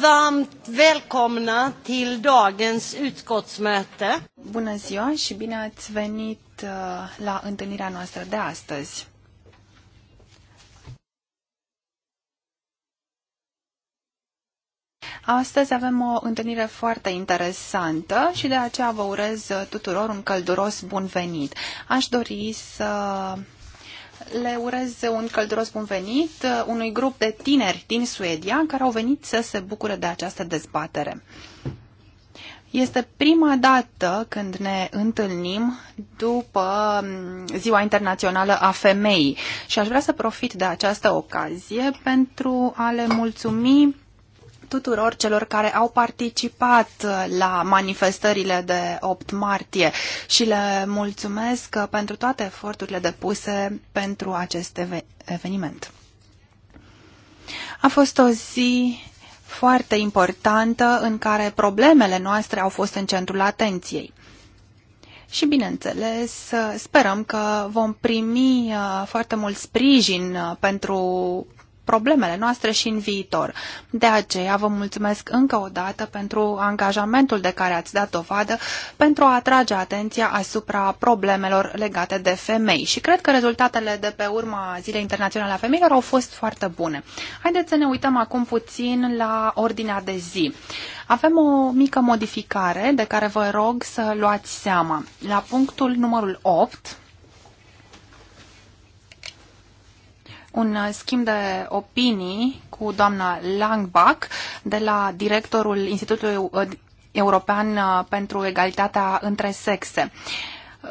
Varmt välkomna till dagens utskottsmöte. Bună ziua și bine ați venit uh, la întâlnirea noastră de astăzi. Astăzi avem o întâlnire foarte interesantă și de aceea vă urez tuturor un călduros bun venit. Aș dori să le urez un călduros bun venit uh, unui grup de tineri din Suedia care au venit să se bucure de această dezbatere. Este prima dată când ne întâlnim după um, Ziua Internațională a Femeii și aș vrea să profit de această ocazie pentru a le mulțumi tuturor celor care au participat la manifestările de 8 martie și le mulțumesc pentru toate eforturile depuse pentru acest eveniment. A fost o zi foarte importantă în care problemele noastre au fost în centrul atenției. Și, bineînțeles, sperăm că vom primi uh, foarte mult sprijin uh, pentru problemele noastre și în viitor. De aceea vă mulțumesc încă o dată pentru angajamentul de care ați dat dovadă pentru a atrage atenția asupra problemelor legate de femei și cred că rezultatele de pe urma Zilei Internaționale a Femeilor au fost foarte bune. Haideți să ne uităm acum puțin la ordinea de zi. Avem o mică modificare de care vă rog să luați seama. La punctul numărul 8, un schimb de opinii cu doamna Langbach de la directorul Institutului uh, European uh, pentru Egalitatea între Sexe.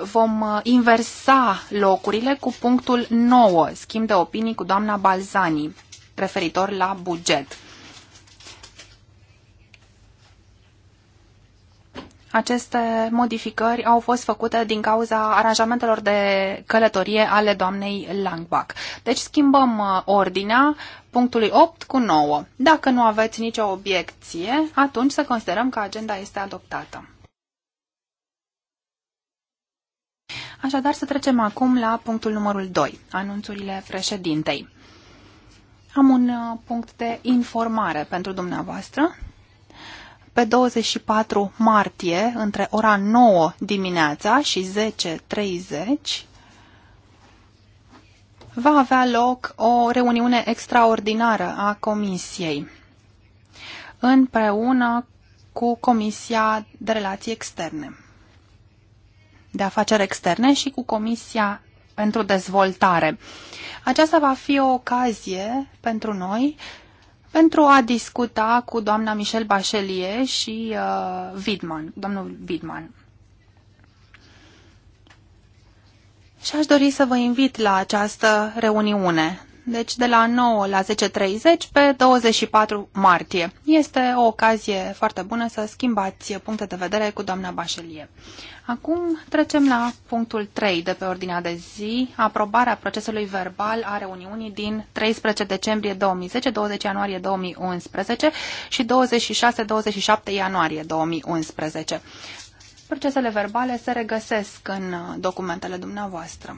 Vom uh, inversa locurile cu punctul 9, schimb de opinii cu doamna Balzani, referitor la buget. Aceste modificări au fost făcute din cauza aranjamentelor de călătorie ale doamnei Langbach. Deci schimbăm uh, ordinea punctului 8 cu 9. Dacă nu aveți nicio obiecție, atunci să considerăm că agenda este adoptată. Așadar, să trecem acum la punctul numărul 2, anunțurile președintei. Am un uh, punct de informare pentru dumneavoastră pe 24 martie, între ora 9 dimineața și 10.30, va avea loc o reuniune extraordinară a Comisiei, împreună cu Comisia de Relații Externe, de Afaceri Externe și cu Comisia pentru Dezvoltare. Aceasta va fi o ocazie pentru noi pentru a discuta cu doamna Michel Bachelier și uh, Widman, domnul Widman. Și aș dori să vă invit la această reuniune deci de la 9 la 10.30 pe 24 martie. Este o ocazie foarte bună să schimbați puncte de vedere cu doamna Bașelie. Acum trecem la punctul 3 de pe ordinea de zi, aprobarea procesului verbal a reuniunii din 13 decembrie 2010, 20 ianuarie 2011 și 26-27 ianuarie 2011. Procesele verbale se regăsesc în documentele dumneavoastră.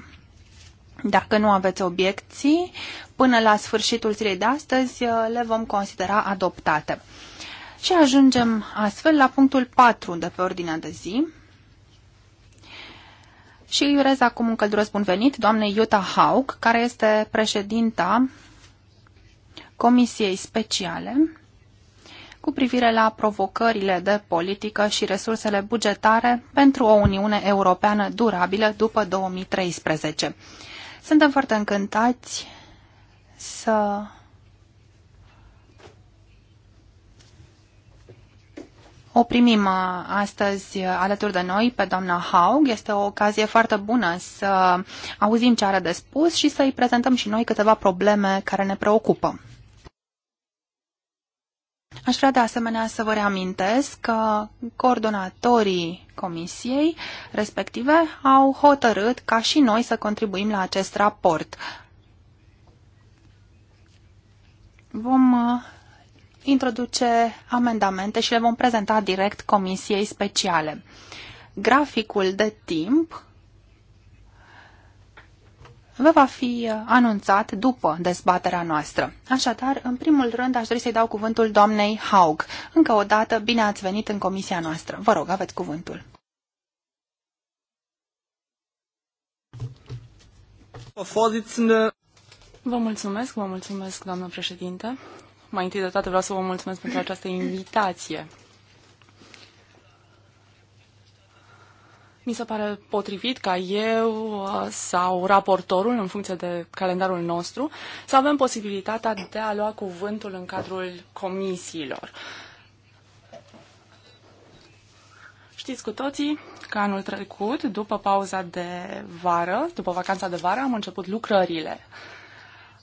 Dacă nu aveți obiecții, până la sfârșitul zilei de astăzi uh, le vom considera adoptate. Și ajungem astfel la punctul 4 de pe ordinea de zi. Și îi urez acum un călduros bun venit doamnei Iuta Hauk, care este președinta Comisiei Speciale cu privire la provocările de politică și resursele bugetare pentru o Uniune Europeană durabilă după 2013. Suntem foarte încântați să O primim uh, astăzi uh, alături de noi pe doamna Haug. Este o ocazie foarte bună să auzim ce are de spus și să-i prezentăm și noi câteva probleme care ne preocupă. Aș vrea de asemenea să vă reamintesc că coordonatorii comisiei respective au hotărât ca și noi să contribuim la acest raport. Vom uh, introduce amendamente și le vom prezenta direct comisiei speciale. Graficul de timp vă va fi uh, anunțat după dezbaterea noastră. Așadar, în primul rând, aș dori să-i dau cuvântul doamnei Haug. Încă o dată, bine ați venit în comisia noastră. Vă rog, aveți cuvântul. Vă mulțumesc, vă mulțumesc, doamnă președinte. Mai întâi de toate vreau să vă mulțumesc pentru această invitație Mi se pare potrivit ca eu uh, sau raportorul, în funcție de calendarul nostru, să avem posibilitatea de a lua cuvântul în cadrul comisiilor. Știți cu toții că anul trecut, după pauza de vară, după vacanța de vară, am început lucrările.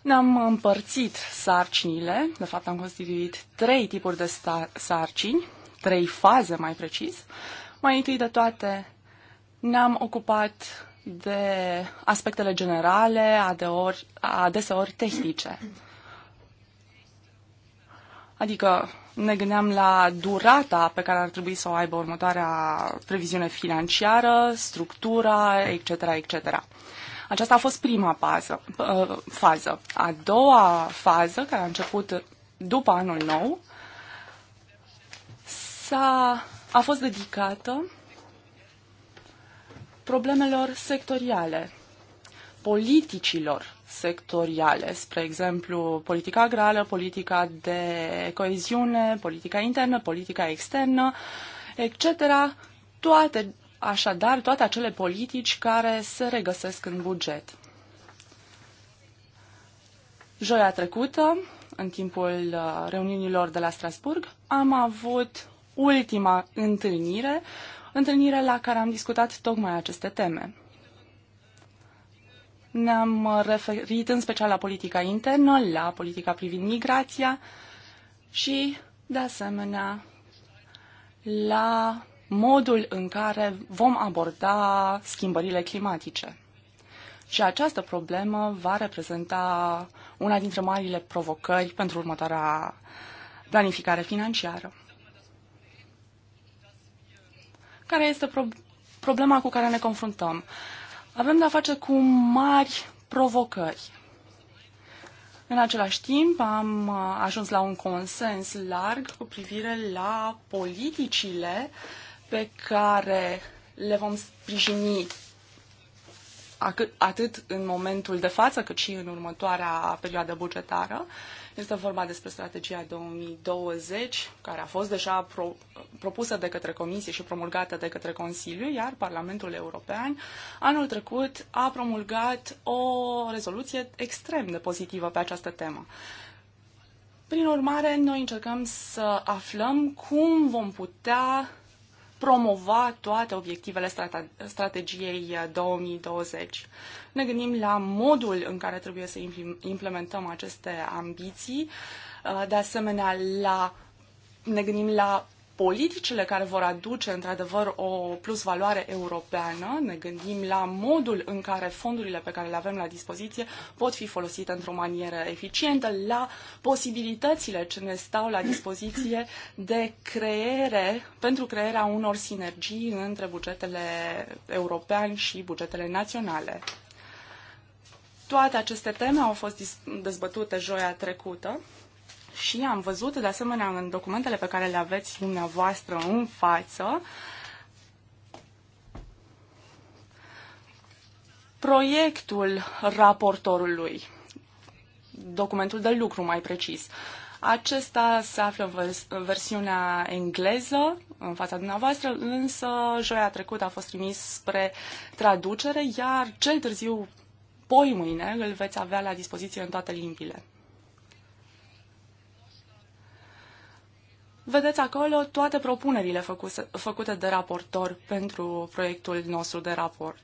Ne-am împărțit sarcinile, de fapt am constituit trei tipuri de sarcini, trei faze mai precis. Mai întâi de toate ne-am ocupat de aspectele generale, adeori, adeseori tehnice. Adică ne gândeam la durata pe care ar trebui să o aibă următoarea previziune financiară, structura, etc., etc. Aceasta a fost prima fază, uh, fază. A doua fază, care a început după anul nou, s-a, a fost dedicată problemelor sectoriale, politicilor sectoriale, spre exemplu, politica agrară, politica de coeziune, politica internă, politica externă, etc. Toate, așadar, toate acele politici care se regăsesc în buget. Joia trecută, în timpul uh, reuniunilor de la Strasburg, am avut ultima întâlnire uh, întâlnire la care am discutat tocmai aceste teme. Ne-am uh, referit în special la politica internă, la politica privind migrația și, de asemenea, la modul în care vom aborda schimbările climatice. Și această problemă va reprezenta una dintre marile provocări pentru următoarea planificare financiară care este pro- problema cu care ne confruntăm. Avem de-a face cu mari provocări. În același timp, am uh, ajuns la un consens larg cu privire la politicile pe care le vom sprijini atât în momentul de față, cât și în următoarea perioadă bugetară este vorba despre strategia 2020, care a fost deja pro, propusă de către Comisie și promulgată de către Consiliu, iar Parlamentul European anul trecut a promulgat o rezoluție extrem de pozitivă pe această temă. Prin urmare, noi încercăm să aflăm cum vom putea promova toate obiectivele strategiei 2020. Uh, ne gândim la modul în care trebuie să implementăm aceste ambiții, uh, de asemenea la ne gândim la politicile care vor aduce într-adevăr o plus valoare europeană, ne gândim la modul în care fondurile pe care le avem la dispoziție pot fi folosite într-o manieră eficientă, la posibilitățile ce ne stau la dispoziție de creere, pentru crearea unor sinergii între bugetele european și bugetele naționale. Toate aceste teme au fost dezbătute joia trecută și am văzut, de asemenea, în documentele pe care le aveți dumneavoastră în față, proiectul raportorului, documentul de lucru mai precis. Acesta se află în versiunea engleză, în fața dumneavoastră, însă joia trecută a fost trimis spre traducere, iar cel târziu poi mâine îl veți avea la dispoziție în toate limbile. vedeți acolo toate propunerile făcuse, făcute de raportor pentru proiectul nostru de raport.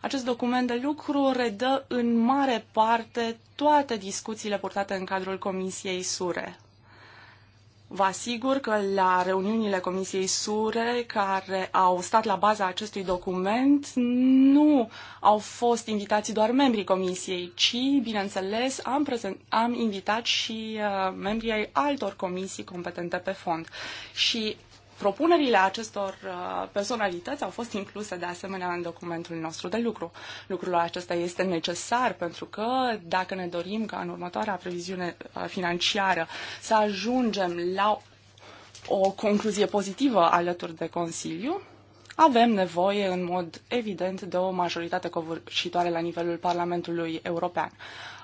Acest document de lucru redă în mare parte toate discuțiile purtate în cadrul Comisiei SURE. Vă asigur că la reuniunile Comisiei Sure care au stat la baza acestui document nu au fost invitați doar membrii Comisiei, ci, bineînțeles, am, prezent, am invitat și uh, membrii ai altor comisii competente pe fond. Și propunerile acestor uh, personalități au fost incluse de asemenea în documentul nostru de lucru. Lucrul acesta este necesar pentru că dacă ne dorim ca în următoarea previziune uh, financiară să ajungem la o concluzie pozitivă alături de Consiliu, avem nevoie, în mod evident, de o majoritate covârșitoare la nivelul Parlamentului European.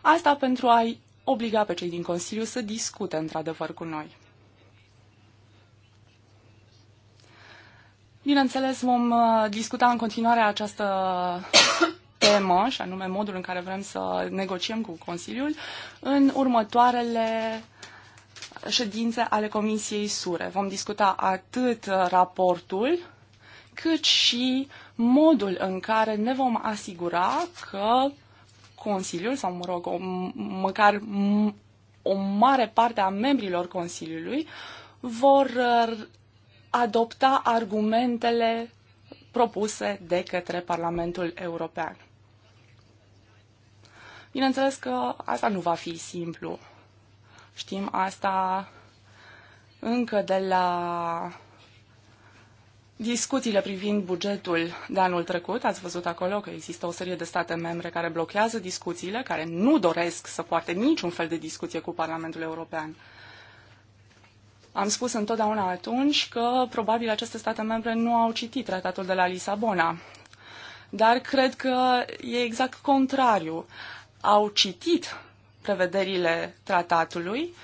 Asta pentru a-i obliga pe cei din Consiliu să discute într-adevăr cu noi. Bineînțeles, vom uh, discuta în continuare această temă, și anume modul în care vrem să negociem cu Consiliul, în următoarele ședințe ale Comisiei Sure. Vom discuta atât uh, raportul, cât și modul în care ne vom asigura că Consiliul, sau mă rog, o, măcar o mare parte a membrilor Consiliului, vor uh, adopta argumentele propuse de către Parlamentul European. Bineînțeles că asta nu va fi simplu. Știm asta încă de la discuțiile privind bugetul de anul trecut. Ați văzut acolo că există o serie de state membre care blochează discuțiile, care nu doresc să poarte niciun fel de discuție cu Parlamentul European. Am spus întotdeauna atunci că probabil aceste state membre nu au citit tratatul de la Lisabona. Dar cred că e exact contrariu. Au citit prevederile tratatului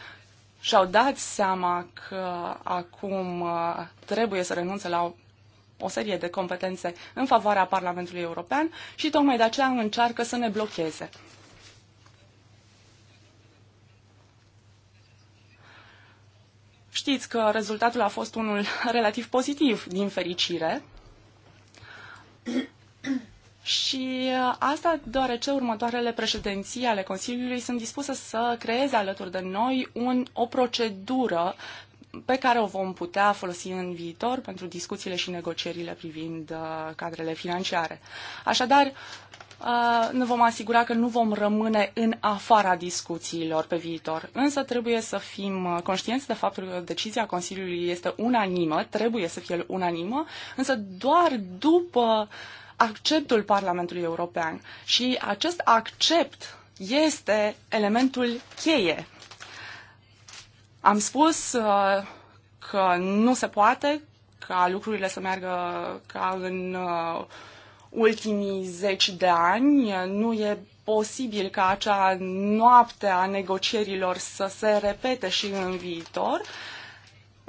și-au dat seama că acum uh, trebuie să renunțe la o serie de competențe în favoarea Parlamentului European și tocmai de aceea încearcă să ne blocheze. Știți că rezultatul a fost unul relativ pozitiv, din fericire. Și uh, asta deoarece următoarele președinții ale Consiliului sunt dispuse să creeze alături de noi un, o procedură pe care o vom putea folosi în viitor pentru discuțiile și negocierile privind uh, cadrele financiare. Așadar, Uh, ne vom asigura că nu vom rămâne în afara discuțiilor pe viitor. Însă trebuie să fim uh, conștienți de faptul că decizia Consiliului este unanimă, trebuie să fie unanimă, însă doar după acceptul Parlamentului European. Și acest accept este elementul cheie. Am spus uh, că nu se poate ca lucrurile să meargă ca în ultimii zeci de ani. Nu e posibil ca acea noapte a negocierilor să se repete și în viitor. Uh,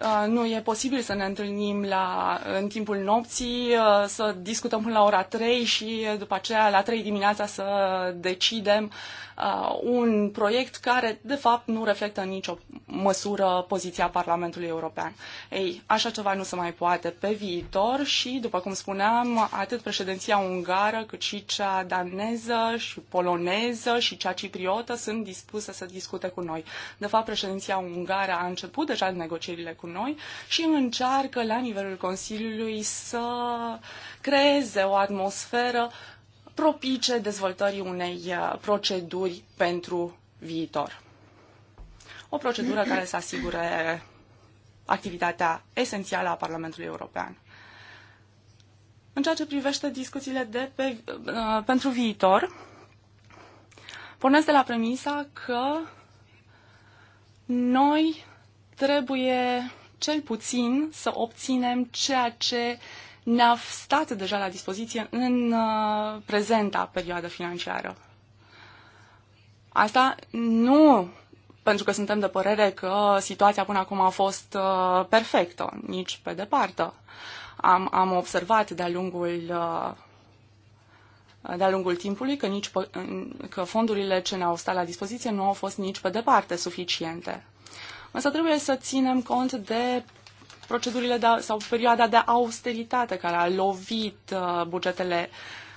Uh, nu e posibil să ne întâlnim la, în timpul nopții, uh, să discutăm până la ora 3 și după aceea la 3 dimineața să decidem uh, un proiect care de fapt nu reflectă în nicio măsură poziția Parlamentului European. Ei, așa ceva nu se mai poate pe viitor și, după cum spuneam, atât președinția ungară cât și cea daneză și poloneză și cea cipriotă sunt dispuse să discute cu noi. De fapt, președinția ungară a început deja negocierile cu noi și încearcă la nivelul Consiliului să creeze o atmosferă propice dezvoltării unei uh, proceduri pentru viitor. O procedură care să asigure activitatea esențială a Parlamentului European. În ceea ce privește discuțiile de pe, uh, pentru viitor, pornesc de la premisa că noi trebuie cel puțin să obținem ceea ce ne-a stat deja la dispoziție în uh, prezenta perioadă financiară. Asta nu pentru că suntem de părere că situația până acum a fost uh, perfectă, nici pe departe. Am, am observat de-a lungul uh, de-a lungul timpului că, nici, că fondurile ce ne-au stat la dispoziție nu au fost nici pe departe suficiente. Însă trebuie să ținem cont de procedurile de, sau perioada de austeritate care a lovit uh, bugetele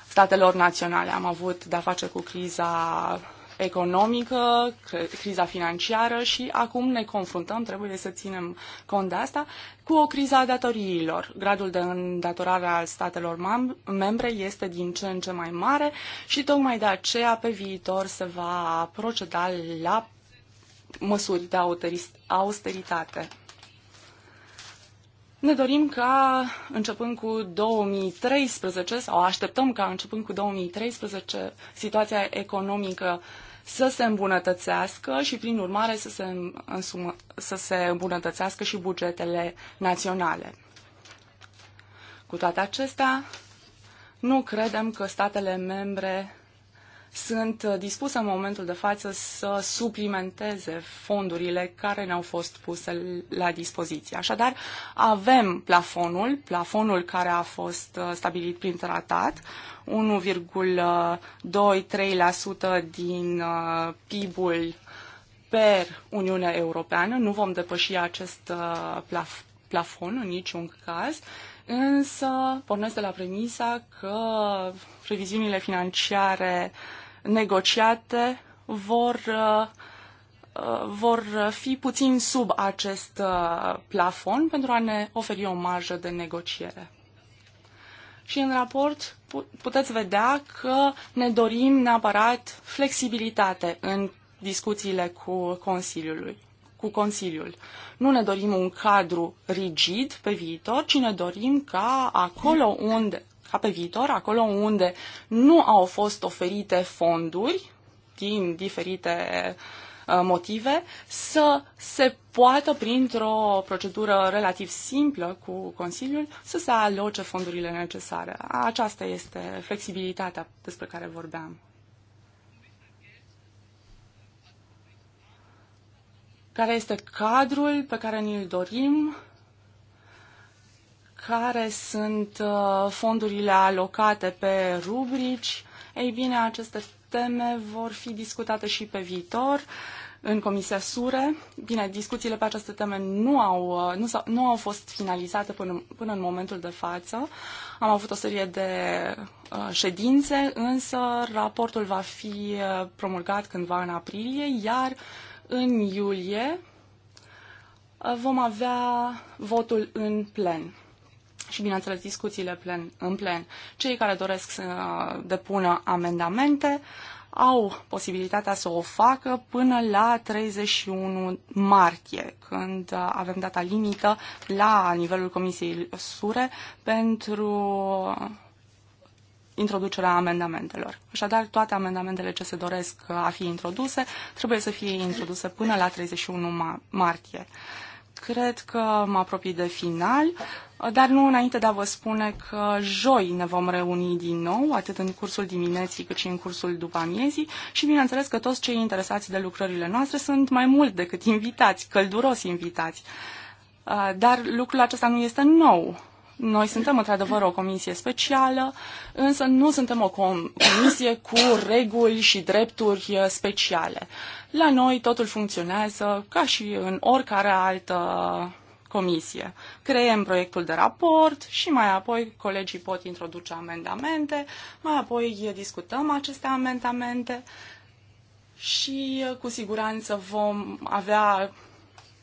statelor naționale. Am avut de-a face cu criza economică, criza financiară și acum ne confruntăm, trebuie să ținem cont de asta, cu o criză a datoriilor. Gradul de îndatorare al statelor membre este din ce în ce mai mare și tocmai de aceea pe viitor se va proceda la măsuri de austeritate. Ne dorim ca, începând cu 2013, sau așteptăm ca, începând cu 2013, situația economică să se îmbunătățească și, prin urmare, să se, însumă, să se îmbunătățească și bugetele naționale. Cu toate acestea, nu credem că statele membre sunt uh, dispusă în momentul de față să suplimenteze fondurile care ne-au fost puse la dispoziție. Așadar, avem plafonul, plafonul care a fost uh, stabilit prin tratat, 1,23% din uh, PIB-ul per Uniunea Europeană. Nu vom depăși acest plaf- plafon în niciun caz, însă pornesc de la premisa că previziunile financiare uh, negociate vor, uh, vor fi puțin sub acest uh, plafon pentru a ne oferi o marjă de negociere. Și în raport puteți vedea că ne dorim neapărat flexibilitate în discuțiile cu Consiliul. Cu Consiliul. Nu ne dorim un cadru rigid pe viitor, ci ne dorim ca acolo unde ca pe viitor, acolo unde nu au fost oferite fonduri din diferite uh, motive, să se poată, printr-o procedură relativ simplă cu Consiliul, să se aloce fondurile necesare. Aceasta este flexibilitatea despre care vorbeam. Care este cadrul pe care ni-l dorim care sunt uh, fondurile alocate pe rubrici. Ei bine, aceste teme vor fi discutate și pe viitor în Comisia Sure. Bine, discuțiile pe aceste teme nu au, uh, nu, s-au, nu au fost finalizate până, până în momentul de față. Am avut o serie de uh, ședințe, însă raportul va fi uh, promulgat cândva în aprilie, iar în iulie vom avea votul în plen și, bineînțeles, discuțiile plen, în plen. Cei care doresc să depună amendamente au posibilitatea să o facă până la 31 martie, când avem data limită la nivelul Comisiei Sure pentru introducerea amendamentelor. Așadar, toate amendamentele ce se doresc a fi introduse trebuie să fie introduse până la 31 martie. Cred că mă apropii de final dar nu înainte de a vă spune că joi ne vom reuni din nou, atât în cursul dimineții cât și în cursul după amiezii și bineînțeles că toți cei interesați de lucrările noastre sunt mai mult decât invitați, călduros invitați. Uh, dar lucrul acesta nu este nou. Noi suntem într-adevăr o comisie specială, însă nu suntem o com- comisie cu reguli și drepturi uh, speciale. La noi totul funcționează ca și în oricare altă comisie. Creăm proiectul de raport și mai apoi colegii pot introduce amendamente, mai apoi discutăm aceste amendamente și uh, cu siguranță vom avea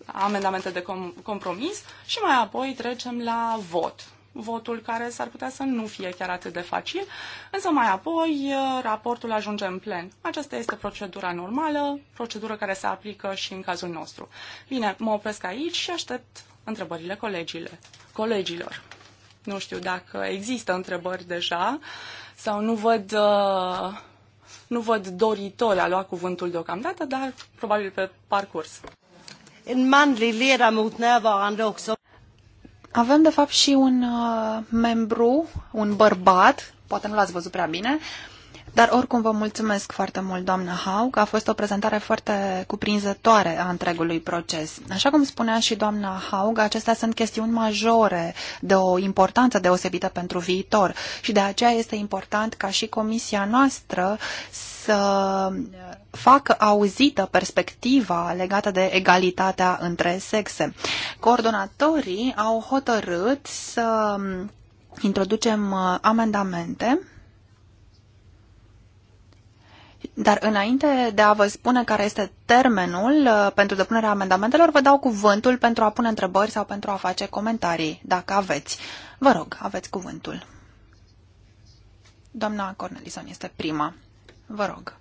amendamente de com- compromis și mai apoi trecem la vot. Votul care s-ar putea să nu fie chiar atât de facil, însă mai apoi uh, raportul ajunge în plen. Aceasta este procedura normală, procedură care se aplică și în cazul nostru. Bine, mă opresc aici și aștept întrebările colegile, colegilor. Nu știu dacă există întrebări deja sau nu văd, uh, nu văd doritori a lua cuvântul deocamdată, dar probabil pe parcurs. În manli lera mult närvarande också. Avem, de fapt, și un uh, membru, un bărbat, poate nu l-ați văzut prea bine, uh, dar oricum vă mulțumesc foarte mult, doamnă Haug. A fost o prezentare foarte cuprinzătoare a întregului proces. Așa cum spunea și doamna Haug, acestea sunt chestiuni majore de o importanță deosebită pentru viitor și de aceea este important ca și comisia noastră să facă auzită perspectiva legată de egalitatea între sexe. Coordonatorii au hotărât să introducem uh, amendamente dar înainte de a vă spune care este termenul uh, pentru depunerea amendamentelor, vă dau cuvântul pentru a pune întrebări sau pentru a face comentarii, dacă aveți. Vă rog, aveți cuvântul. Doamna Cornelison este prima. Vă rog.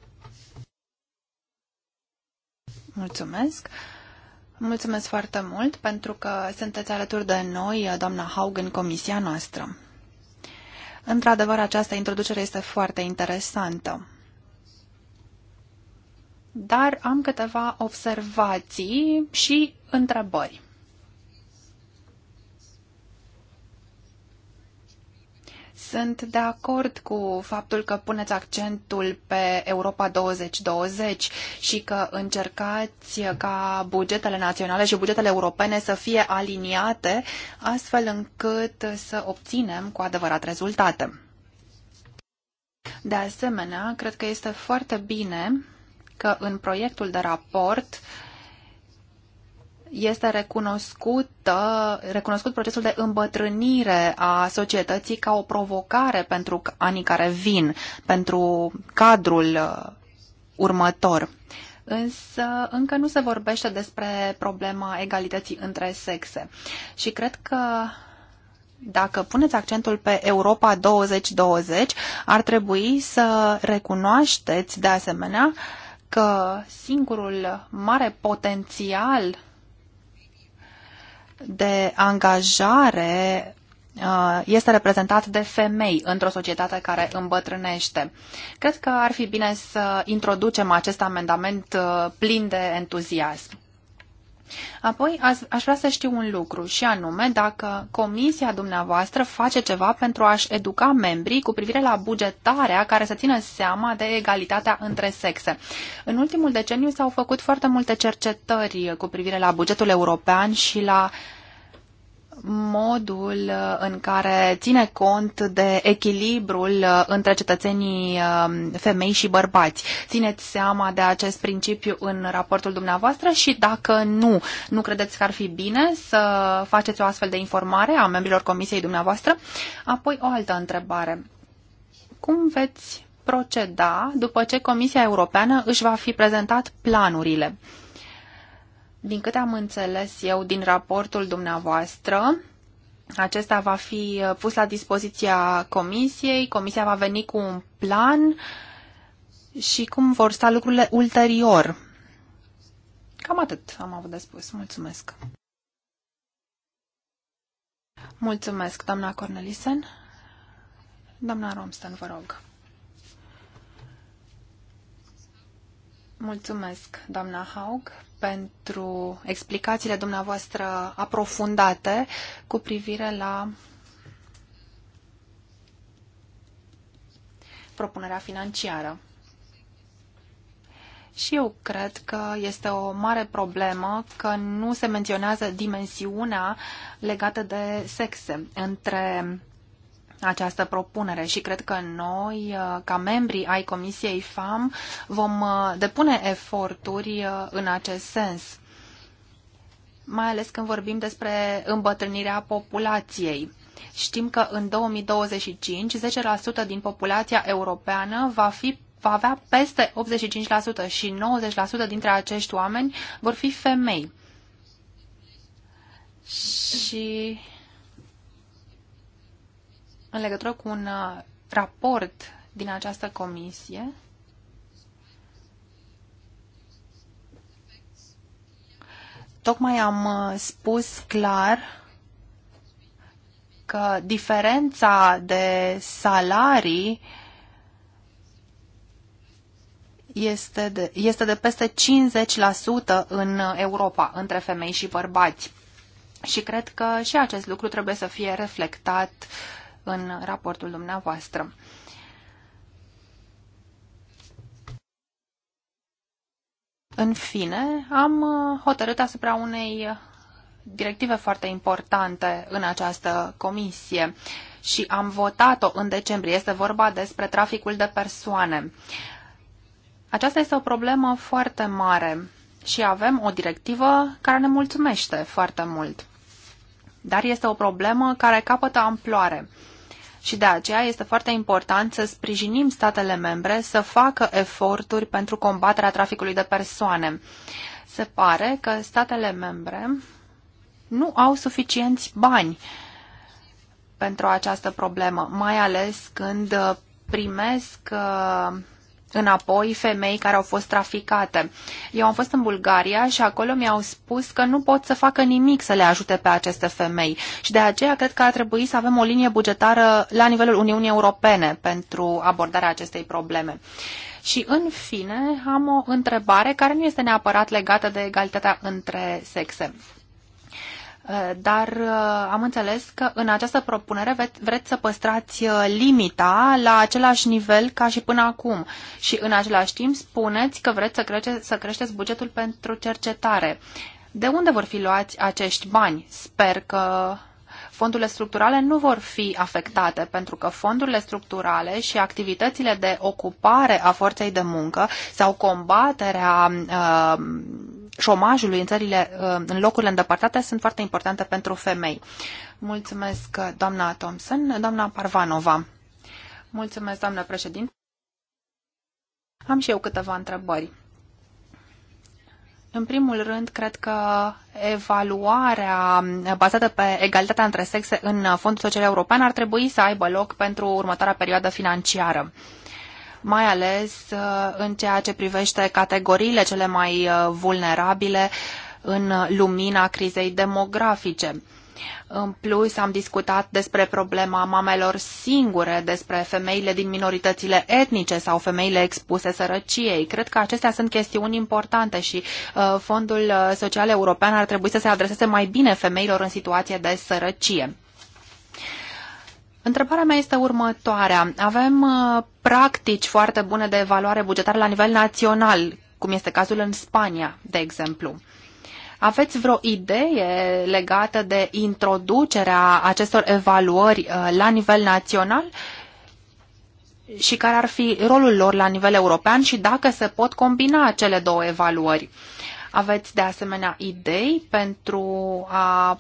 Mulțumesc. Mulțumesc foarte mult pentru că sunteți alături de noi, uh, doamna Haug, în comisia noastră. Într-adevăr, această introducere este foarte interesantă dar am câteva observații și întrebări. Sunt de acord cu faptul că puneți accentul pe Europa 2020 și că încercați ca bugetele naționale și bugetele europene să fie aliniate astfel încât să obținem cu adevărat rezultate. De asemenea, cred că este foarte bine că în proiectul de raport este recunoscut, recunoscut procesul de îmbătrânire a societății ca o provocare pentru anii care vin, pentru cadrul uh, următor. Însă încă nu se vorbește despre problema egalității între sexe. Și cred că dacă puneți accentul pe Europa 2020, ar trebui să recunoașteți de asemenea uh, că singurul mare potențial de angajare uh, este reprezentat de femei într-o societate care îmbătrânește. Cred că ar fi bine să introducem acest amendament uh, plin de entuziasm. Apoi aș vrea să știu un lucru și anume dacă comisia dumneavoastră face ceva pentru a-și educa membrii cu privire la bugetarea care să țină seama de egalitatea între sexe. În ultimul deceniu s-au făcut foarte multe cercetări cu privire la bugetul european și la modul uh, în care ține cont de echilibrul uh, între cetățenii uh, femei și bărbați. Țineți seama de acest principiu în raportul dumneavoastră și dacă nu, nu credeți că ar fi bine să faceți o astfel de informare a membrilor comisiei dumneavoastră? Apoi o altă întrebare. Cum veți proceda după ce Comisia Europeană își va fi prezentat planurile? Din câte am înțeles eu din raportul dumneavoastră, acesta va fi uh, pus la dispoziția comisiei, comisia va veni cu un plan și cum vor sta lucrurile ulterior. Cam atât am avut de spus. Mulțumesc. Mulțumesc, doamna Cornelisen. Doamna Romstan, vă rog. Mulțumesc, doamna Haug, pentru explicațiile dumneavoastră aprofundate cu privire la propunerea financiară. Și eu cred că este o mare problemă că nu se menționează dimensiunea legată de sexe între această propunere și cred că noi, uh, ca membri ai Comisiei FAM, vom uh, depune eforturi uh, în acest sens mai ales când vorbim despre îmbătrânirea populației. Știm că în 2025 10% din populația europeană va fi va avea peste 85% și 90% dintre acești oameni vor fi femei. Și în legătură cu un uh, raport din această comisie tocmai am uh, spus clar că diferența de salarii este de, este de peste 50% în Europa între femei și bărbați. Și cred că și acest lucru trebuie să fie reflectat în raportul dumneavoastră. În fine, am uh, hotărât asupra unei directive foarte importante în această comisie și am votat-o în decembrie. Este vorba despre traficul de persoane. Aceasta este o problemă foarte mare și avem o directivă care ne mulțumește foarte mult. Dar este o problemă care capătă amploare. Și de aceea este foarte important să sprijinim statele membre să facă eforturi pentru combaterea traficului de persoane. Se pare că statele membre nu au suficienți bani pentru această problemă, mai ales când primesc uh, înapoi femei care au fost traficate. Eu am fost în Bulgaria și acolo mi-au spus că nu pot să facă nimic să le ajute pe aceste femei și de aceea cred că ar trebui să avem o linie bugetară la nivelul Uniunii Europene pentru abordarea acestei probleme. Și în fine am o întrebare care nu este neapărat legată de egalitatea între sexe. Eh, dar eh, am înțeles că în această propunere vreți să păstrați eh, limita la același nivel ca și până acum și în același timp spuneți că vreți să, crește, să creșteți bugetul pentru cercetare. De unde vor fi luați acești bani? Sper că fondurile structurale nu vor fi afectate, pentru că fondurile structurale și activitățile de ocupare a forței de muncă sau combaterea uh, șomajului în țările, uh, în locurile îndepărtate sunt foarte importante pentru femei. Mulțumesc, uh, doamna Thompson. Doamna Parvanova. Mulțumesc, doamna președinte. Am și eu câteva întrebări. În primul rând, cred că evaluarea bazată pe egalitatea între sexe în Fondul Social European ar trebui să aibă loc pentru următoarea perioadă financiară. Uh, mai ales uh, în ceea ce privește categoriile cele mai uh, vulnerabile în lumina crizei demografice. În plus, am discutat despre problema mamelor singure, despre femeile din minoritățile etnice sau femeile expuse sărăciei. Cred că acestea sunt chestiuni importante și uh, Fondul Social European ar trebui să se adreseze mai bine femeilor în situație de sărăcie. Întrebarea mea este următoarea. Avem uh, practici foarte bune de evaluare bugetară la nivel național, cum este cazul în Spania, de exemplu. Aveți vreo idee legată de introducerea acestor evaluări uh, la nivel național și care ar fi rolul lor la nivel european și dacă se pot combina cele două evaluări? Aveți de asemenea idei pentru a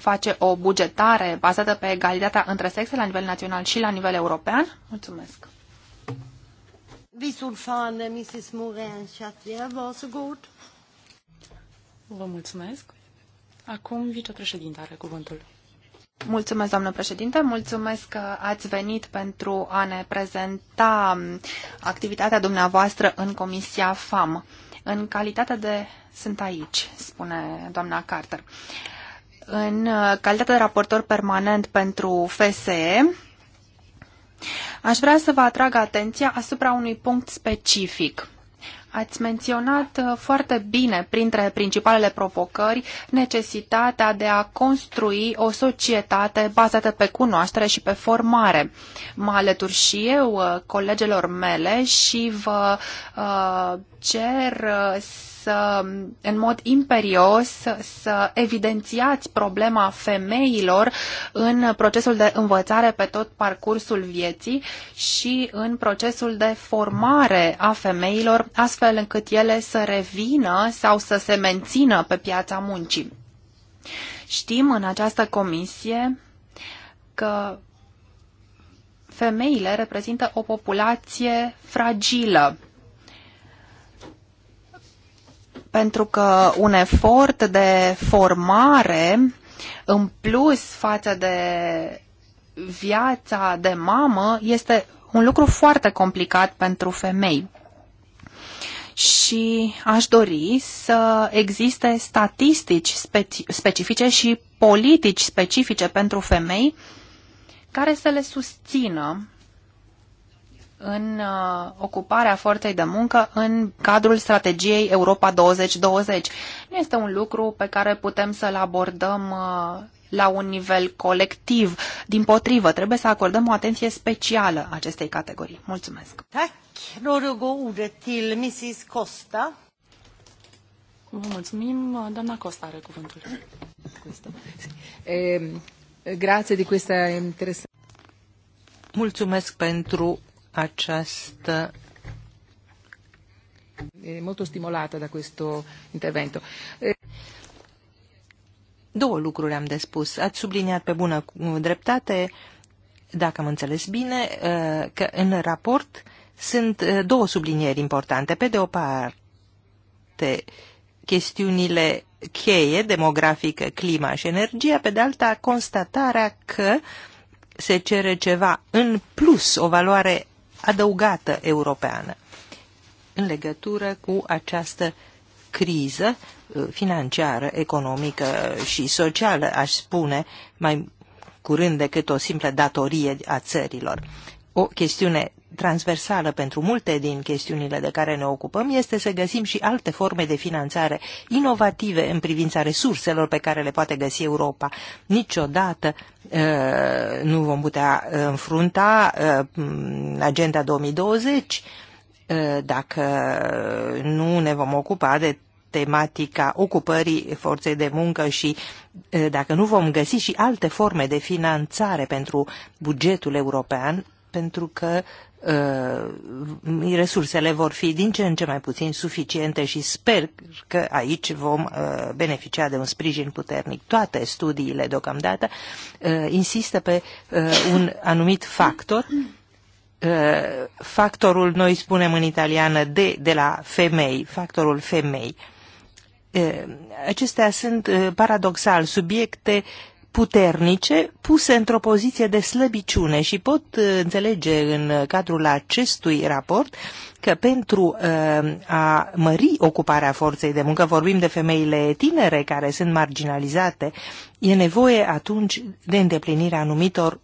face o bugetare bazată pe egalitatea între sexe la nivel național și la nivel european? Mulțumesc. Vice ordförande Mrs. Morin Chatier, varsågod. Vă mulțumesc. Acum vicepreședinte are cuvântul. Mulțumesc, doamnă președinte, mulțumesc că ați venit pentru a ne prezenta activitatea dumneavoastră în Comisia FAM. În calitate de... Sunt aici, spune doamna Carter. Uh, în uh, calitate de raportor permanent pentru FSE, aș vrea să vă atrag atenția asupra unui punct specific. Ați menționat uh, foarte bine, printre principalele provocări, necesitatea de a construi o societate bazată pe cunoaștere și pe formare. Mă alătur și eu uh, colegelor mele și vă uh, cer să, în mod imperios, să evidențiați problema femeilor în procesul de învățare pe tot parcursul vieții și în procesul de formare a femeilor, astfel încât ele să revină sau să se mențină pe piața muncii. Știm în această comisie că femeile reprezintă o populație fragilă pentru că un efort de formare în plus față de viața de mamă este un lucru foarte complicat pentru femei. Și aș dori să existe statistici specifice și politici specifice pentru femei care să le susțină în uh, ocuparea forței de muncă în cadrul strategiei Europa 2020. Nu este un lucru pe care putem să-l abordăm uh, la un nivel colectiv. Din potrivă, trebuie să acordăm o atenție specială acestei categorii. Mulțumesc! Tack! till Mrs. Costa. Vă mulțumim. Doamna Costa are cuvântul. Ehm, Grație de questa Mulțumesc pentru această molto stimolată de da questo intervento. Două lucruri am de spus. Ați subliniat pe bună dreptate, dacă am înțeles bine, uh, că în raport sunt uh, două sublinieri importante. Pe de o parte, chestiunile cheie, demografică, clima și energia, pe de alta, constatarea că se cere ceva în plus, o valoare adăugată europeană în legătură cu această criză uh, financiară, economică și socială, aș spune, mai curând decât o simplă datorie a țărilor. O chestiune transversală pentru multe din chestiunile de care ne ocupăm este să găsim și alte forme de finanțare inovative în privința resurselor pe care le poate găsi Europa. Niciodată uh, nu vom putea înfrunta uh, agenda 2020 uh, dacă nu ne vom ocupa de tematica ocupării forței de muncă și dacă nu vom găsi și alte forme de finanțare pentru bugetul european, pentru că Uh, resursele vor fi din ce în ce mai puțin suficiente și sper că aici vom uh, beneficia de un sprijin puternic. Toate studiile deocamdată uh, insistă pe un anumit factor factorul, noi spunem în italiană, de, de la femei, factorul femei. Acestea sunt paradoxal subiecte puternice puse într-o poziție de slăbiciune și pot uh, înțelege în uh, cadrul acestui raport că pentru uh, a mări ocuparea forței de muncă, vorbim de femeile tinere care sunt marginalizate, e nevoie atunci de îndeplinirea anumitor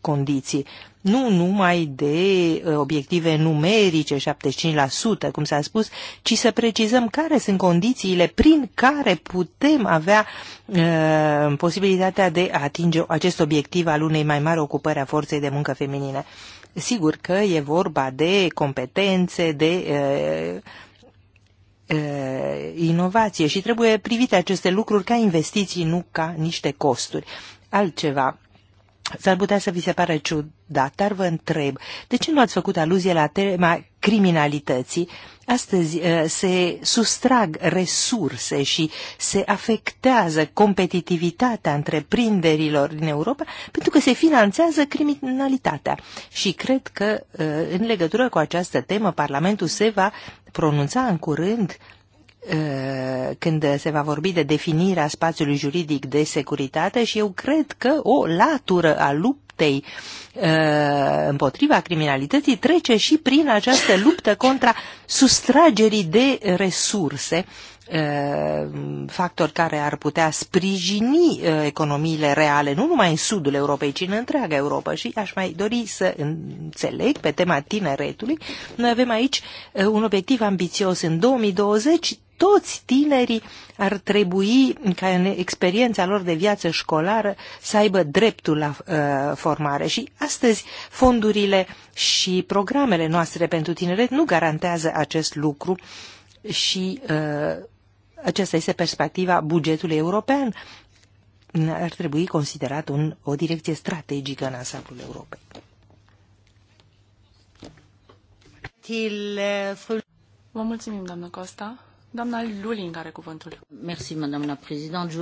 condiții nu numai de uh, obiective numerice, 75%, cum s-a spus, ci să precizăm care sunt condițiile prin care putem avea uh, posibilitatea de a atinge acest obiectiv al unei mai mari ocupări a forței de muncă feminine. Sigur că e vorba de competențe, de uh, uh inovație și trebuie privite aceste lucruri ca investiții, nu ca niște costuri. Altceva, s-ar putea să vi se pare ciudat da, dar vă întreb, de ce nu ați făcut aluzie la tema criminalității? Astăzi eh, se sustrag resurse și se afectează competitivitatea întreprinderilor din Europa pentru că se finanțează criminalitatea. Și cred că eh, în legătură cu această temă Parlamentul se va pronunța în curând Uh, când se va vorbi de definirea spațiului juridic de securitate și eu cred că o latură a luptei uh, împotriva criminalității trece și prin această luptă contra sustragerii de resurse uh, factor care ar putea sprijini economiile reale, nu numai în sudul Europei, ci în întreaga Europa. Și aș mai dori să înțeleg pe tema tineretului. Noi avem aici un obiectiv ambițios în 2020, toți tinerii ar trebui, ca în experiența lor de viață școlară, să aibă dreptul la uh, formare. Și astăzi fondurile și programele noastre pentru tineret nu garantează acest lucru și uh, aceasta este perspectiva bugetului european. Ar trebui considerat un, o direcție strategică în ansamblul Europei. Uh, Vă mulțumim, doamnă Costa. Doamna Luling are cuvântul. doamna președinte.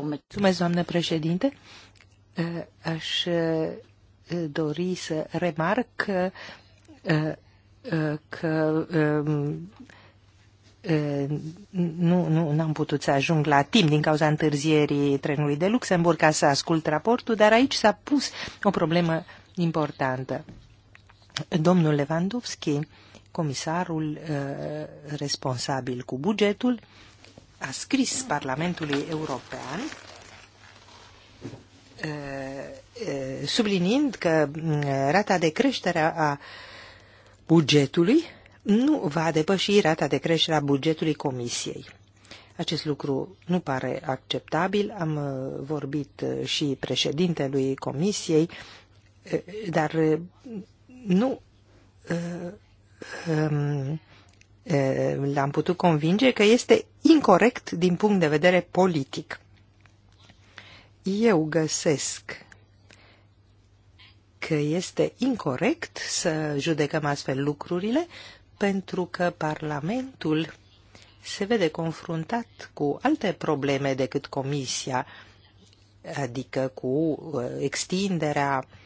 Mulțumesc, doamnă președinte. Eh, aș eh, dori să remarc că eh, ehm, nu, nu am putut să ajung la timp din cauza întârzierii trenului de Luxemburg ca să ascult raportul, dar aici s-a pus o problemă importantă. Domnul Lewandowski comisarul uh, responsabil cu bugetul a scris Parlamentului European uh, uh, subliniind că mm, rata de creștere a bugetului nu va depăși rata de creștere a bugetului Comisiei. Acest lucru nu pare acceptabil. Am vorbit și președintelui Comisiei, dar nu Ehm, l-am putut convinge că este incorrect din punct de vedere politic. Eu găsesc că este incorrect să judecăm astfel lucrurile pentru că Parlamentul se vede confruntat cu alte probleme decât Comisia, adică cu uh, extinderea uh,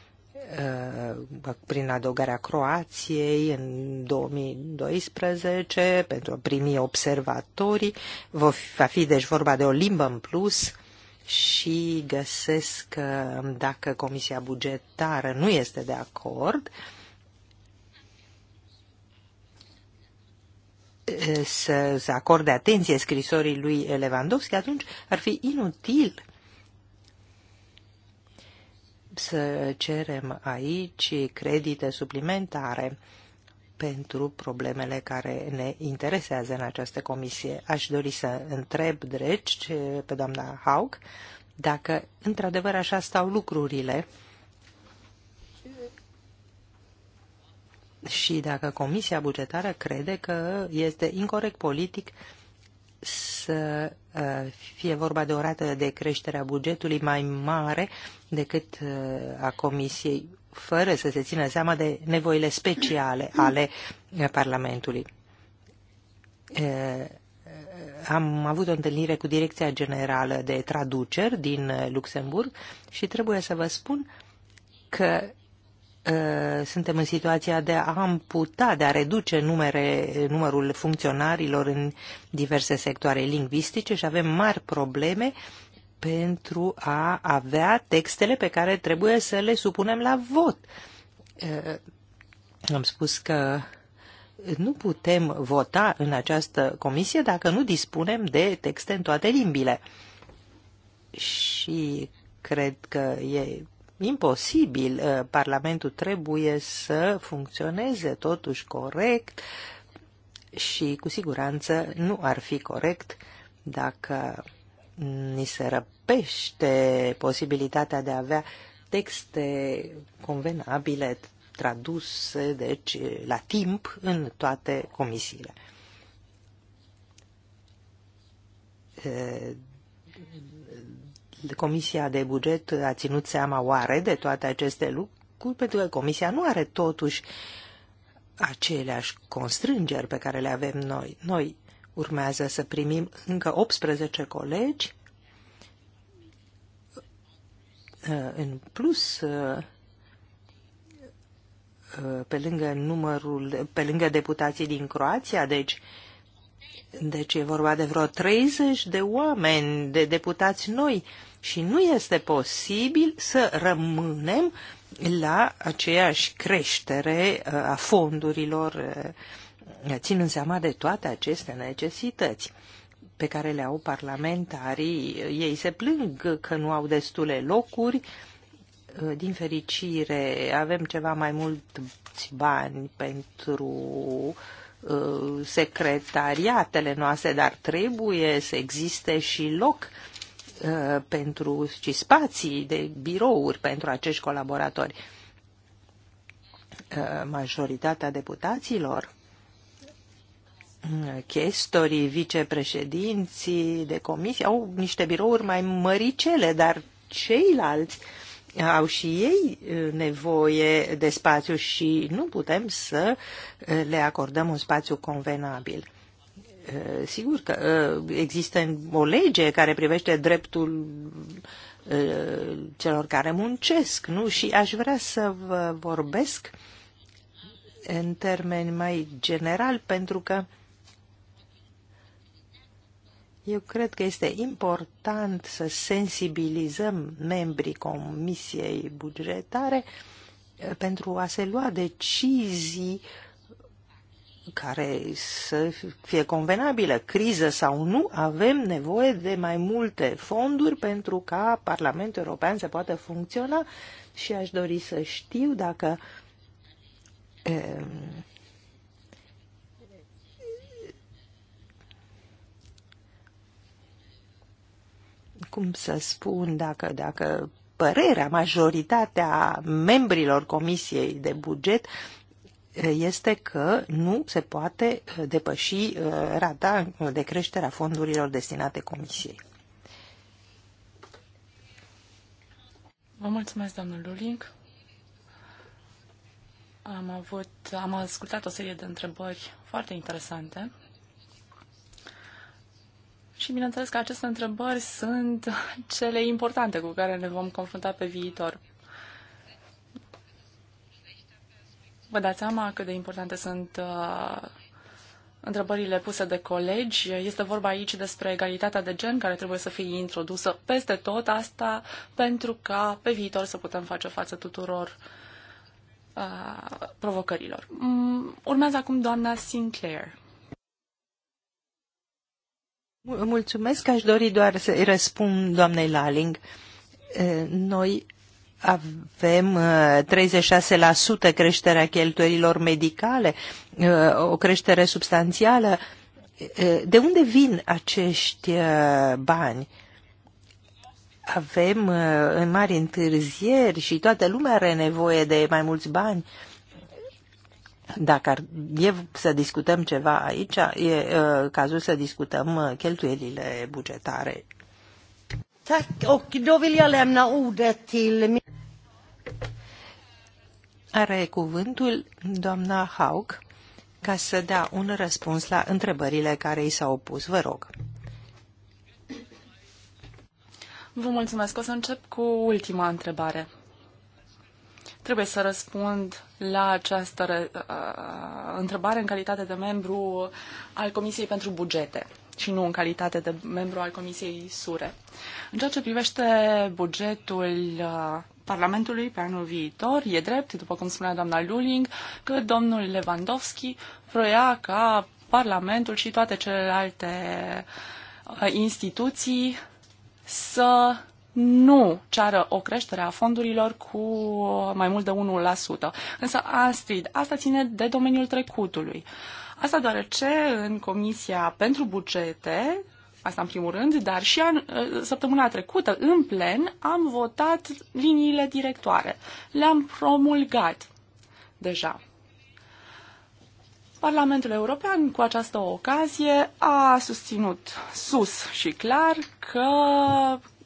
Uh, prin adăugarea Croației în 2012 pentru a primi observatorii. Va fi deci vorba de o limbă în plus și găsesc că uh, dacă Comisia Bugetară nu este de acord, uh, să, să acorde atenție scrisorii lui Lewandowski, atunci ar fi inutil să cerem aici credite suplimentare pentru problemele care ne interesează în această comisie. Aș dori să întreb dreci pe doamna Haug dacă într-adevăr așa stau lucrurile și dacă Comisia Bugetară crede că este incorrect politic să uh, fie vorba de o rată de creștere a bugetului mai mare decât uh, a Comisiei, fără să se țină seama de nevoile speciale ale uh, Parlamentului. Am avut o întâlnire cu Direcția Generală de Traduceri din Luxemburg și trebuie să vă spun că Uh, suntem în situația de a amputa, de a reduce numere, numărul funcționarilor în diverse sectoare lingvistice și avem mari probleme pentru a avea textele pe care trebuie să le supunem la vot. Uh, am spus că nu putem vota în această comisie dacă nu dispunem de texte în toate limbile. Și cred că e imposibil. Uh, Parlamentul trebuie să funcționeze totuși corect și cu siguranță nu ar fi corect dacă ni se răpește posibilitatea de a avea texte convenabile, traduse, deci, la timp în toate comisiile. Uh, Comisia de buget a ținut seama oare de toate aceste lucruri, pentru că Comisia nu are totuși aceleași constrângeri pe care le avem noi. Noi urmează să primim încă 18 colegi uh, în plus uh, uh, pe lângă numărul, pe lângă deputații din Croația, deci deci e vorba de vreo 30 de oameni, de deputați noi și nu este posibil să rămânem la aceeași creștere uh, a fondurilor, uh, ținând seama de toate aceste necesități pe care le au parlamentarii. Ei se plâng că nu au destule locuri. Uh, din fericire, avem ceva mai mulți bani pentru secretariatele noastre, dar trebuie să existe și loc Uh, pentru, ci spații de birouri pentru acești colaboratori. Uh, majoritatea deputaților, uh, chestorii, vicepreședinții de comisie au niște birouri mai măricele, dar ceilalți au și ei nevoie de spațiu și nu putem să le acordăm un spațiu convenabil. Eh, sigur că eh, există o lege care privește dreptul eh, celor care muncesc, nu? Și aș vrea să vă vorbesc în termeni mai general, pentru că eu cred că este important să sensibilizăm membrii Comisiei Bugetare pentru a se lua decizii uh, care să fie convenabilă, criză sau nu, avem nevoie de mai multe fonduri pentru ca Parlamentul European să poată funcționa și aș dori să știu dacă e, eh, cum să spun, dacă, dacă părerea, majoritatea membrilor Comisiei de Buget este că nu se poate uh, depăși uh, rata uh, de creștere a fondurilor destinate Comisiei. Vă mulțumesc, domnul Luling. Am, avut, am ascultat o serie de întrebări foarte interesante. Și bineînțeles că aceste întrebări sunt cele importante cu care ne vom confrunta pe viitor. Vă dați seama cât de importante sunt uh, întrebările puse de colegi. Este vorba aici despre egalitatea de gen care trebuie să fie introdusă peste tot asta pentru ca pe viitor să putem face față tuturor uh, provocărilor. Mm, urmează acum doamna Sinclair. Mulțumesc, aș dori doar să-i răspund doamnei Laling. Uh, noi avem 36% uh, creșterea cheltuielilor medicale, uh, o creștere substanțială. Uh, de unde vin acești bani? Avem în mari întârzieri și toată lumea are nevoie de mai mulți bani. Dacă ar, e să discutăm ceva aici, e cazul să discutăm cheltuielile bugetare. Tack och då vill jag lämna ordet till are cuvântul doamna Haug ca să dea un răspuns la întrebările care i s-au pus. Vă rog. Vă mulțumesc. O să încep cu ultima întrebare. Trebuie să răspund la această uh, întrebare în calitate de membru al Comisiei pentru Bugete și nu în calitate de membru al Comisiei SURE. În ceea ce privește bugetul uh, Parlamentului pe anul viitor. E drept, după cum spunea doamna Luling, că domnul Lewandowski vroia ca Parlamentul și toate celelalte uh, instituții să nu ceară o creștere a fondurilor cu mai mult de 1%. Însă, Astrid, asta ține de domeniul trecutului. Asta deoarece în Comisia pentru Bugete Asta în primul rând, dar și an, uh, săptămâna trecută, în plen, am votat liniile directoare. Le-am promulgat deja. Parlamentul European, cu această ocazie, a susținut sus și clar că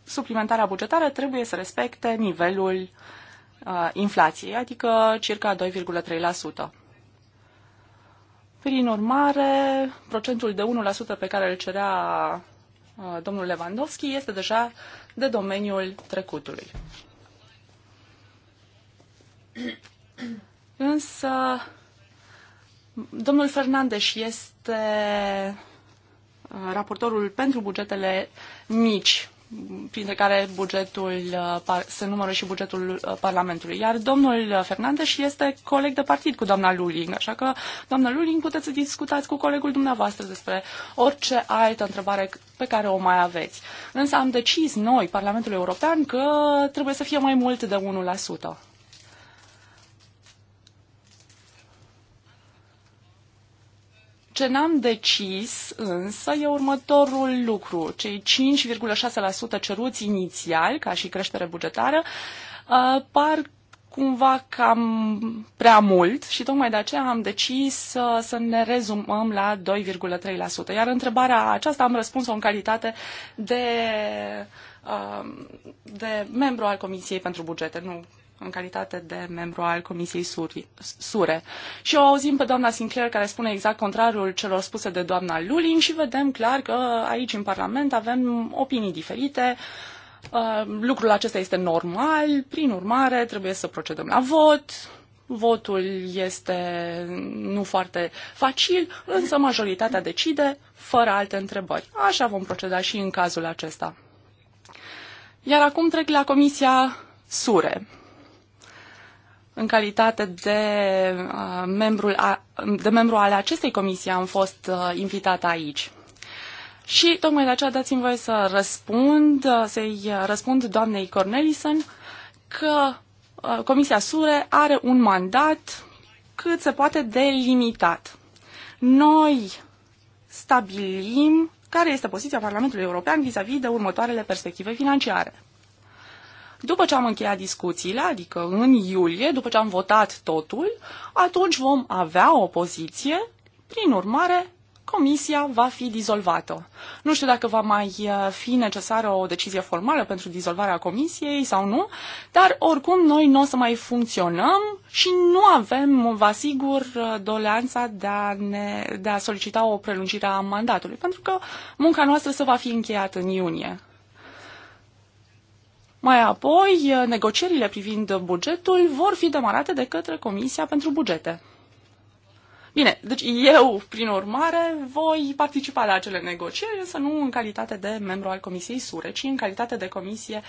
suplimentarea bugetară trebuie să respecte nivelul uh, inflației, adică circa 2,3%. Prin urmare, procentul de 1% pe care îl cerea Uh, domnul Lewandowski este deja de domeniul trecutului. Însă, domnul Fernandes este uh, raportorul pentru bugetele mici printre care bugetul, uh, se numără și bugetul uh, Parlamentului. Iar domnul uh, Fernandes este coleg de partid cu doamna Luling, așa că, doamna Luling, puteți să discutați cu colegul dumneavoastră despre orice altă întrebare pe care o mai aveți. Însă am decis noi, Parlamentul European, că trebuie să fie mai mult de 1%. Ce n-am decis însă e următorul lucru. Cei 5,6% ceruți inițial, ca și creștere bugetară, uh, par cumva cam prea mult și tocmai de aceea am decis să, să ne rezumăm la 2,3%. Iar întrebarea aceasta am răspuns-o în calitate de, uh, de membru al Comisiei pentru Bugete, nu în calitate de membru al Comisiei Suri, Sure. Și o auzim pe doamna Sinclair care spune exact contrarul celor spuse de doamna Lulin și vedem clar că aici în Parlament avem opinii diferite. Uh, lucrul acesta este normal, prin urmare trebuie să procedăm la vot, votul este nu foarte facil, însă majoritatea decide fără alte întrebări. Așa vom proceda și în cazul acesta. Iar acum trec la Comisia SURE. În calitate de, uh, membrul a, de membru al acestei comisii am fost uh, invitată aici. Și tocmai de aceea dați-mi voie să răspund, uh, să-i răspund doamnei Cornelison că uh, Comisia Sure are un mandat cât se poate delimitat. Noi stabilim care este poziția Parlamentului European vis-a-vis -vis de următoarele perspective financiare. După ce am încheiat discuțiile, adică în iulie, după ce am votat totul, atunci vom avea o poziție, prin urmare, comisia va fi dizolvată. Nu știu dacă va mai uh, fi necesară o decizie formală pentru dizolvarea comisiei sau nu, dar oricum noi nu o să mai funcționăm și nu avem, vă asigur, uh, doleanța de a, ne, de a solicita o prelungire a mandatului, pentru că munca noastră se va fi încheiată în iunie. Mai apoi, negocierile privind bugetul vor fi demarate de către Comisia pentru Bugete. Bine, deci eu, prin urmare, voi participa la acele negocieri, însă nu în calitate de membru al Comisiei SURE, ci în calitate de, comisie,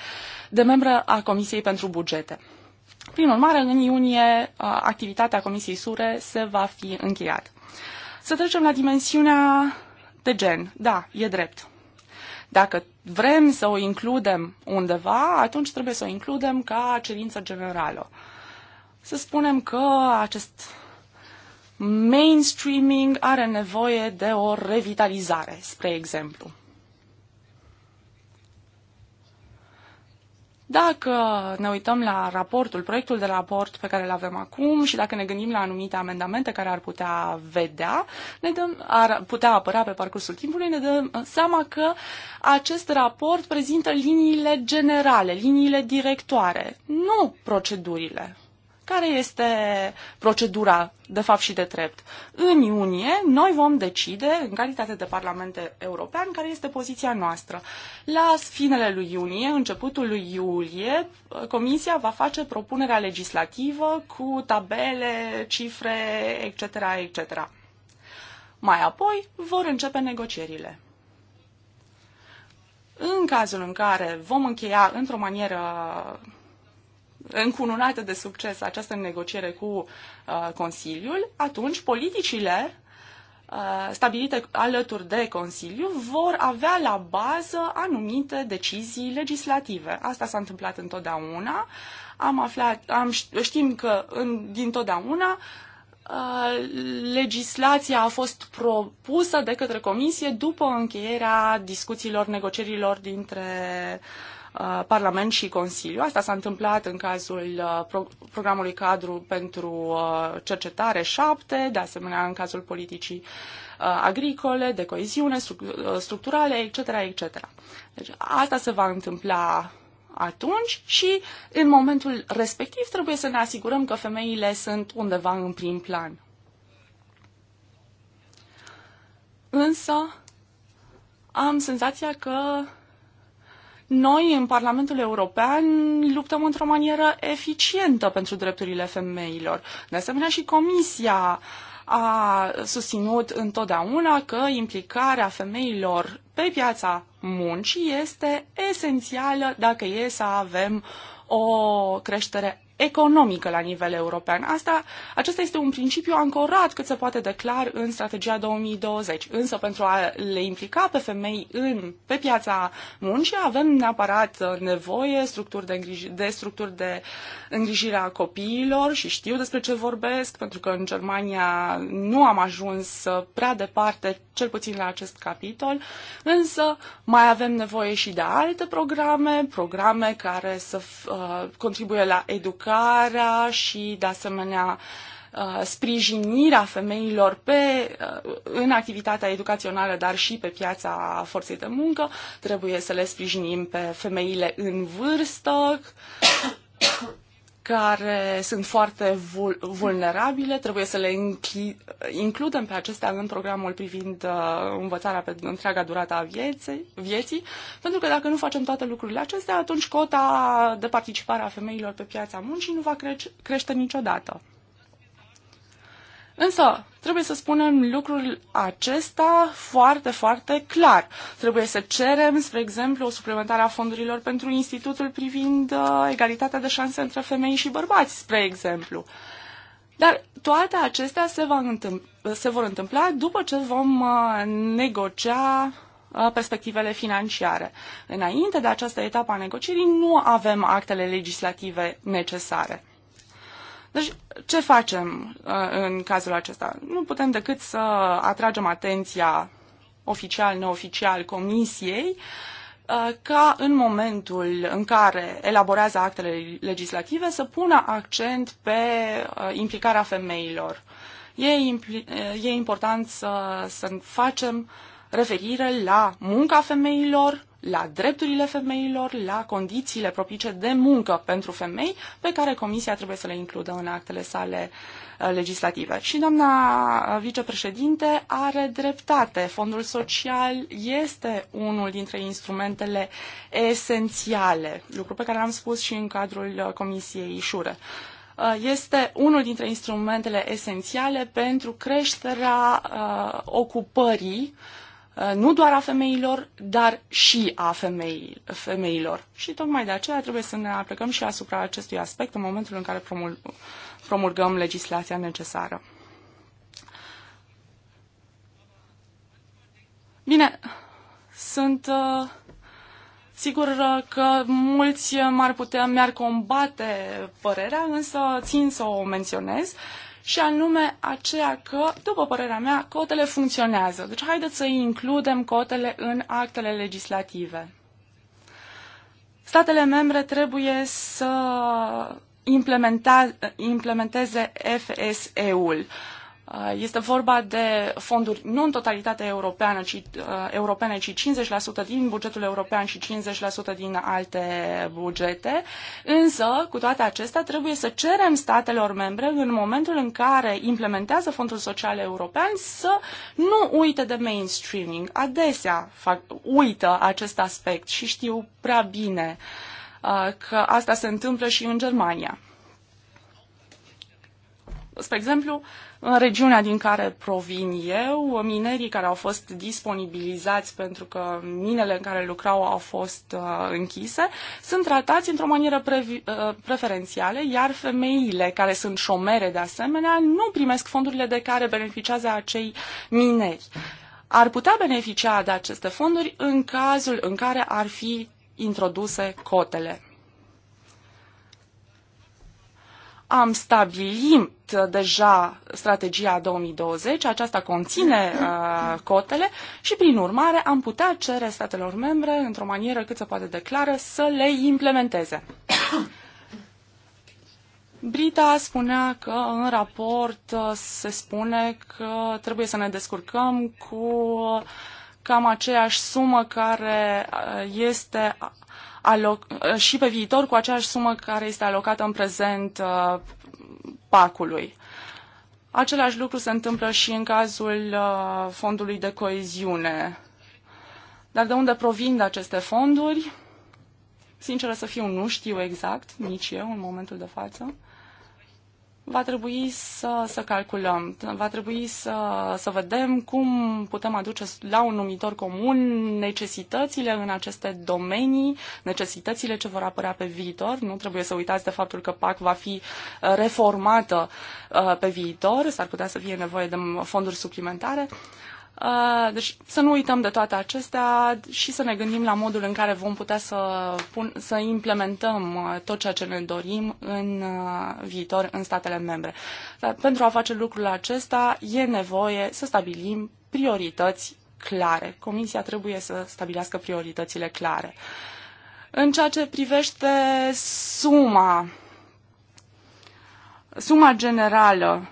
de membru a Comisiei pentru Bugete. Prin urmare, în iunie, activitatea Comisiei SURE se va fi încheiat. Să trecem la dimensiunea de gen. Da, e drept. Dacă vrem să o includem undeva, atunci trebuie să o includem ca cerință generală. Să spunem că acest mainstreaming are nevoie de o revitalizare, spre exemplu. Dacă ne uităm la raportul, proiectul de raport pe care îl avem acum și dacă ne gândim la anumite amendamente care ar putea vedea, ne dăm, ar putea apărea pe parcursul timpului, ne dăm seama că acest raport prezintă liniile generale, liniile directoare, nu procedurile care este procedura de fapt și de drept. În iunie noi vom decide, în calitate de Parlament European, care este poziția noastră. La finele lui iunie, începutul lui iulie, Comisia va face propunerea legislativă cu tabele, cifre, etc., etc. Mai apoi vor începe negocierile. În cazul în care vom încheia într-o manieră încununată de succes această negociere cu uh, Consiliul, atunci politicile uh, stabilite alături de Consiliu vor avea la bază anumite decizii legislative. Asta s-a întâmplat întotdeauna. Am aflat, am, știm că în, din totdeauna uh, legislația a fost propusă de către Comisie după încheierea discuțiilor, negocierilor dintre uh, Uh, Parlament și Consiliu. Asta s-a întâmplat în cazul uh, programului cadru pentru uh, cercetare 7, de asemenea în cazul politicii agricole, de coeziune, structurale, etc. etc. Deci asta se va întâmpla atunci și în momentul respectiv trebuie să ne asigurăm că femeile sunt undeva în prim plan. Însă am senzația că noi, în Parlamentul European, luptăm într-o manieră eficientă pentru drepturile femeilor. De asemenea, și Comisia a susținut întotdeauna că implicarea femeilor pe piața muncii este esențială dacă e să avem o creștere economică la nivel european. Asta, acesta este un principiu ancorat cât se poate de clar în strategia 2020. Însă pentru a le implica pe femei în, pe piața muncii avem neapărat uh, nevoie structuri de, îngriji, de structuri de îngrijire a copiilor și știu despre ce vorbesc pentru că în Germania nu am ajuns uh, prea departe, cel puțin la acest capitol, însă mai avem nevoie și de alte programe, programe care să uh, contribuie la educație educarea și, de asemenea, uh, sprijinirea femeilor pe, uh, în activitatea educațională, dar și pe piața forței de muncă. Trebuie să le sprijinim pe femeile în vârstă, care sunt foarte vul- vulnerabile, trebuie să le includem pe acestea în programul privind uh, învățarea pe întreaga durată a vieții, vieții, pentru că dacă nu facem toate lucrurile acestea, atunci cota de participare a femeilor pe piața muncii nu va cre- crește niciodată. Însă, Trebuie să spunem lucrul acesta foarte, foarte clar. Trebuie să cerem, spre exemplu, o suplimentare a fondurilor pentru institutul privind uh, egalitatea de șanse între femei și bărbați, spre exemplu. Dar toate acestea se, va întâmpla, se vor întâmpla după ce vom uh, negocia uh, perspectivele financiare. Înainte de această etapă a negocierii nu avem actele legislative necesare. Deci, ce facem uh, în cazul acesta? Nu putem decât să atragem atenția oficial, neoficial, comisiei uh, ca în momentul în care elaborează actele legislative să pună accent pe uh, implicarea femeilor. E, impl- e important să, să facem referire la munca femeilor, la drepturile femeilor, la condițiile propice de muncă pentru femei pe care Comisia trebuie să le includă în actele sale uh, legislative. Și doamna uh, vicepreședinte are dreptate. Fondul social este unul dintre instrumentele esențiale, lucru pe care l-am spus și în cadrul uh, Comisiei Șure este unul dintre instrumentele esențiale pentru creșterea ocupării Uh, nu doar a femeilor, dar și a femei, femeilor. Și tocmai de aceea trebuie să ne aplicăm și asupra acestui aspect în momentul în care promulgăm legislația necesară. Bine, sunt uh, sigur uh, că mulți m-ar putea, mi-ar combate părerea, însă țin să o menționez. Uh, și anume aceea că, după părerea mea, cotele funcționează. Deci haideți să includem cotele în actele legislative. Statele membre trebuie să implementeze FSE-ul. Uh, Uh, este vorba de fonduri nu în totalitate europeană, ci, uh, europene, ci 50% din bugetul european și 50% din alte bugete. Însă, cu toate acestea, trebuie să cerem statelor membre, în momentul în care implementează Fondul Social European, să nu uite de mainstreaming. Adesea fac, uită acest aspect și știu prea bine uh, că asta se întâmplă și în Germania. Spre exemplu, în regiunea din care provin eu, minerii care au fost disponibilizați pentru că minele în care lucrau au fost uh, închise, sunt tratați într-o manieră uh, preferențială, iar femeile care sunt șomere de asemenea nu primesc fondurile de care beneficiază acei mineri. Ar putea beneficia de aceste fonduri în cazul în care ar fi introduse cotele. am stabilit deja strategia 2020, aceasta conține uh, cotele și, prin urmare, am putea cere statelor membre, într-o manieră cât se poate declară, să le implementeze. Brita spunea că în raport uh, se spune că trebuie să ne descurcăm cu uh, cam aceeași sumă care uh, este aloc- uh, și pe viitor cu aceeași sumă care este alocată în prezent uh, parcului. Același lucru se întâmplă și în cazul uh, fondului de coeziune. Dar de unde provin de aceste fonduri? Sinceră să fiu, nu știu exact, nici eu în momentul de față va trebui să, să calculăm, va trebui să, să vedem cum putem aduce la un numitor comun necesitățile în aceste domenii, necesitățile ce vor apărea pe viitor. Nu trebuie să uitați de faptul că PAC va fi uh, reformată uh, pe viitor, s-ar putea să fie nevoie de fonduri suplimentare. Uh, deci să nu uităm de toate acestea și să ne gândim la modul în care vom putea să, pun, să implementăm uh, tot ceea ce ne dorim în uh, viitor în statele membre. Dar pentru a face lucrul acesta e nevoie să stabilim priorități clare. Comisia trebuie să stabilească prioritățile clare. În ceea ce privește suma, suma generală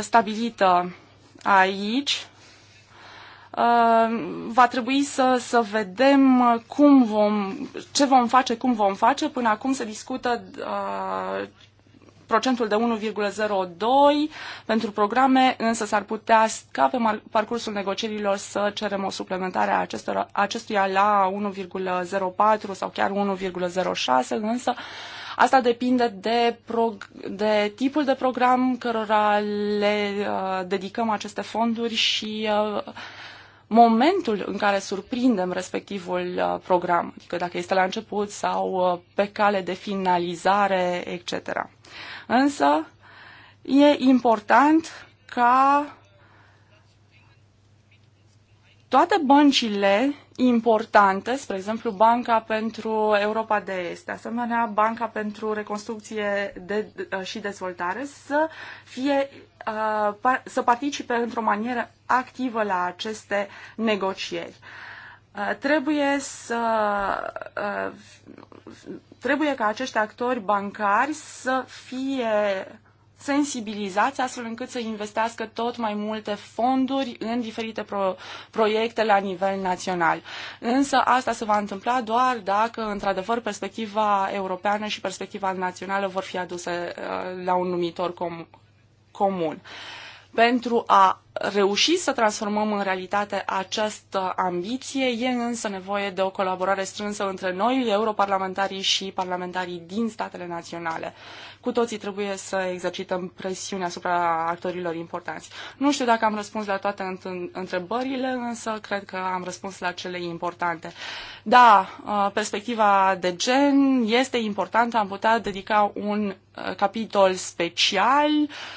stabilită aici, uh, va trebui să, să vedem cum vom, ce vom face, cum vom face. Până acum se discută uh, procentul de 1,02 pentru programe, însă s-ar putea ca pe parcursul negocierilor să cerem o suplimentare a acestuia la 1,04 sau chiar 1,06, însă Asta depinde de, de tipul de program cărora le uh, dedicăm aceste fonduri și uh, momentul în care surprindem respectivul uh, program, adică dacă este la început sau uh, pe cale de finalizare, etc. Însă, e important ca toate băncile importante, spre exemplu Banca pentru Europa de Est, asemenea Banca pentru Reconstrucție de, și Dezvoltare, să, fie, uh, să participe într-o manieră activă la aceste negocieri. Uh, trebuie să uh, trebuie ca acești actori bancari să fie sensibilizați astfel încât să investească tot mai multe fonduri în diferite pro- proiecte la nivel național. Însă asta se va întâmpla doar dacă, într-adevăr, perspectiva europeană și perspectiva națională vor fi aduse uh, la un numitor com- comun. Pentru a reuși să transformăm în realitate această ambiție, e însă nevoie de o colaborare strânsă între noi, europarlamentarii și parlamentarii din statele naționale. Cu toții trebuie să exercităm presiune asupra actorilor importanți. Nu știu dacă am răspuns la toate întrebările, însă cred că am răspuns la cele importante. Da, uh, perspectiva de gen este importantă, am putea dedica un uh, capitol special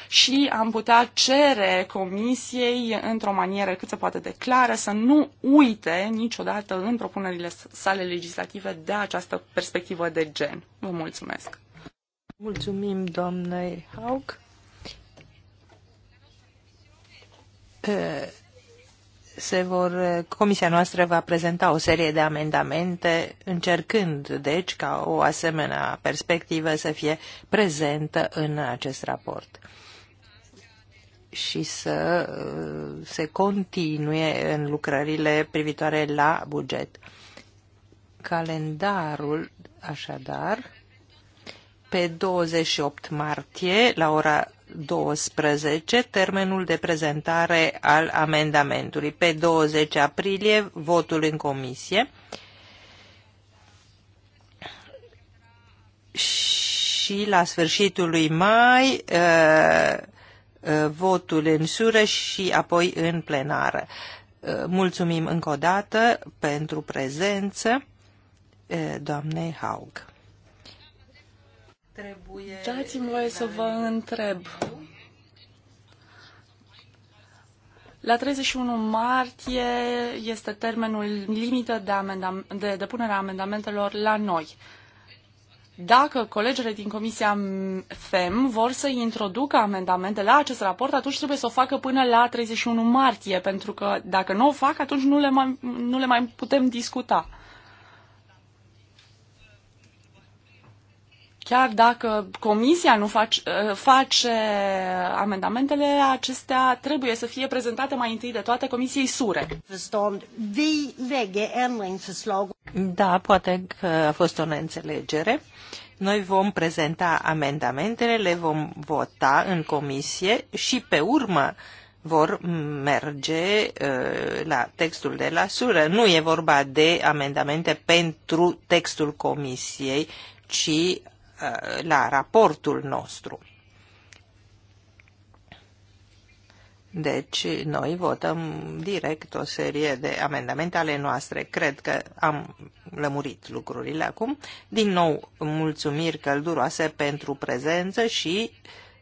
și am putea cere comisiei într-o manieră cât se poate de clară să nu uite niciodată în propunerile sale legislative de această perspectivă de gen. Vă mulțumesc! Mulțumim, doamnei Haug. Se vor, comisia noastră va prezenta o serie de amendamente, încercând, deci, ca o asemenea perspectivă să fie prezentă în acest raport și să se continue în lucrările privitoare la buget. Calendarul, așadar, pe 28 martie, la ora 12, termenul de prezentare al amendamentului. Pe 20 aprilie, votul în comisie. Și la sfârșitul lui mai, ă, ă, votul în sură și apoi în plenară. Ă, mulțumim încă o dată pentru prezență doamnei Haug trebuie... Dați-mi voie să vă întreb. La 31 martie este termenul limită de, amendam- de depunere a amendamentelor la noi. Dacă colegele din Comisia FEM vor să introducă amendamente la acest raport, atunci trebuie să o facă până la 31 martie, pentru că dacă nu o fac, atunci nu le mai, nu le mai putem discuta. Chiar dacă comisia nu face, face amendamentele, acestea trebuie să fie prezentate mai întâi de toate comisiei sure. Da, poate că a fost o neînțelegere. Noi vom prezenta amendamentele, le vom vota în comisie și pe urmă vor merge uh, la textul de la sură. Nu e vorba de amendamente pentru textul comisiei, ci Uh, la raportul nostru. Deci, noi votăm direct o serie de amendamente ale noastre. Cred că am lămurit lucrurile acum. Din nou, mulțumiri călduroase pentru prezență și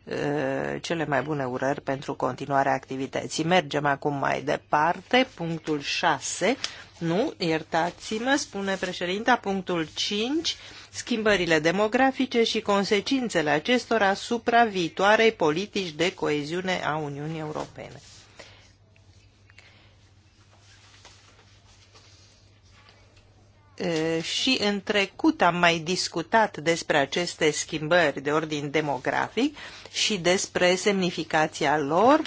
uh, cele mai bune urări pentru continuarea activității. Mergem acum mai departe, punctul 6, nu, iertați-mă, spune președinta, punctul 5, schimbările demografice și consecințele acestora asupra viitoarei politici de coeziune a Uniunii Europene. și în trecut am mai discutat despre aceste schimbări de ordin demografic și despre semnificația lor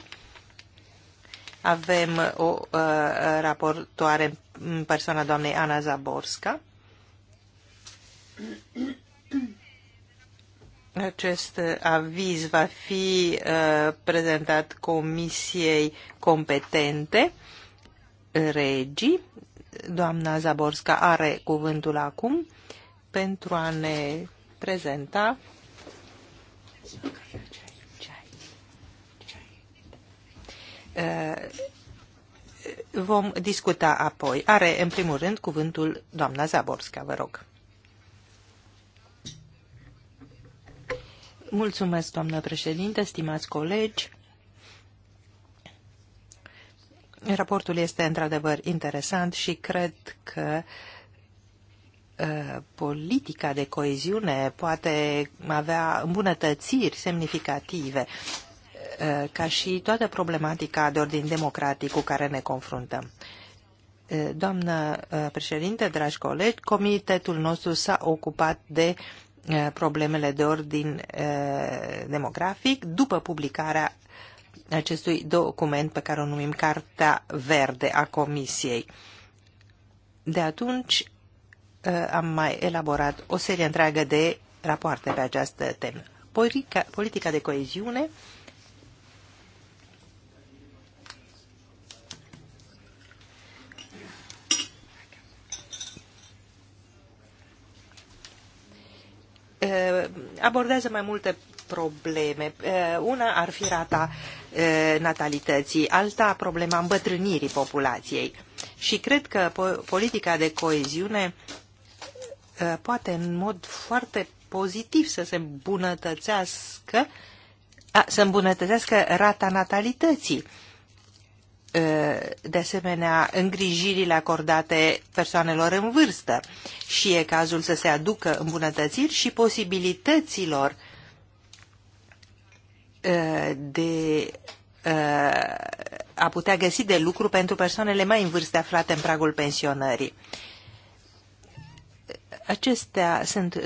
avem o uh, raportoare în persoana doamnei Ana Zaborska. Acest aviz va fi uh, prezentat comisiei competente, regii. Doamna Zaborska are cuvântul acum pentru a ne prezenta Eh, vom discuta apoi. Are, în primul rând, cuvântul doamna Zaborska, vă rog. Mulțumesc, doamnă președinte, stimați colegi. Raportul este într-adevăr interesant și cred că eh, politica de coeziune poate avea îmbunătățiri semnificative Uh, ca și toată problematica de ordin democratic cu care ne confruntăm. Uh, doamnă uh, președinte, dragi colegi, comitetul nostru s-a ocupat de problemele de ordin demografic după publicarea acestui document pe care o numim Cartea Verde a Comisiei. De atunci am mai elaborat o serie întreagă de rapoarte pe această temă. Politica de coeziune Eh, abordează mai multe probleme. Eh, una ar fi rata eh, natalității, alta problema îmbătrânirii populației. Și cred că politica de coeziune poate în mod foarte pozitiv să se îmbunătățească, a, să îmbunătățească rata natalității Ă, de asemenea îngrijirile acordate persoanelor în vârstă și e cazul să se aducă îmbunătățiri și posibilităților ă, de ă, a putea găsi de lucru pentru persoanele mai în vârstă aflate în pragul pensionării. Acestea sunt uh,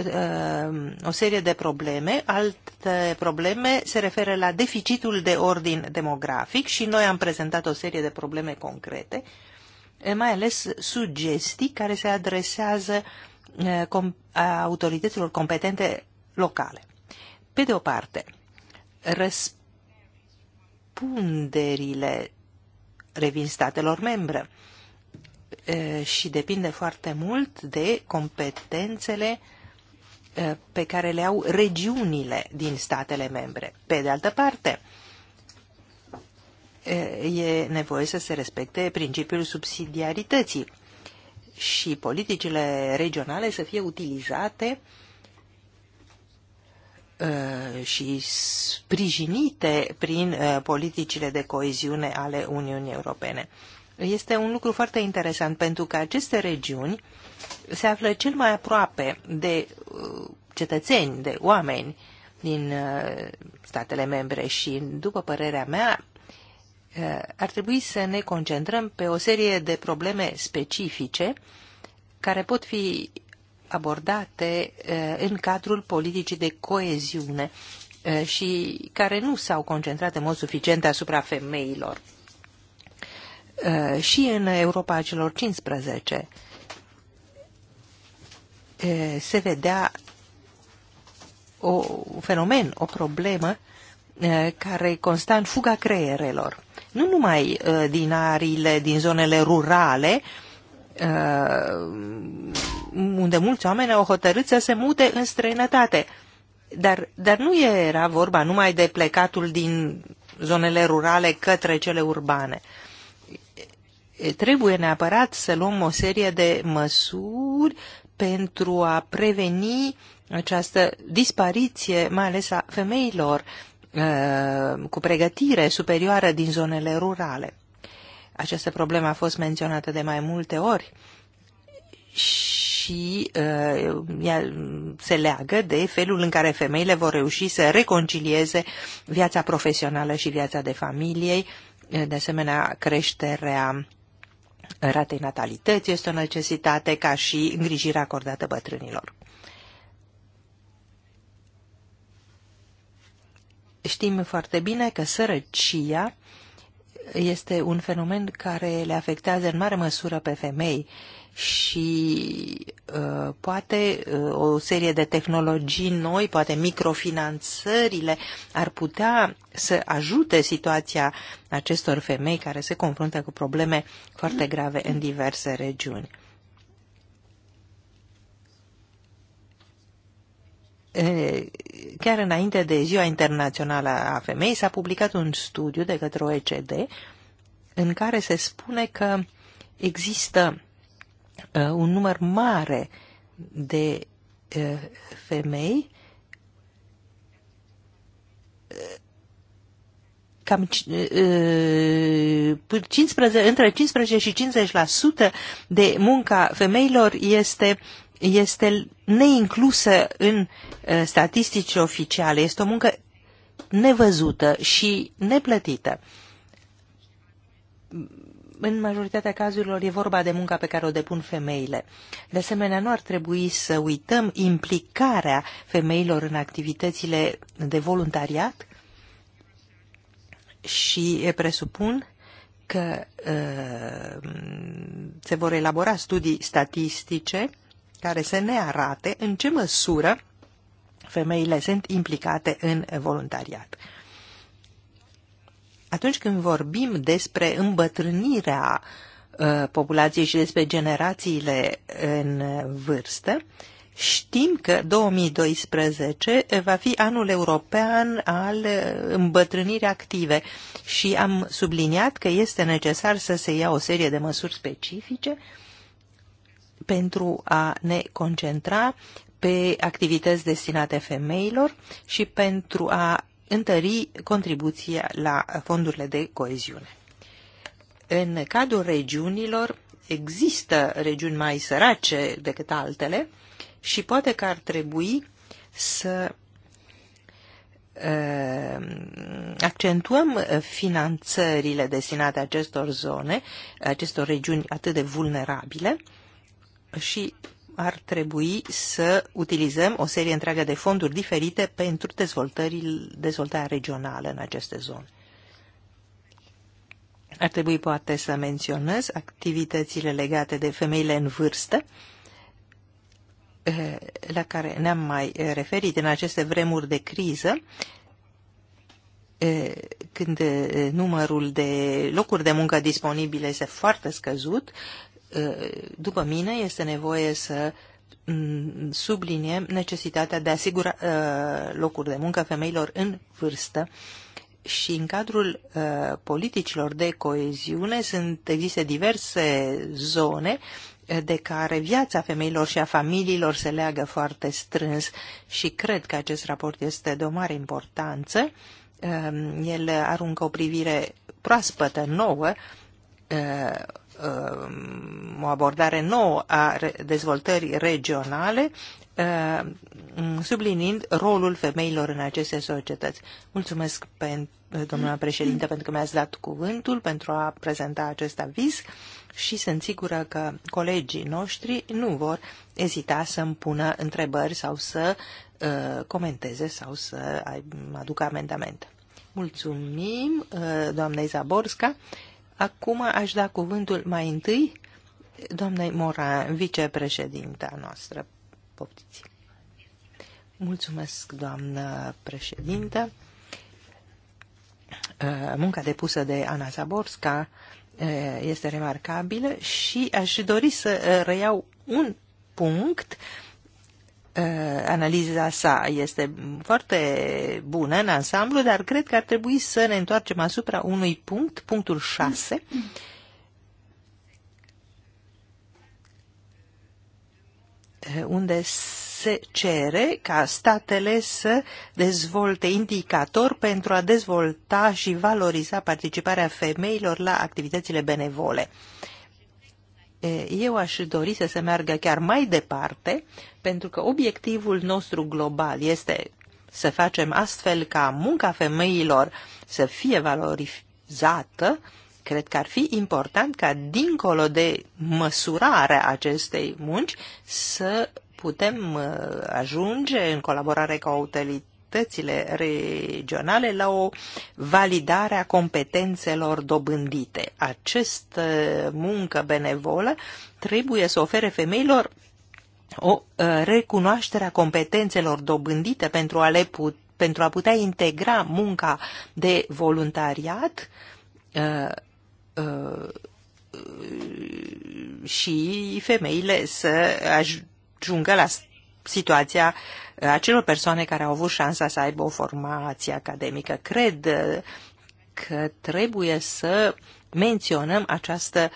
o serie de probleme. Alte probleme se referă la deficitul de ordin demografic și noi am prezentat o serie de probleme concrete, mai ales sugestii care se adresează uh, com autorităților competente locale. Pe de o parte, răspunderile revin statelor membre și depinde foarte mult de competențele pe care le au regiunile din statele membre. Pe de altă parte, e nevoie să se respecte principiul subsidiarității și politicile regionale să fie utilizate și sprijinite prin politicile de coeziune ale Uniunii Europene. Este un lucru foarte interesant pentru că aceste regiuni se află cel mai aproape de uh, cetățeni, de oameni din uh, statele membre și, după părerea mea, uh, ar trebui să ne concentrăm pe o serie de probleme specifice care pot fi abordate în cadrul politicii de coeziune și care nu s-au concentrat în mod suficient asupra femeilor. Eh, și în Europa celor 15 eh, se vedea o, un fenomen, o problemă eh, care consta în fuga creierelor. Nu numai din ariile, din zonele rurale, unde mulți oameni au hotărât să se mute în străinătate. Dar, dar nu era vorba numai de plecatul din zonele rurale către cele urbane. Uh, trebuie neapărat să luăm o serie de măsuri pentru a preveni această dispariție, mai ales a femeilor uh, cu pregătire superioară din zonele rurale. Această problemă a fost menționată de mai multe ori și uh, ea se leagă de felul în care femeile vor reuși să reconcilieze viața profesională și viața de familie, uh, de asemenea creșterea ratei natalității este o necesitate ca și îngrijirea acordată bătrânilor. Știm foarte bine că sărăcia este un fenomen care le afectează în mare măsură pe femei și uh, poate uh, o serie de tehnologii noi, poate microfinanțările ar putea să ajute situația acestor femei care se confruntă cu probleme foarte grave în diverse regiuni. Chiar înainte de Ziua Internațională a Femei s-a publicat un studiu de către OECD în care se spune că există Uh, un număr mare de uh, femei uh, cam 15, între 15 și 50% de munca femeilor este, este neinclusă în statistici oficiale. Este o muncă nevăzută și neplătită în majoritatea cazurilor e vorba de munca pe care o depun femeile. De asemenea, nu ar trebui să uităm implicarea femeilor în activitățile de voluntariat și presupun că uh, se vor elabora studii statistice care să ne arate în ce măsură femeile sunt implicate în voluntariat atunci când vorbim despre îmbătrânirea uh, populației și despre generațiile în vârstă, știm că 2012 va fi anul european al îmbătrânirii active și am subliniat că este necesar să se ia o serie de măsuri specifice pentru a ne concentra pe activități destinate femeilor și pentru a întări contribuția la fondurile de coeziune. În cadrul regiunilor există regiuni mai sărace decât altele și poate că ar trebui să uh, accentuăm finanțările destinate acestor zone, acestor regiuni atât de vulnerabile și ar trebui să utilizăm o serie întreagă de fonduri diferite pentru dezvoltarea regională în aceste zone. Ar trebui poate să menționez activitățile legate de femeile în vârstă, eh, la care ne-am mai referit în aceste vremuri de criză, eh, când eh, numărul de locuri de muncă disponibile este foarte scăzut, Eh, după mine, este nevoie să mm, subliniem necesitatea de a asigura eh, locuri de muncă femeilor în vârstă și în cadrul eh, politicilor de coeziune sunt, există diverse zone de care viața femeilor și a familiilor se leagă foarte strâns și cred că acest raport este de o mare importanță. El aruncă o privire proaspătă, nouă, Um, o abordare nouă a dezvoltării regionale, uh, um, sublinind rolul femeilor în aceste societăți. Mulțumesc, domnule președinte, pentru că mi-ați dat cuvântul pentru a prezenta acest aviz și sunt sigură că colegii noștri nu vor ezita să îmi pună întrebări sau să uh, comenteze sau să aducă amendamente. Mulțumim, uh, doamna Izaborska. Acum aș da cuvântul mai întâi doamnei Mora, vicepreședinta noastră. Poftiți. Mulțumesc, doamnă președintă. Uh, munca depusă de Ana Zaborska uh, este remarcabilă și aș dori să uh, reiau un punct uh, Uh, analiza sa este foarte bună în ansamblu, dar cred că ar trebui să ne întoarcem asupra unui punct, punctul 6, uh, unde se cere ca statele să dezvolte indicatori pentru a dezvolta și valoriza participarea femeilor la activitățile benevole. Uh, eu aș dori să se meargă chiar mai departe, pentru că obiectivul nostru global este să facem astfel ca munca femeilor să fie valorizată, cred că ar fi important ca, dincolo de măsurarea acestei munci, să putem uh, ajunge în colaborare cu autoritățile regionale la o validare a competențelor dobândite. Această muncă benevolă trebuie să ofere femeilor o ă, recunoaștere a competențelor dobândite pentru a, le put, pentru a putea integra munca de voluntariat ă, ă, și femeile să ajungă la situația acelor persoane care au avut șansa să aibă o formație academică. Cred că trebuie să menționăm această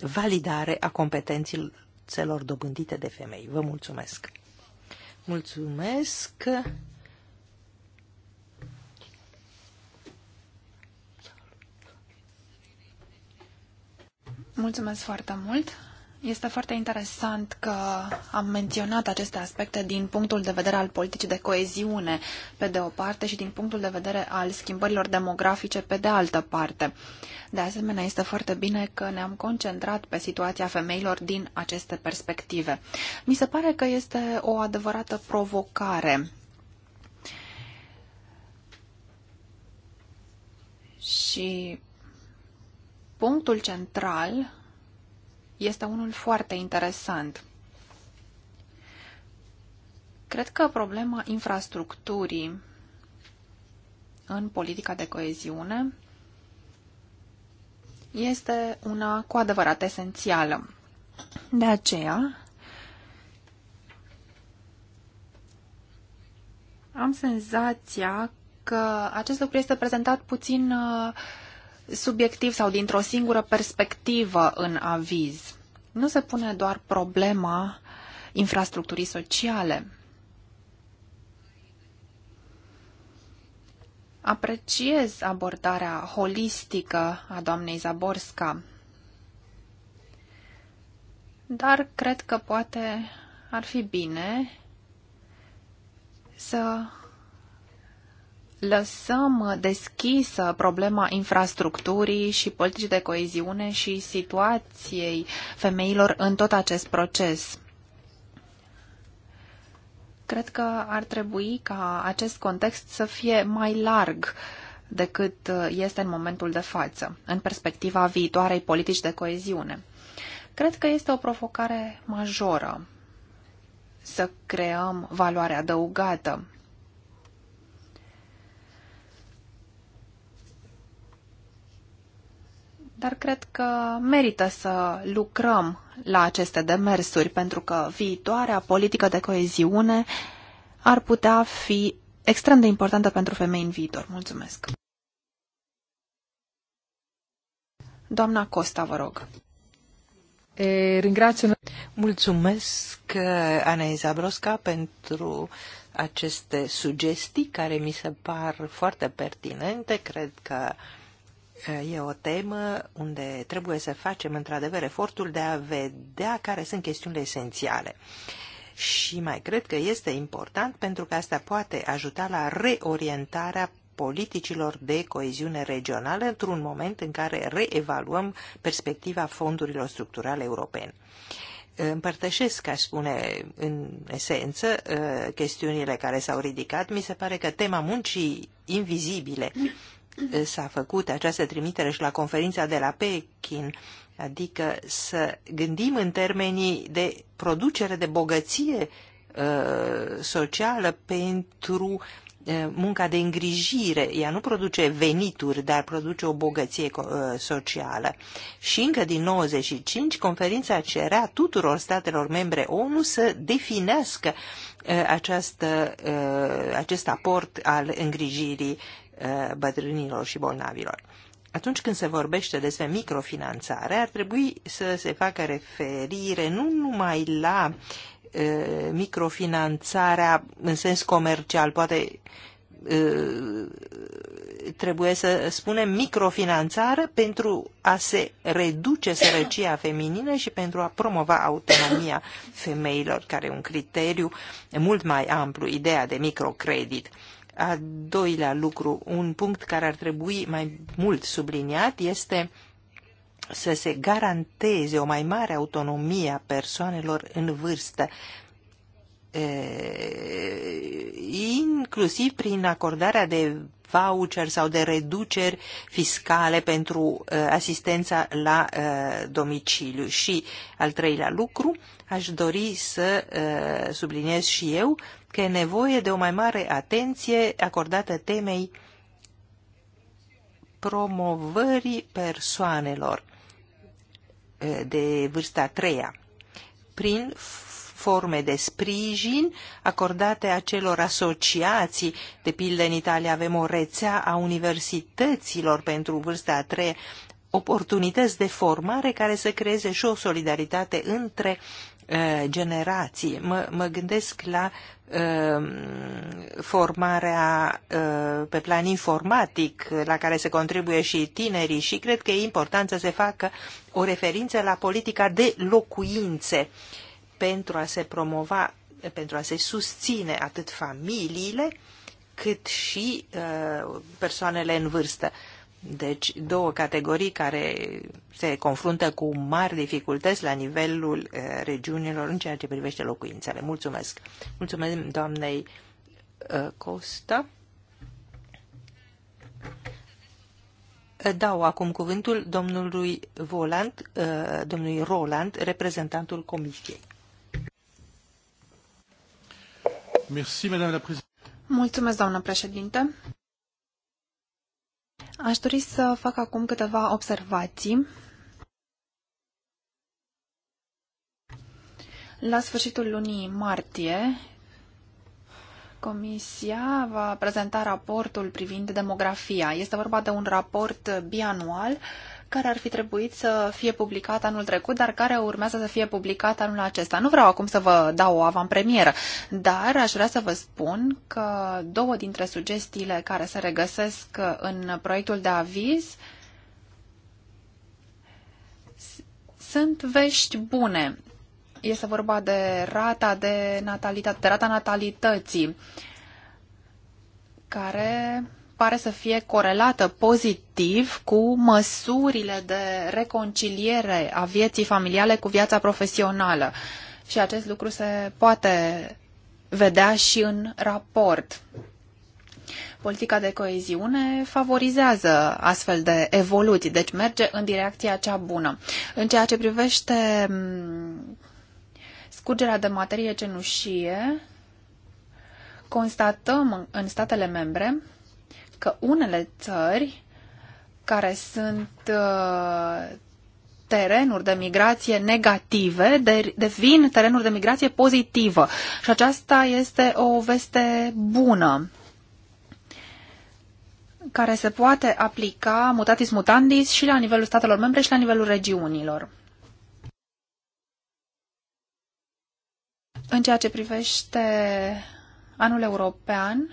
validare a competențelor dobândite de femei. Vă mulțumesc! Mulțumesc! Mulțumesc foarte mult! Este foarte interesant că am menționat aceste aspecte din punctul de vedere al politicii de coeziune, pe de o parte, și din punctul de vedere al schimbărilor demografice, pe de altă parte. De asemenea, este foarte bine că ne-am concentrat pe situația femeilor din aceste perspective. Mi se pare că este o adevărată provocare și punctul central este unul foarte interesant. Cred că problema infrastructurii în politica de coeziune este una cu adevărat esențială. De aceea, am senzația că acest lucru este prezentat puțin uh, subiectiv sau dintr-o singură perspectivă în aviz nu se pune doar problema infrastructurii sociale. Apreciez abordarea holistică a doamnei Zaborska, dar cred că poate ar fi bine să lăsăm deschisă problema infrastructurii și politicii de coeziune și situației femeilor în tot acest proces. Cred că ar trebui ca acest context să fie mai larg decât este în momentul de față, în perspectiva viitoarei politici de coeziune. Cred că este o provocare majoră să creăm valoare adăugată dar cred că merită să lucrăm la aceste demersuri, pentru că viitoarea politică de coeziune ar putea fi extrem de importantă pentru femei în viitor. Mulțumesc! Doamna Costa, vă rog. E, Mulțumesc, Ana Zabrosca, pentru aceste sugestii care mi se par foarte pertinente. Cred că uh, E o temă unde trebuie să facem într-adevăr efortul de a vedea care sunt chestiunile esențiale. Și mai cred că este important pentru că asta poate ajuta la reorientarea politicilor de coeziune regională într-un moment în care reevaluăm perspectiva fondurilor structurale europene. Împărtășesc, aș spune, în esență, ă, chestiunile care s-au ridicat. Mi se pare că tema muncii invizibile s-a făcut această trimitere și la conferința de la Pekin, adică să gândim în termenii de producere de bogăție uh, socială pentru uh, munca de îngrijire. Ea nu produce venituri, dar produce o bogăție uh, socială. Și încă din 95, conferința cerea tuturor statelor membre ONU să definească această, acest aport al îngrijirii Uh, bătrânilor și bolnavilor. Atunci când se vorbește despre microfinanțare, ar trebui să se facă referire nu numai la uh, microfinanțarea în sens comercial, poate uh, trebuie să spunem microfinanțare pentru a se reduce sărăcia feminină și pentru a promova autonomia femeilor, care e un criteriu mult mai amplu, ideea de microcredit. A doilea lucru, un punct care ar trebui mai mult subliniat este să se garanteze o mai mare autonomie a persoanelor în vârstă, inclusiv prin acordarea de voucher sau de reduceri fiscale pentru asistența la domiciliu. Și al treilea lucru, aș dori să subliniez și eu că e nevoie de o mai mare atenție acordată temei promovării persoanelor de vârsta a treia prin forme de sprijin acordate acelor asociații. De pildă, în Italia avem o rețea a universităților pentru vârsta a treia, oportunități de formare care să creeze și o solidaritate între uh, generații. Mă, mă gândesc la Um, formarea uh, pe plan informatic la care se contribuie și tinerii și cred că e important să se facă o referință la politica de locuințe pentru a se promova, pentru a se susține atât familiile cât și uh, persoanele în vârstă. Deci două categorii care se confruntă cu mari dificultăți la nivelul eh, regiunilor în ceea ce privește locuințele. Mulțumesc! Mulțumesc doamnei eh, Costa. Eh, dau acum cuvântul domnului Voland, domnului Roland, reprezentantul Comisiei. Mulțumesc, doamnă președinte. Aș dori să fac acum câteva observații. La sfârșitul lunii martie, Comisia va prezenta raportul privind demografia. Este vorba de un raport bianual uh, care ar fi trebuit să fie publicat anul trecut, dar care urmează să fie publicat anul acesta. Nu vreau acum să vă dau o avantpremieră, dar aș vrea să vă spun că două dintre sugestiile care se regăsesc în proiectul de aviz sunt vești bune. Este vorba de rata de natalitate, de rata natalității, care pare să fie corelată pozitiv cu măsurile de reconciliere a vieții familiale cu viața profesională. Și acest lucru se poate vedea și în raport. Politica de coeziune favorizează astfel de evoluții, deci merge în direcția cea bună. În ceea ce privește scurgerea de materie cenușie, constatăm în statele membre că unele țări care sunt uh, terenuri de migrație negative devin terenuri de migrație pozitivă. Și aceasta este o veste bună care se poate aplica mutatis mutandis și la nivelul statelor membre și la nivelul regiunilor. În ceea ce privește anul european,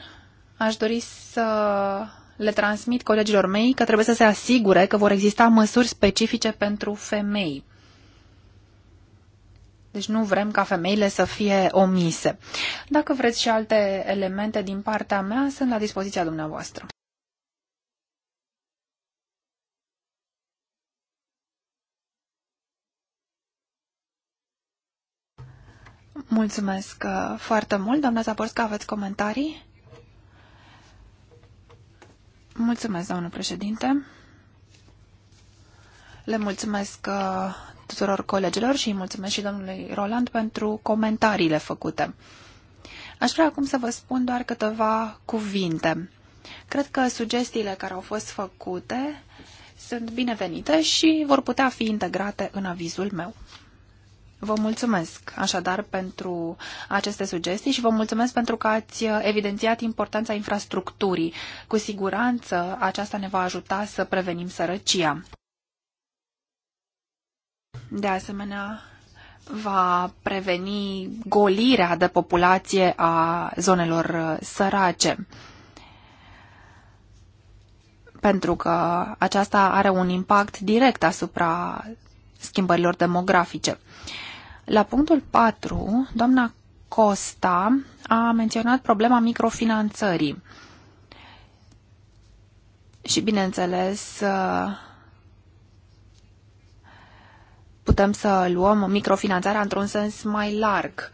Aș dori să le transmit colegilor mei că trebuie să se asigure că vor exista măsuri specifice pentru femei. Deci nu vrem ca femeile să fie omise. Dacă vreți și alte elemente din partea mea, sunt la dispoziția dumneavoastră. Mulțumesc uh, foarte mult, doamna Zaborska, aveți comentarii? Mulțumesc, doamnă președinte. Le mulțumesc uh, tuturor colegilor și mulțumesc și domnului Roland pentru comentariile făcute. Aș vrea acum să vă spun doar câteva cuvinte. Cred că sugestiile care au fost făcute sunt binevenite și vor putea fi integrate în avizul meu. Vă mulțumesc așadar pentru aceste sugestii și vă mulțumesc pentru că ați evidențiat importanța infrastructurii. Cu siguranță aceasta ne va ajuta să prevenim sărăcia. De asemenea, va preveni golirea de populație a zonelor sărace pentru că aceasta are un impact direct asupra schimbărilor demografice. La punctul 4, doamna Costa a menționat problema microfinanțării. Și, bineînțeles, putem să luăm microfinanțarea într-un sens mai larg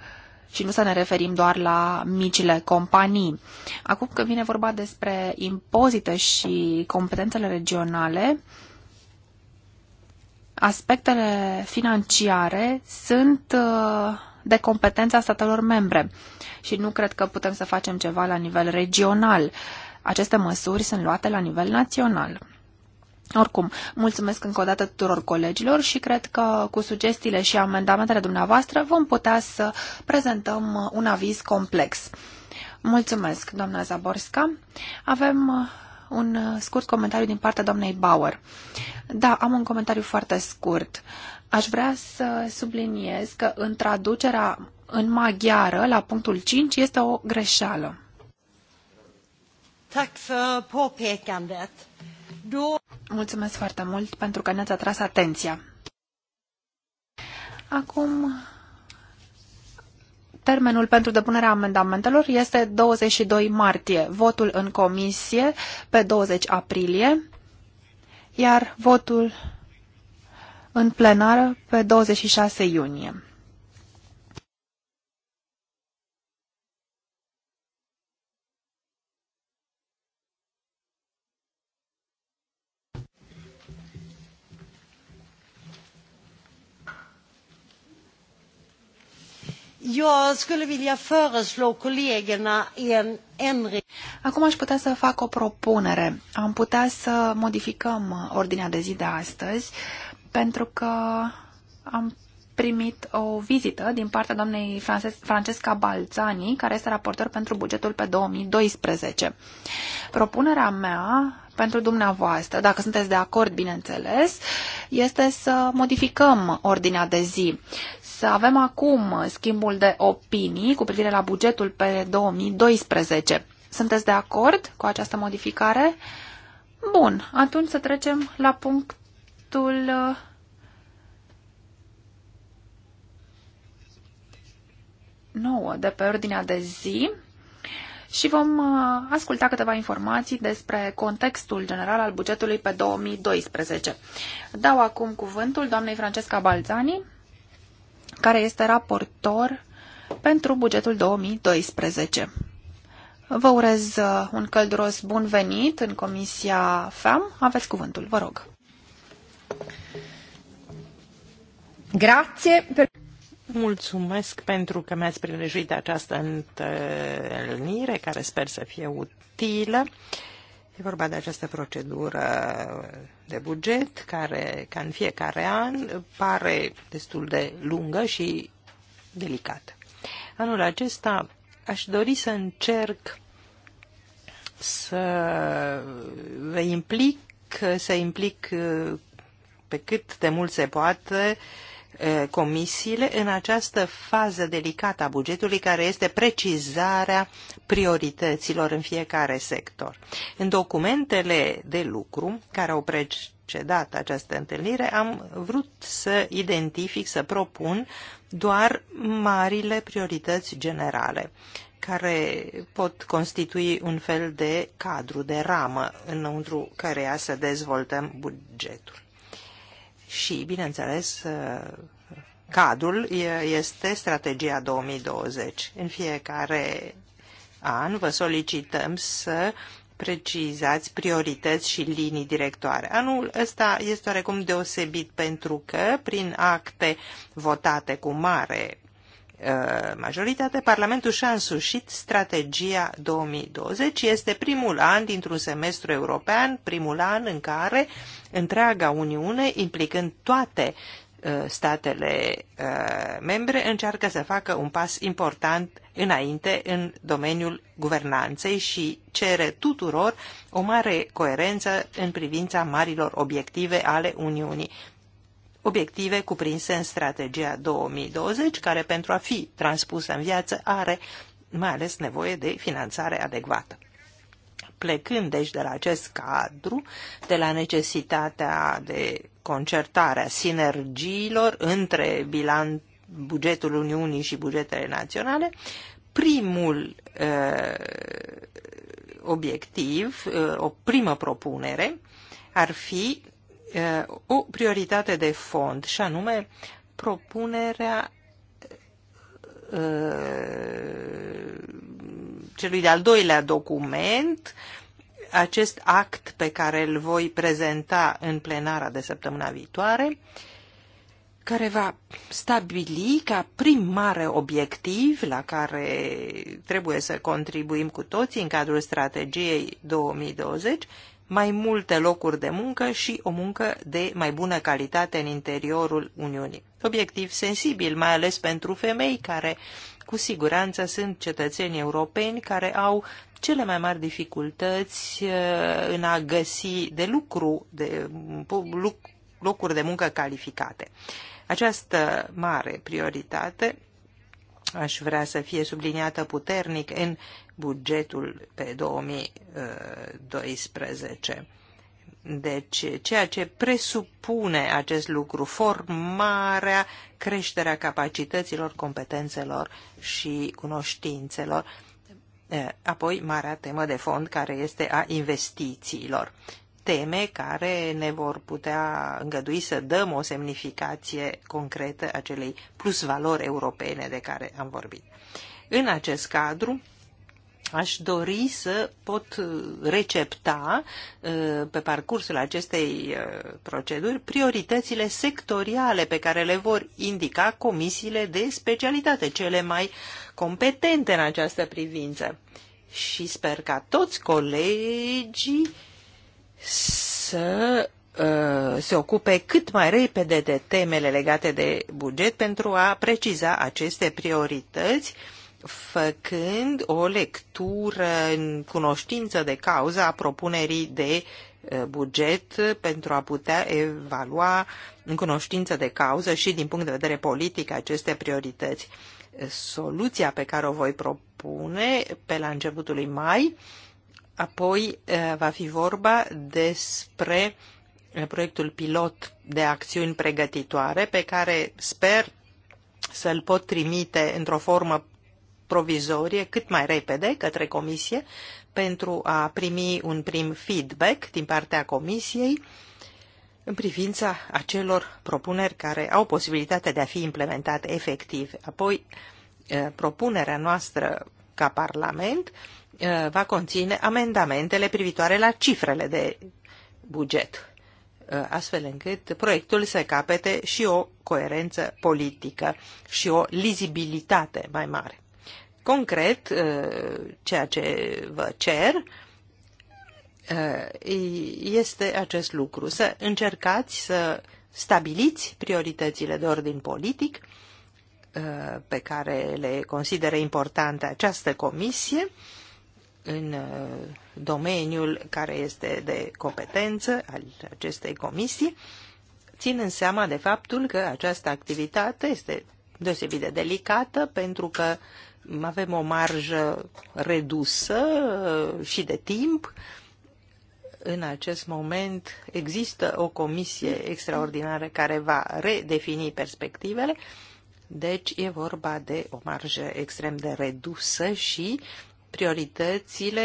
și nu să ne referim doar la micile companii. Acum că vine vorba despre impozite și competențele regionale, uh, aspectele financiare sunt uh, de competența statelor membre și nu cred că putem să facem ceva la nivel regional. Aceste măsuri sunt luate la nivel național. Oricum, mulțumesc încă o dată tuturor colegilor și cred că cu sugestiile și amendamentele dumneavoastră vom putea să prezentăm uh, un aviz complex. Mulțumesc, doamna Zaborska. Avem uh, un uh, scurt comentariu din partea doamnei Bauer. Da, am un comentariu foarte scurt. Aș vrea să subliniez că în traducerea în maghiară, la punctul 5, este o greșeală. Mulțumesc foarte mult pentru că ne-ați atras atenția. Acum Termenul pentru depunerea amendamentelor este 22 martie, votul în comisie pe 20 aprilie, iar votul în plenară pe 26 iunie. Eu skulle vilja föreslå kollegorna en ändring. Acum aș putea să fac o propunere. Am putea să modificăm uh, ordinea de zi de astăzi pentru că am primit o vizită din partea doamnei Francesca Balzani, care este raportor pentru bugetul pe 2012. Propunerea mea pentru dumneavoastră, dacă sunteți de acord, bineînțeles, este să modificăm ordinea de zi, să avem acum schimbul de opinii cu privire la bugetul pe 2012. Sunteți de acord cu această modificare? Bun, atunci să trecem la punctul uh, nouă de pe ordinea de zi și vom uh, asculta câteva informații despre contextul general al bugetului pe 2012. Dau acum cuvântul doamnei Francesca Balzani, care este raportor pentru bugetul 2012. Vă urez uh, un călduros bun venit în Comisia FAM. Aveți cuvântul, vă rog. Grație. Mulțumesc pentru că mi-ați prilejuit această întâlnire, care sper să fie utilă. Uh, E vorba de această procedură de buget, care, ca în fiecare an, pare destul de lungă și delicată. Anul acesta aș dori să încerc să vă implic, să implic pe cât de mult se poate uh, comisiile în această fază delicată a bugetului, care este precizarea priorităților în fiecare sector. În documentele de lucru care au precedat această întâlnire, am vrut să identific, să propun doar marile priorități generale care pot constitui un fel de cadru, de ramă înăuntru căreia să dezvoltăm bugetul și, bineînțeles, uh, cadrul este strategia 2020. În fiecare an vă solicităm să precizați priorități și linii directoare. Anul ăsta este oarecum deosebit pentru că prin acte votate cu mare Uh, majoritate, Parlamentul și-a însușit strategia 2020. Este primul an dintr-un semestru european, primul an în care întreaga Uniune, implicând toate uh, statele uh, membre, încearcă să facă un pas important înainte în domeniul guvernanței și cere tuturor o mare coerență în privința marilor obiective ale Uniunii obiective cuprinse în strategia 2020, care pentru a fi transpusă în viață are mai ales nevoie de finanțare adecvată. Plecând deci de la acest cadru, de la necesitatea de concertarea sinergiilor între bilanț bugetul Uniunii și bugetele naționale, primul uh, obiectiv, uh, o primă propunere, ar fi o prioritate de fond și anume propunerea celui de-al doilea document, acest act pe care îl voi prezenta în plenara de săptămâna viitoare, care va stabili ca prim mare obiectiv la care trebuie să contribuim cu toții în cadrul strategiei 2020 mai multe locuri de muncă și o muncă de mai bună calitate în interiorul Uniunii. Obiectiv sensibil, mai ales pentru femei care cu siguranță sunt cetățeni europeni care au cele mai mari dificultăți uh, în a găsi de lucru, de locuri de muncă calificate. Această mare prioritate aș vrea să fie subliniată puternic în bugetul pe 2012. Uh, deci, ceea ce presupune acest lucru, formarea, creșterea capacităților, competențelor și cunoștințelor, uh, apoi marea temă de fond care este a investițiilor. Teme care ne vor putea îngădui să dăm o semnificație concretă acelei plusvalori europene de care am vorbit. În acest cadru, aș dori să pot uh, recepta uh, pe parcursul acestei uh, proceduri prioritățile sectoriale pe care le vor indica comisiile de specialitate, cele mai competente în această privință. Și sper ca toți colegii să se ocupe cât mai repede de temele legate de buget pentru a preciza aceste priorități uh, făcând o lectură în cunoștință de cauză a propunerii de uh, buget pentru a putea evalua în cunoștință de cauză și din punct de vedere politic aceste priorități. Soluția pe care o voi propune pe la începutul lui mai, apoi uh, va fi vorba despre uh, proiectul pilot de acțiuni pregătitoare pe care sper să-l pot trimite într-o formă provizorie cât mai repede către comisie pentru a primi un prim feedback din partea comisiei în privința acelor propuneri care au posibilitatea de a fi implementate efectiv. Apoi, eh, propunerea noastră ca Parlament eh, va conține amendamentele privitoare la cifrele de buget, eh, astfel încât proiectul să capete și o coerență politică și o lizibilitate mai mare concret uh, ceea ce vă cer uh, este acest lucru, să încercați să stabiliți prioritățile de ordin politic uh, pe care le consideră importante această comisie în domeniul care este de competență al acestei comisii, ținând seama de faptul că această activitate este deosebit de delicată pentru că avem o marjă redusă uh, și de timp. În acest moment există o comisie extraordinară care va redefini perspectivele, deci e vorba de o marjă extrem de redusă și prioritățile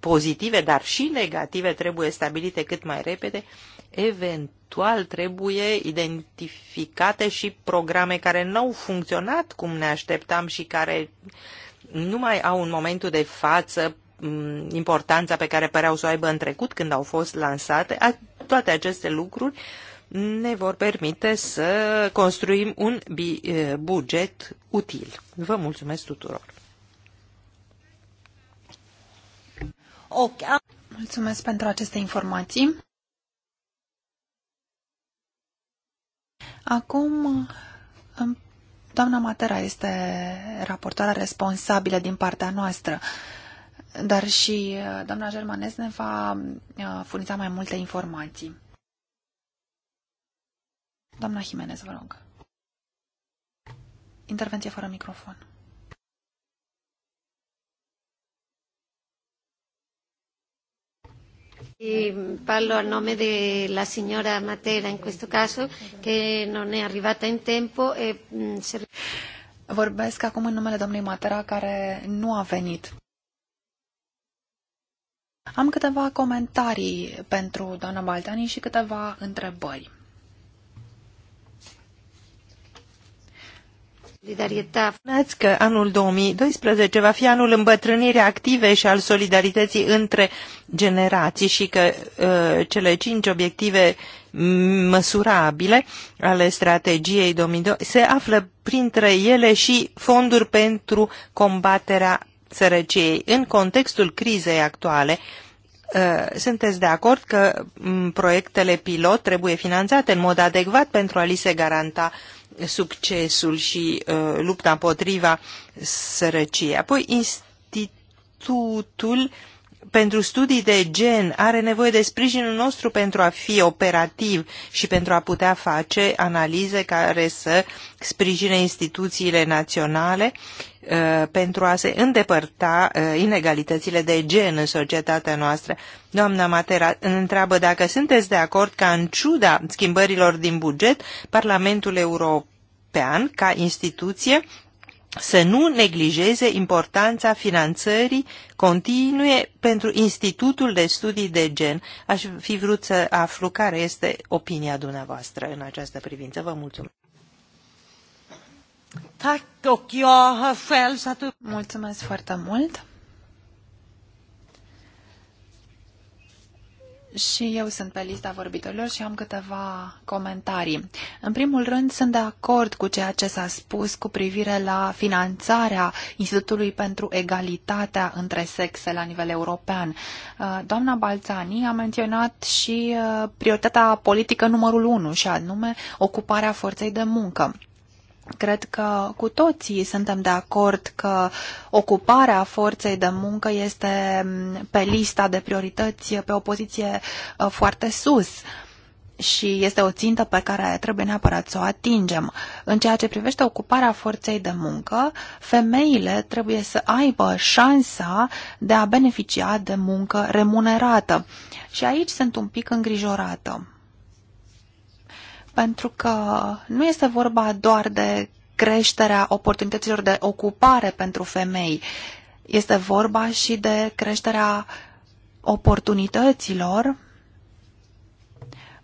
pozitive, dar și negative trebuie stabilite cât mai repede eventual trebuie identificate și programe care nu au funcționat cum ne așteptam și care nu mai au în momentul de față mm, importanța pe care păreau să o aibă în trecut când au fost lansate, toate aceste lucruri ne vor permite să construim un buget util. Vă mulțumesc tuturor! Mulțumesc pentru aceste informații. Acum, doamna Matera este raportoarea responsabilă din partea noastră, dar și uh, doamna Germanes ne va uh, furniza mai multe informații. Doamna Jimenez, vă rog. Intervenție fără microfon. E parlo a nome della signora Matera in questo caso che non è arrivata in tempo e eh, mm, se... Vorbesc acum în numele doamnei Matera care nu a venit. Am câteva comentarii pentru doamna Baltani și câteva întrebări. Spuneți că anul 2012 va fi anul îmbătrânirii active și al solidarității între generații și că uh, cele cinci obiective măsurabile ale strategiei 2002 se află printre ele și fonduri pentru combaterea sărăciei. În contextul crizei actuale, ă, sunteți de acord că proiectele pilot trebuie finanțate în mod adecvat pentru a li se garanta uh, succesul și uh, lupta împotriva sărăciei. Apoi, Institutul pentru studii de gen are nevoie de sprijinul nostru pentru a fi operativ și pentru a putea face analize care să sprijine instituțiile naționale uh, pentru a se îndepărta uh, inegalitățile de gen în societatea noastră. Doamna Matera întreabă dacă sunteți de acord ca în ciuda schimbărilor din buget, Parlamentul European European, ca instituție, să nu neglijeze importanța finanțării continue pentru Institutul de Studii de Gen. Aș fi vrut să aflu care este opinia dumneavoastră în această privință. Vă mulțumesc. Mulțumesc foarte mult. Și eu sunt pe lista vorbitorilor și am câteva comentarii. În primul rând, sunt de acord cu ceea ce s-a spus cu privire la finanțarea Institutului pentru Egalitatea între Sexe la nivel european. Uh, doamna Balțani a menționat și uh, prioritatea politică numărul 1, și anume ocuparea forței de muncă. Cred că cu toții suntem de acord că ocuparea forței de muncă este mm, pe lista de priorități pe o poziție uh, foarte sus și este o țintă pe care trebuie neapărat să o atingem. În ceea ce privește ocuparea forței de muncă, femeile trebuie să aibă șansa de a beneficia de muncă remunerată. Și aici sunt un pic îngrijorată pentru că nu este vorba doar de creșterea oportunităților de ocupare pentru femei, este vorba și de creșterea oportunităților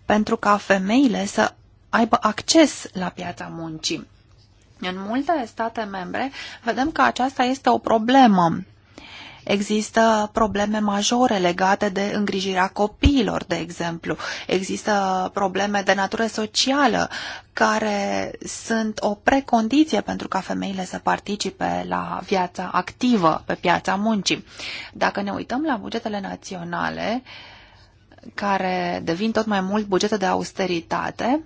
pentru ca femeile să aibă acces la piața muncii. În multe state membre vedem că aceasta este o problemă Există probleme majore legate de îngrijirea copiilor, de exemplu. Există probleme de natură socială care sunt o precondiție pentru ca femeile să participe la viața activă pe piața muncii. Dacă ne uităm la bugetele naționale, care devin tot mai mult bugete de austeritate,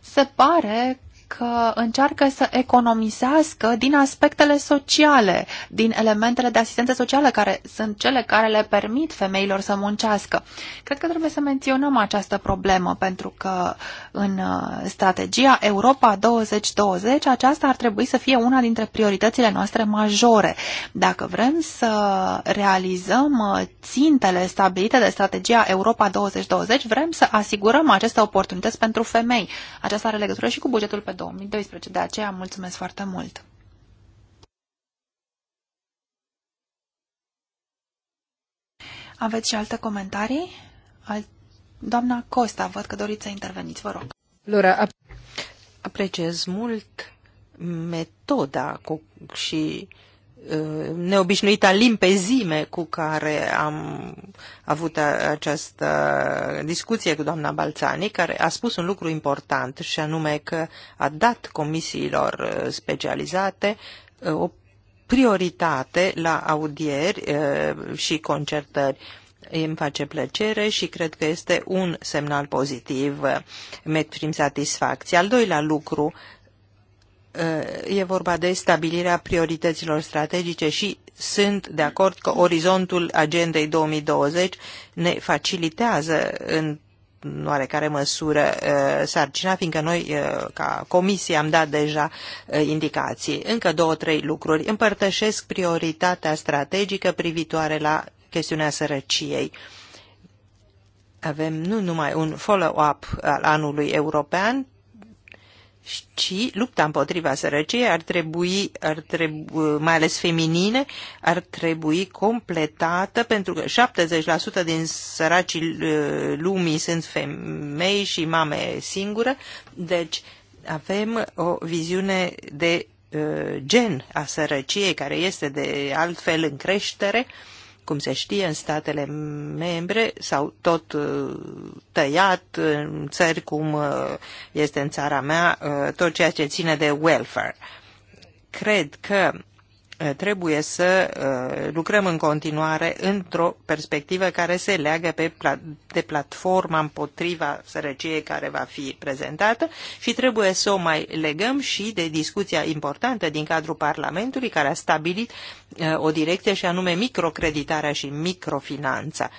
se pare că încearcă să economisească din aspectele sociale, din elementele de asistență socială care sunt cele care le permit femeilor să muncească. Cred că trebuie să menționăm această problemă pentru că în uh, strategia Europa 2020 aceasta ar trebui să fie una dintre prioritățile noastre majore. Dacă vrem să realizăm uh, țintele stabilite de strategia Europa 2020, vrem să asigurăm aceste oportunități pentru femei. Aceasta are legătură și cu bugetul pe 2012. De aceea mulțumesc foarte mult! Aveți și alte comentarii? Al... Doamna Costa, văd că doriți să interveniți, vă rog. Laura, apreciez mult metoda cu, și uh, Uh, neobișnuita limpezime cu care am avut această discuție cu doamna Balțani, care a spus un lucru important și anume că a dat comisiilor uh, specializate uh, o prioritate la audieri și concertări îmi face plăcere și cred că este un semnal pozitiv, met prin satisfacție. Al doilea lucru, e vorba de stabilirea priorităților strategice și sunt de acord că orizontul agendei 2020 ne facilitează în oarecare măsură uh, sarcina, fiindcă noi, uh, ca comisie, am dat deja uh, indicații. Încă două, trei lucruri. Împărtășesc prioritatea strategică privitoare la chestiunea sărăciei. Avem nu numai un follow-up al anului european, și lupta împotriva sărăciei ar trebui, ar trebui, mai ales feminine, ar trebui completată pentru că 70% din săracii uh, lumii sunt femei și mame singură, deci avem o viziune de uh, gen a sărăciei care este de altfel în creștere uh, cum se știe, în statele membre s-au tot uh, tăiat în țări cum uh, este în țara mea uh, tot ceea ce ține de welfare. Cred că Eh, trebuie să eh, lucrăm în continuare într-o perspectivă care se leagă pe de platforma împotriva sărăciei care va fi prezentată și trebuie să o mai legăm și de discuția importantă din cadrul Parlamentului care a stabilit eh, o direcție și anume microcreditarea și microfinanța.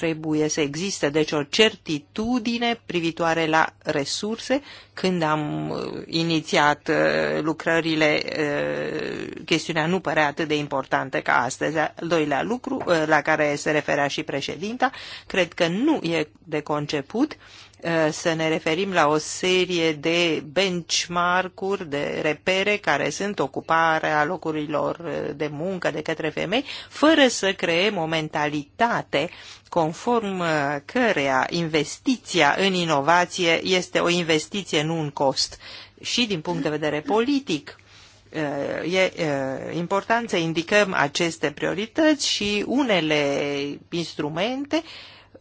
Trebuie să existe, deci, o certitudine privitoare la resurse. Când am uh, inițiat uh, lucrările, uh, chestiunea nu părea atât de importantă ca astăzi. Al doilea lucru, la care se referea și președinta, cred că nu e de conceput Uh, să ne referim la o serie de benchmark-uri, de repere care sunt ocuparea locurilor uh, de muncă de către femei, fără să creăm o mentalitate conform uh, cărea investiția în inovație este o investiție, nu un cost. Și din punct de vedere politic, e important să indicăm aceste priorități și unele instrumente uh,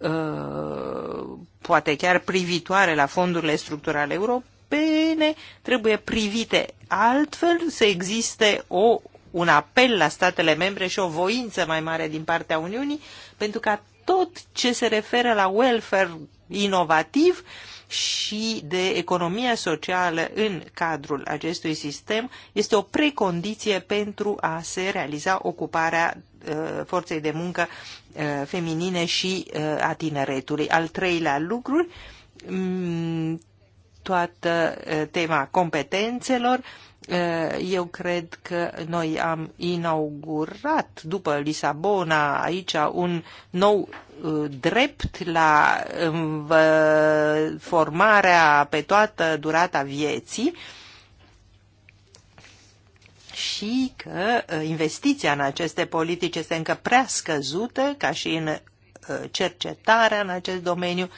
Uh, poate chiar privitoare la fondurile structurale europene, trebuie privite altfel, să existe o, un apel la statele membre și o voință mai mare din partea Uniunii, pentru ca tot ce se referă la welfare inovativ și de economia socială în cadrul acestui sistem este o precondiție pentru a se realiza ocuparea uh, forței de muncă uh, feminine și uh, a tineretului. Al treilea lucru, mm, toată tema competențelor eu cred că noi am inaugurat după Lisabona aici un nou drept la formarea pe toată durata vieții și că investiția în aceste politici este încă prea scăzută ca și în cercetarea în acest domeniu.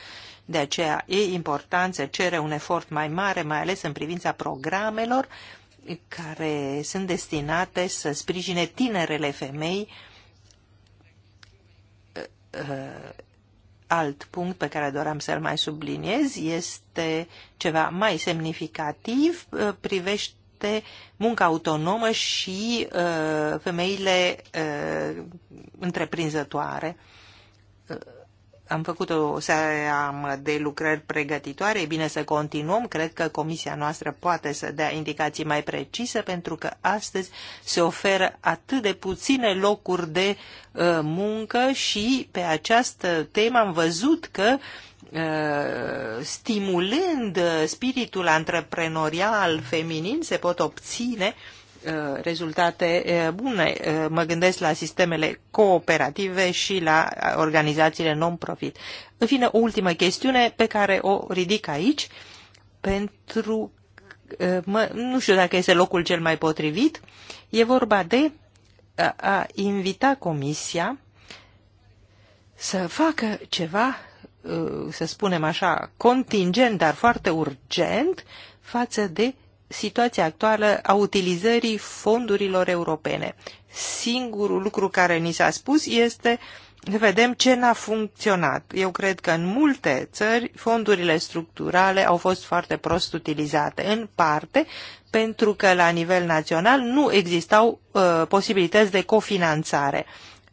De aceea e important să cere un efort mai mare, mai ales în privința programelor uh, care sunt destinate să sprijine tinerele femei. Uh, uh, alt punct pe care doream să-l mai subliniez este ceva mai semnificativ, uh, privește munca autonomă și femeile întreprinzătoare. Uh, am făcut o seară de lucrări pregătitoare, e bine să continuăm. Cred că comisia noastră poate să dea indicații mai precise, pentru că astăzi se oferă atât de puține locuri de uh, muncă și pe această temă am văzut că uh, stimulând spiritul antreprenorial feminin se pot obține uh, Uh, rezultate uh, bune. Uh, mă gândesc la sistemele cooperative și la organizațiile non-profit. În fine, o ultimă chestiune pe care o ridic aici, pentru mă, nu știu dacă este locul cel mai potrivit, e vorba de a invita comisia să facă ceva, să spunem așa, contingent, dar foarte urgent, față de situația actuală a utilizării fondurilor europene. Singurul lucru care ni s-a spus este vedem ce n-a funcționat. Eu cred că în multe țări fondurile structurale au fost foarte prost utilizate, în parte pentru că la nivel național nu existau uh, posibilități de cofinanțare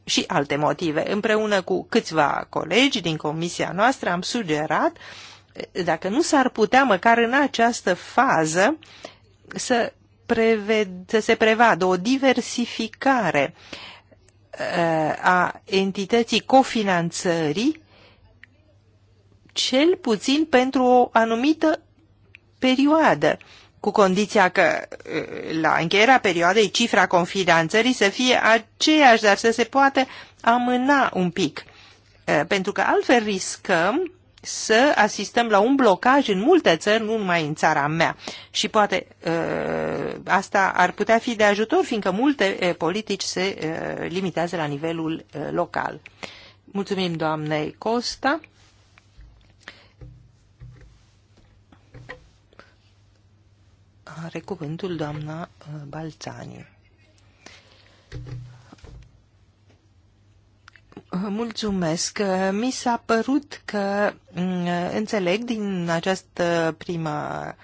și alte motive. Împreună cu câțiva colegi din comisia noastră am sugerat uh, dacă nu s-ar putea măcar în această fază să, preved, să se prevadă o diversificare uh, a entității cofinanțării cel puțin pentru o anumită perioadă, cu condiția că uh, la încheierea perioadei cifra confidanțării să fie aceeași, dar să se poate amâna un pic. Uh, pentru că altfel riscăm să asistăm la un blocaj în multe țări, nu numai în țara mea. Și poate uh, asta ar putea fi de ajutor, fiindcă multe uh, politici se uh, limitează la nivelul uh, local. Mulțumim doamnei Costa. Are cuvântul doamna uh, Balțani. Mulțumesc. Mi s-a părut că mm, înțeleg din această prima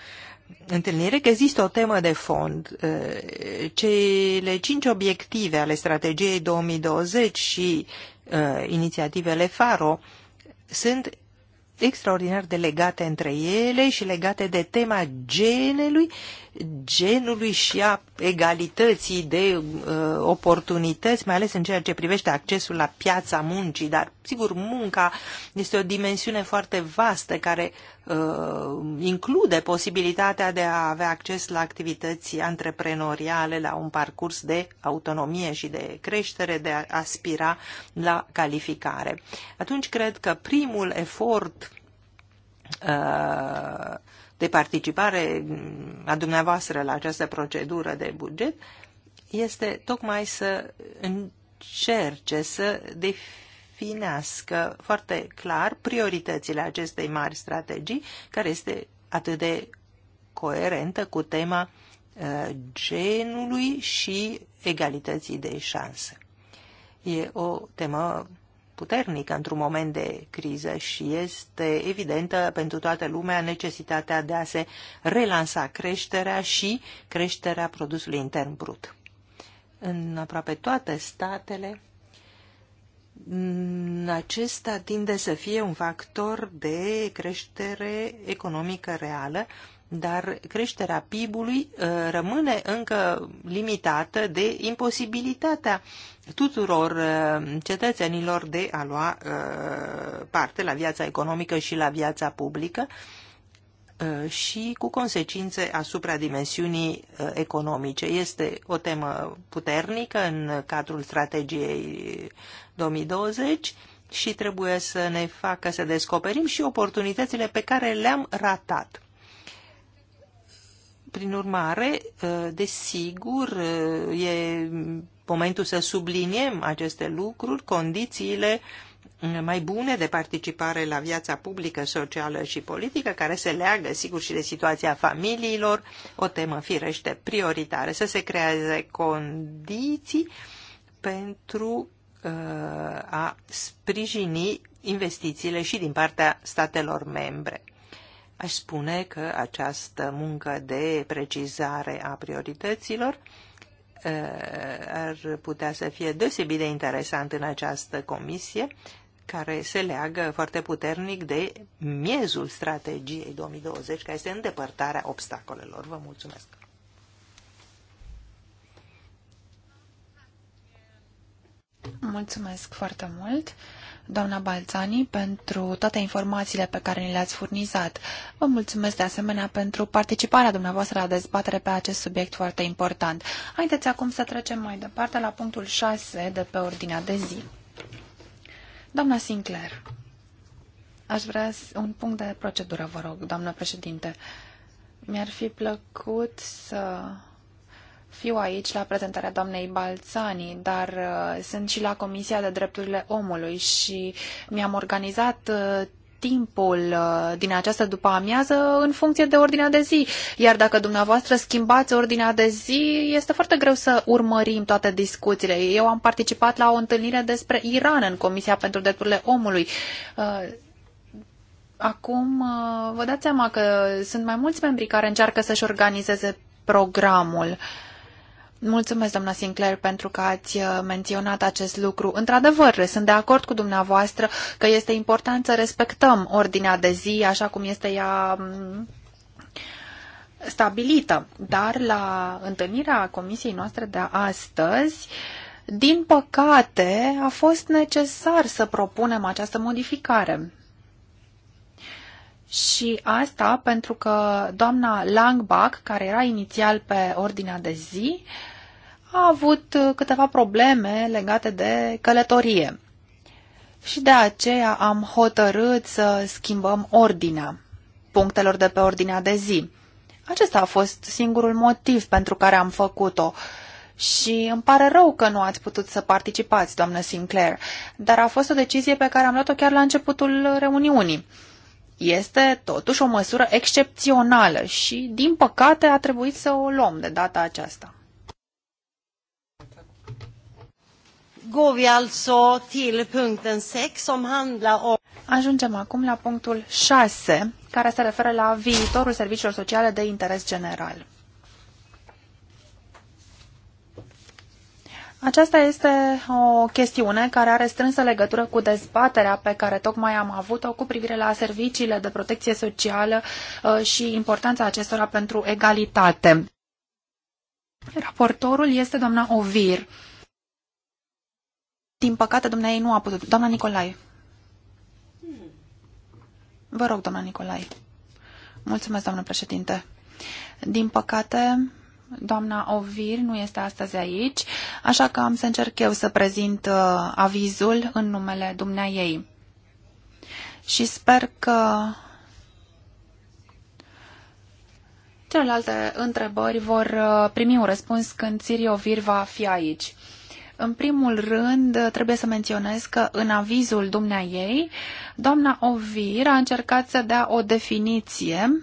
întâlnire că există o temă de fond. Eh, cele cinci obiective ale strategiei 2020 și eh, inițiativele FARO sunt extraordinar de legate între ele și legate de tema genului, genului și a egalității de uh, oportunități, mai ales în ceea ce privește accesul la piața muncii, dar sigur munca este o dimensiune foarte vastă care Uh, include posibilitatea de a avea acces la activități antreprenoriale, la un parcurs de autonomie și de creștere, de a aspira la calificare. Atunci cred că primul efort uh, de participare a dumneavoastră la această procedură de buget este tocmai să încerce să definească definească foarte clar prioritățile acestei mari strategii, care este atât de coerentă cu tema uh, genului și egalității de șanse. E o temă puternică într-un moment de criză și este evidentă pentru toată lumea necesitatea de a se relansa creșterea și creșterea produsului intern brut. În aproape toate statele, acesta tinde să fie un factor de creștere economică reală, dar creșterea PIB-ului uh, rămâne încă limitată de imposibilitatea tuturor uh, cetățenilor de a lua uh, parte la viața economică și la viața publică și cu consecințe asupra dimensiunii economice. Este o temă puternică în cadrul strategiei 2020 și trebuie să ne facă să descoperim și oportunitățile pe care le-am ratat. Prin urmare, desigur, e momentul să subliniem aceste lucruri, condițiile mai bune de participare la viața publică, socială și politică, care se leagă, sigur, și de situația familiilor, o temă firește prioritară, să se creeze condiții pentru a sprijini investițiile și din partea statelor membre. Aș spune că această muncă de precizare a priorităților uh, ar putea să fie deosebit de interesant în această comisie, care se leagă foarte puternic de miezul strategiei 2020, care este îndepărtarea obstacolelor. Vă mulțumesc! Mulțumesc foarte mult, doamna Balțani, pentru toate informațiile pe care ni le-ați furnizat. Vă mulțumesc de asemenea pentru participarea dumneavoastră la dezbatere pe acest subiect foarte important. Haideți acum să trecem mai departe la punctul 6 de pe ordinea de zi. Doamna Sinclair, aș vrea un punct de procedură, vă rog, doamnă președinte. Mi-ar fi plăcut să fiu aici la prezentarea doamnei Balțani, dar uh, sunt și la Comisia de Drepturile Omului și mi-am organizat uh, timpul uh, din această după-amiază în funcție de ordinea de zi. Iar dacă dumneavoastră schimbați ordinea de zi, este foarte greu să urmărim toate discuțiile. Eu am participat la o întâlnire despre Iran în Comisia pentru Drepturile Omului. Acum vă dați seama că sunt mai mulți membri care încearcă să-și organizeze programul. Uh, Mulțumesc, doamna Sinclair, pentru că ați uh, menționat acest lucru. Într-adevăr, sunt de acord cu dumneavoastră că este important să respectăm ordinea de zi așa cum este ea mm, stabilită. Dar la întâlnirea comisiei noastre de astăzi, din păcate, a fost necesar să propunem această modificare. Și asta pentru că doamna Langbach, care era inițial pe ordinea de zi, a avut uh, câteva probleme legate de călătorie. Și de aceea am hotărât să schimbăm ordinea punctelor de pe ordinea de zi. Acesta a fost singurul motiv pentru care am făcut-o. Și îmi pare rău că nu ați putut să participați, doamnă Sinclair, dar a fost o decizie pe care am luat-o chiar la începutul reuniunii. Este totuși o măsură excepțională și, din păcate, a trebuit să o luăm de data aceasta. går vi alltså till punkten 6 som handlar om... Ajungem acum la punctul 6, care se referă la viitorul serviciilor sociale de interes general. Aceasta este o chestiune care are strânsă legătură cu dezbaterea pe care tocmai am avut-o cu privire la serviciile de protecție socială uh, și importanța acestora pentru egalitate. Raportorul este doamna Ovir. Din păcate, domnule, ei nu a putut. Doamna Nicolae. Vă rog, doamna Nicolae. Mulțumesc, doamnă președinte. Din păcate, doamna Ovir nu este astăzi aici, așa că am să încerc eu să prezint uh, avizul în numele dumnea ei. Și sper că celelalte întrebări vor uh, primi un răspuns când Siri Ovir va fi aici. În primul rând, trebuie să menționez că în avizul dumnea ei, doamna Ovir a încercat să dea o definiție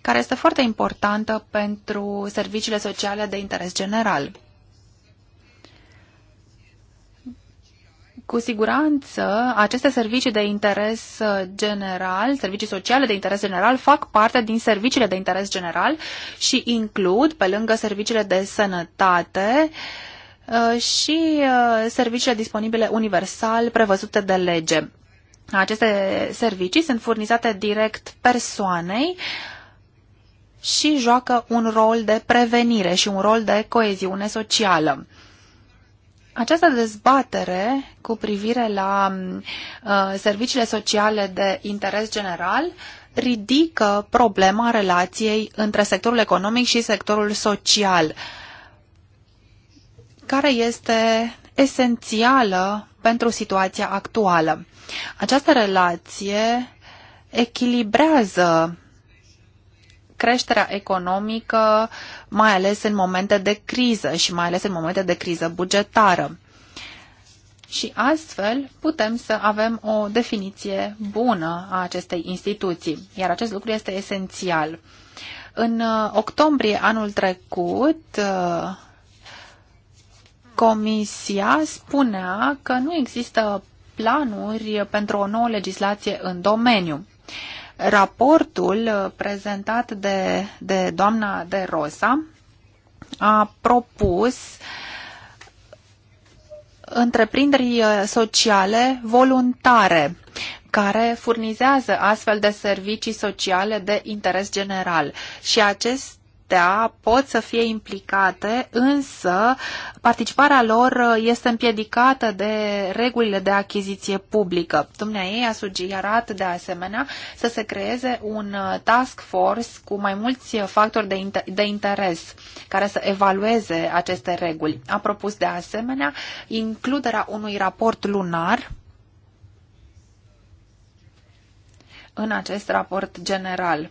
care este foarte importantă pentru serviciile sociale de interes general. Cu siguranță, aceste servicii de interes general, servicii sociale de interes general, fac parte din serviciile de interes general și includ, pe lângă serviciile de sănătate, uh, Uh, și uh, serviciile disponibile universal prevăzute de lege. Aceste servicii sunt furnizate direct persoanei și joacă un rol de prevenire și un rol de coeziune socială. Această dezbatere cu privire la uh, serviciile sociale de interes general ridică problema relației între sectorul economic și sectorul social. Uh, care este esențială pentru situația actuală. Această relație echilibrează creșterea economică, mai ales în momente de criză și mai ales în momente de criză bugetară. Și astfel putem să avem o definiție bună a acestei instituții, iar acest lucru este esențial. În uh, octombrie anul trecut, uh, Comisia spunea că nu există planuri pentru o nouă legislație în domeniu. Raportul prezentat de, de doamna de Rosa a propus întreprinderi sociale voluntare care furnizează astfel de servicii sociale de interes general. Și acest acestea pot să fie implicate, însă participarea lor uh, este împiedicată de regulile de achiziție publică. Dumnea ei a sugerat de asemenea să se creeze un uh, task force cu mai mulți factori de, inter- de interes care să evalueze aceste reguli. A propus de asemenea includerea unui raport lunar în acest raport general.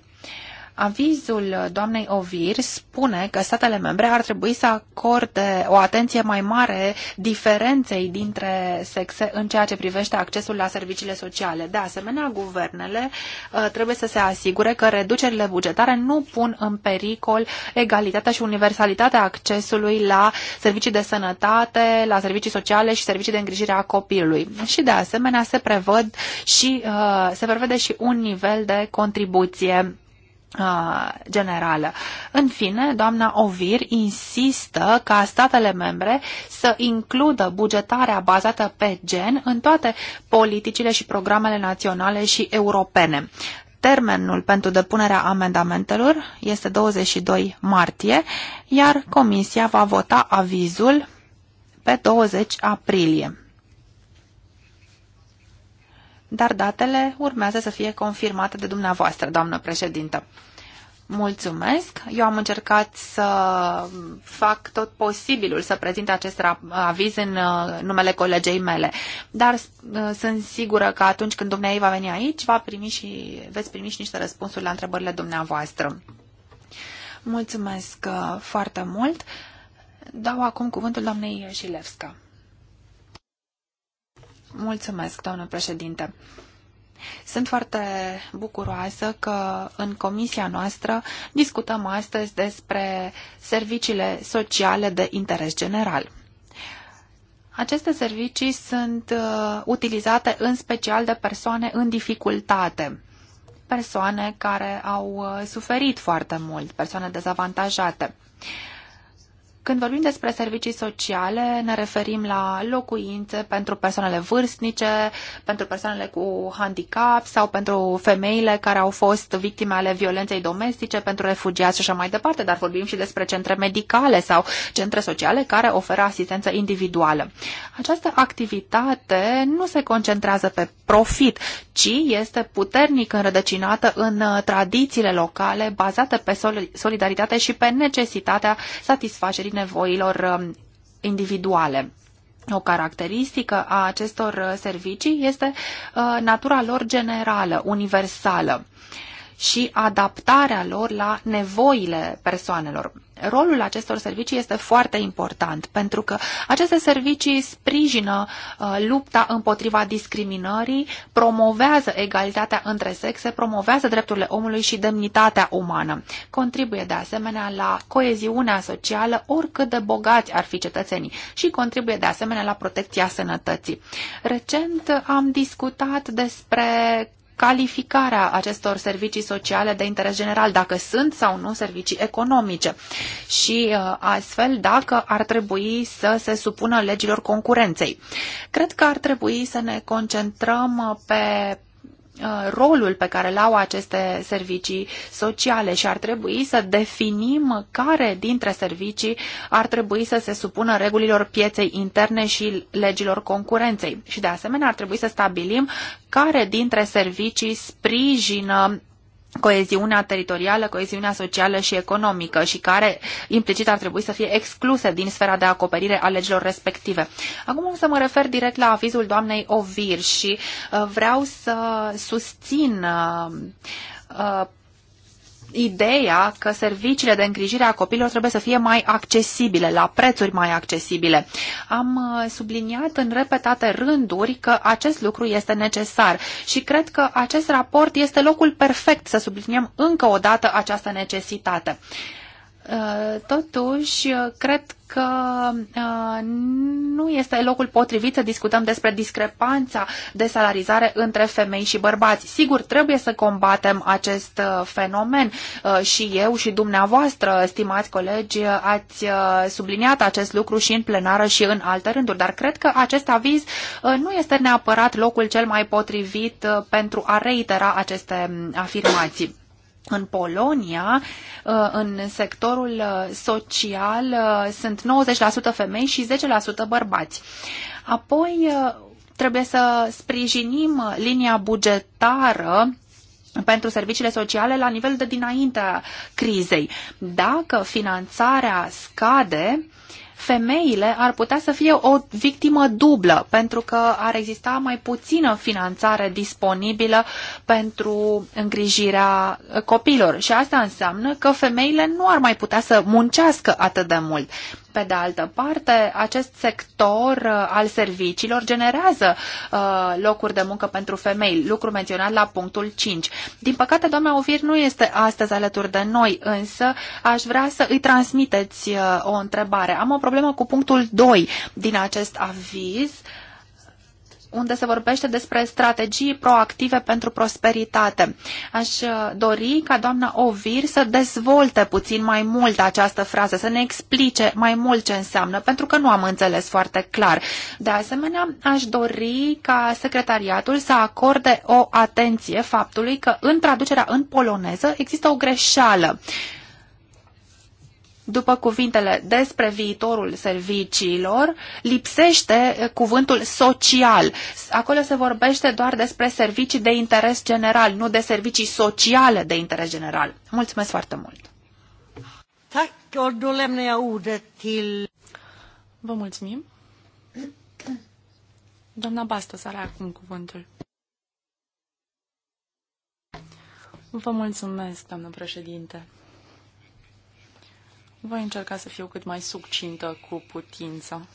Avizul doamnei Ovir spune că statele membre ar trebui să acorde o atenție mai mare diferenței dintre sexe în ceea ce privește accesul la serviciile sociale. De asemenea, guvernele uh, trebuie să se asigure că reducerile bugetare nu pun în pericol egalitatea și universalitatea accesului la servicii de sănătate, la servicii sociale și servicii de îngrijire a copilului. Și de asemenea se prevăd și uh, se prevede și un nivel de contribuție generală. În fine, doamna Ovir insistă ca statele membre să includă bugetarea bazată pe gen în toate politicile și programele naționale și europene. Termenul pentru depunerea amendamentelor este 22 martie, iar Comisia va vota avizul pe 20 aprilie dar datele urmează să fie confirmate de dumneavoastră, doamnă președintă. Mulțumesc! Eu am încercat să fac tot posibilul să prezint acest aviz în uh, numele colegei mele, dar uh, sunt sigură că atunci când dumneavoastră va veni aici, va primi și, veți primi și niște răspunsuri la întrebările dumneavoastră. Mulțumesc uh, foarte mult! Dau acum cuvântul doamnei Șilevska. Mulțumesc, doamnă președinte. Sunt foarte bucuroasă că în comisia noastră discutăm astăzi despre serviciile sociale de interes general. Aceste servicii sunt uh, utilizate în special de persoane în dificultate, persoane care au uh, suferit foarte mult, persoane dezavantajate. Uh, când vorbim despre servicii sociale, ne referim la locuințe pentru persoanele vârstnice, pentru persoanele cu handicap sau pentru femeile care au fost victime ale violenței domestice, pentru refugiați și așa mai departe, dar vorbim și despre centre medicale sau centre sociale care oferă asistență individuală. Această activitate nu se concentrează pe profit, ci este puternic înrădăcinată în tradițiile locale bazate pe solidaritate și pe necesitatea satisfacerii nevoilor um, individuale. O caracteristică a acestor uh, servicii este uh, natura lor generală, universală și adaptarea lor la nevoile persoanelor. Rolul acestor servicii este foarte important pentru că aceste servicii sprijină uh, lupta împotriva discriminării, promovează egalitatea între sexe, promovează drepturile omului și demnitatea umană. Contribuie de asemenea la coeziunea socială oricât de bogați ar fi cetățenii și contribuie de asemenea la protecția sănătății. Recent am discutat despre calificarea acestor servicii sociale de interes general, dacă sunt sau nu servicii economice. Și uh, astfel, dacă ar trebui să se supună legilor concurenței. Cred că ar trebui să ne concentrăm uh, pe Uh, rolul pe care îl au aceste servicii sociale și ar trebui să definim care dintre servicii ar trebui să se supună regulilor pieței interne și legilor concurenței. Și de asemenea ar trebui să stabilim care dintre servicii sprijină coeziunea teritorială, coeziunea socială și economică și care implicit ar trebui să fie excluse din sfera de acoperire a legilor respective. Acum o să mă refer direct la avizul doamnei Ovir și uh, vreau să susțin uh, uh ideea că serviciile de îngrijire a copiilor trebuie să fie mai accesibile, la prețuri mai accesibile. Am uh, subliniat în repetate rânduri că acest lucru este necesar și cred că acest raport este locul perfect să subliniem încă o dată această necesitate. Uh, totuși, uh, cred că uh, nu este locul potrivit să discutăm despre discrepanța de salarizare între femei și bărbați. Sigur, trebuie să combatem acest fenomen și eu și dumneavoastră, stimați colegi, ați subliniat acest lucru și în plenară și în alte rânduri, dar cred că acest aviz nu este neapărat locul cel mai potrivit pentru a reitera aceste um, afirmații. În Polonia, uh, în sectorul uh, social, uh, sunt 90% femei și 10% bărbați. Apoi, trebuie să sprijinim linia bugetară pentru serviciile sociale la nivel de dinaintea crizei. Dacă finanțarea scade, uh, femeile ar putea să fie o victimă dublă, pentru că ar exista mai puțină finanțare disponibilă pentru îngrijirea copilor. Și asta înseamnă că femeile nu ar mai putea să muncească atât de mult. Pe de altă parte, acest sector uh, al serviciilor generează uh, locuri de muncă pentru femei, lucru menționat la punctul 5. Din păcate, doamna Ovir nu este astăzi alături de noi, însă aș vrea să îi transmiteți uh, o întrebare. Am o problemă cu punctul 2 din acest aviz unde se vorbește despre strategii proactive pentru prosperitate. Aș uh, dori ca doamna Ovir să dezvolte puțin mai mult această frază, să ne explice mai mult ce înseamnă, pentru că nu am înțeles foarte clar. De asemenea, aș dori ca secretariatul să acorde o atenție faptului că în traducerea în poloneză există o greșeală. După cuvintele despre viitorul serviciilor, lipsește cuvântul social. Acolo se vorbește doar despre servicii de interes general, nu de servicii sociale de interes general. Mulțumesc foarte mult! Vă mulțumim! Doamna Bastos are acum cuvântul. Vă mulțumesc, doamnă președinte. Voi încerca să fiu cât mai succintă cu putință.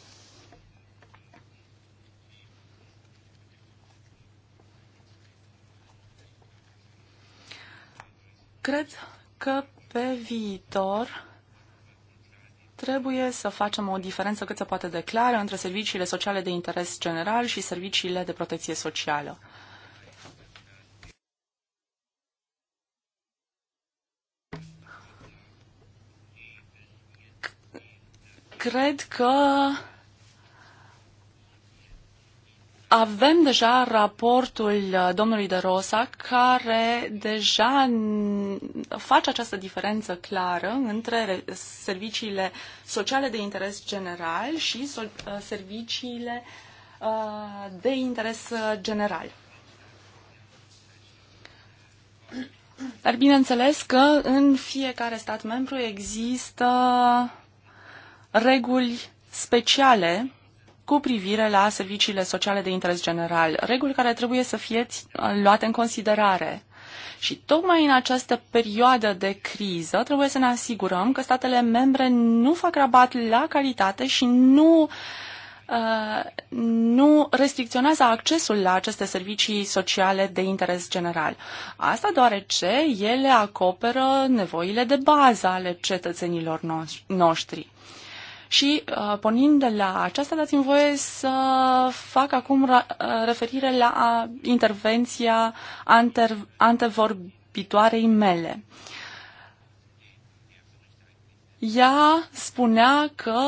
Cred că pe viitor trebuie să facem o diferență cât se poate de clară între serviciile sociale de interes general și serviciile de protecție socială. cred că avem deja raportul uh, domnului de Rosa care deja face această diferență clară între serviciile sociale de interes general și uh, serviciile uh, de interes general. Dar bineînțeles că în fiecare stat membru există reguli speciale cu privire la serviciile sociale de interes general, reguli care trebuie să fie luate în considerare. Și tocmai în această perioadă de criză trebuie să ne asigurăm că statele membre nu fac rabat la calitate și nu uh, nu restricționează accesul la aceste servicii sociale de interes general. Asta deoarece ele acoperă nevoile de bază ale cetățenilor noștri. Și uh, pornind de la aceasta, dați-mi voie să fac acum uh, referire la uh, intervenția antevorbitoarei mele. Ea spunea că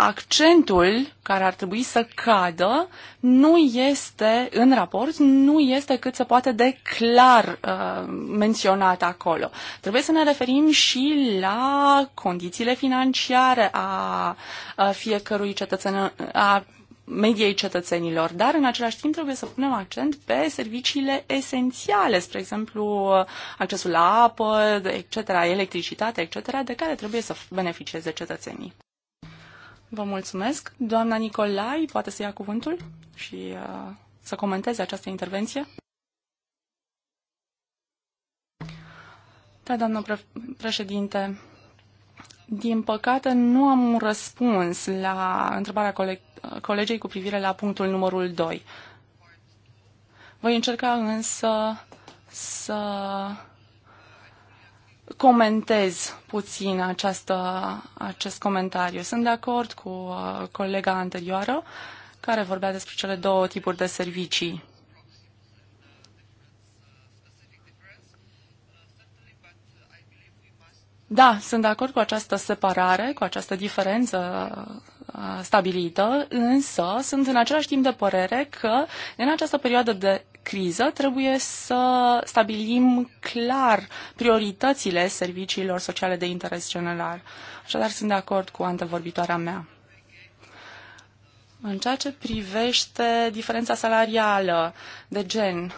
accentul care ar trebui să cadă nu este în raport, nu este cât se poate de clar uh, menționat acolo. Trebuie să ne referim și la condițiile financiare a, a fiecărui cetățean, a mediei cetățenilor, dar în același timp trebuie să punem accent pe serviciile esențiale, spre exemplu accesul la apă, etc., electricitate, etc., de care trebuie să beneficieze cetățenii. Vă mulțumesc. Doamna Nicolai poate să ia cuvântul și uh, să comenteze această intervenție. Da, doamnă pre- președinte, din păcate nu am un răspuns la întrebarea coleg colegei cu privire la punctul numărul 2. Voi încerca însă să comentez puțin această, acest comentariu. Sunt de acord cu uh, colega anterioară care vorbea despre cele două tipuri de servicii. Da, sunt de acord cu această separare, cu această diferență stabilită, însă sunt în același timp de părere că în această perioadă de criză trebuie să stabilim clar prioritățile serviciilor sociale de interes general. Așadar, sunt de acord cu antevorbitoarea mea. În ceea ce privește diferența salarială de gen,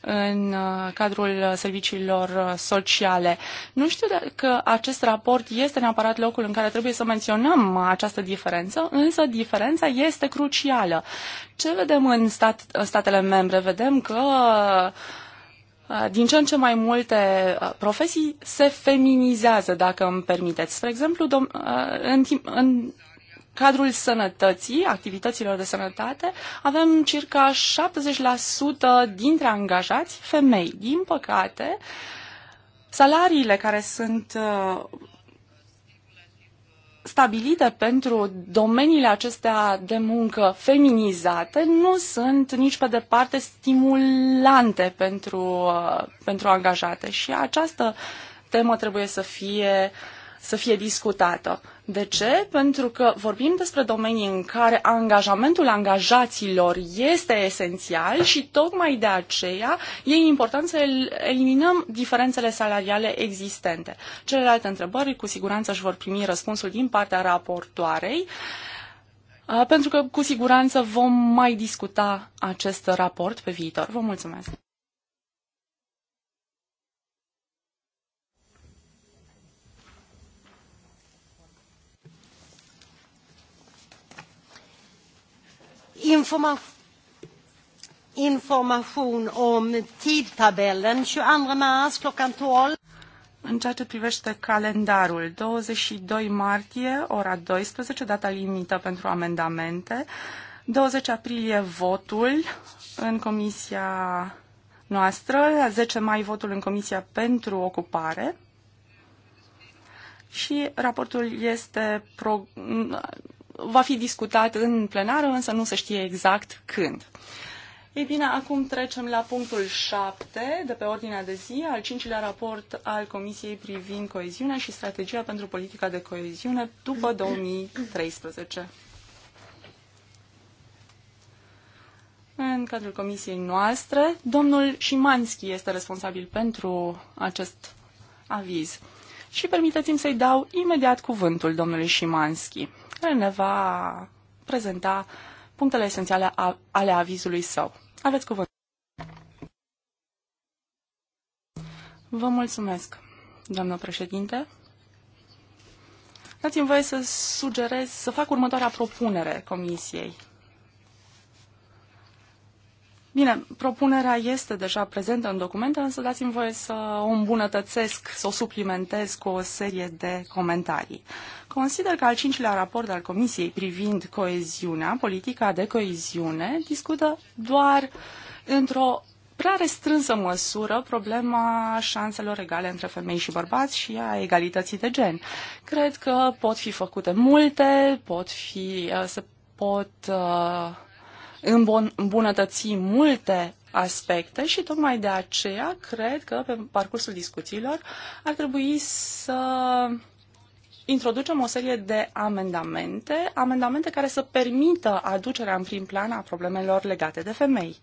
în uh, cadrul serviciilor uh, sociale. Nu știu dacă acest raport este neapărat locul în care trebuie să menționăm această diferență, însă diferența este crucială. Ce vedem în stat, uh, statele membre? Vedem că din ce în ce mai multe profesii se feminizează, dacă îmi permiteți. Spre exemplu, în, timp, în cadrul sănătății, activităților de sănătate, avem circa 70% dintre angajați femei. Din păcate, salariile care sunt uh, stabilite pentru domeniile acestea de muncă feminizate nu sunt nici pe departe stimulante pentru, uh, pentru angajate și această temă trebuie să fie, să fie discutată. De ce? Pentru că vorbim despre domenii în care angajamentul angajaților este esențial și tocmai de aceea e important să eliminăm diferențele salariale existente. Celelalte întrebări cu siguranță își vor primi răspunsul din partea raportoarei. Pentru că cu siguranță vom mai discuta acest raport pe viitor. Vă mulțumesc! Informa information om tidtabellen 22 mars klockan 12. În ceea ce privește calendarul, 22 martie, ora 12, data limită pentru amendamente, 20 aprilie votul în comisia noastră, 10 mai votul în comisia pentru ocupare și raportul este pro va fi discutat în plenară, însă nu se știe exact când. Ei bine, acum trecem la punctul 7 de pe ordinea de zi, al cincilea raport al Comisiei privind coeziunea și strategia pentru politica de coeziune după 2013. În cadrul comisiei noastre, domnul Șimanski este responsabil pentru acest aviz și permiteți-mi să-i dau imediat cuvântul domnului Șimanski, care ne va prezenta punctele esențiale ale avizului său. Aveți cuvânt. Vă mulțumesc, doamnă președinte. Dați-mi voie să sugerez să fac următoarea propunere comisiei. Bine, propunerea este deja prezentă în documente, însă dați-mi voie să o îmbunătățesc, să o suplimentez cu o serie de comentarii. Consider că al cincilea raport al Comisiei privind coeziunea, politica de coeziune, discută doar într-o prea restrânsă măsură problema șanselor egale între femei și bărbați și a egalității de gen. Cred că pot fi făcute multe, pot fi, uh, se pot uh, îmbunătăți multe aspecte și tocmai de aceea cred că pe parcursul discuțiilor ar trebui să introducem o serie de amendamente, amendamente care să permită aducerea în prim plan a problemelor legate de femei.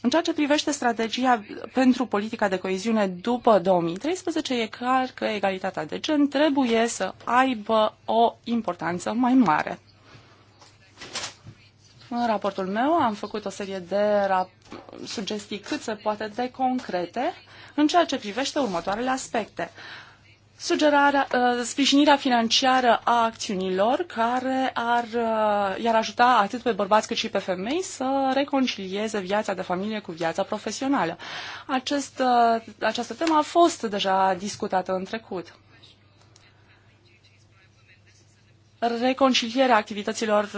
În ceea ce privește strategia pentru politica de coeziune după 2013, e clar că egalitatea de gen trebuie să aibă o importanță mai mare. În raportul meu am făcut o serie de sugestii cât se poate de concrete în ceea ce privește următoarele aspecte sugerarea, uh, sprijinirea financiară a acțiunilor care ar, uh, i-ar ajuta atât pe bărbați cât și pe femei să reconcilieze viața de familie cu viața profesională. Acest, uh, această temă a fost deja discutată în trecut. Reconcilierea activităților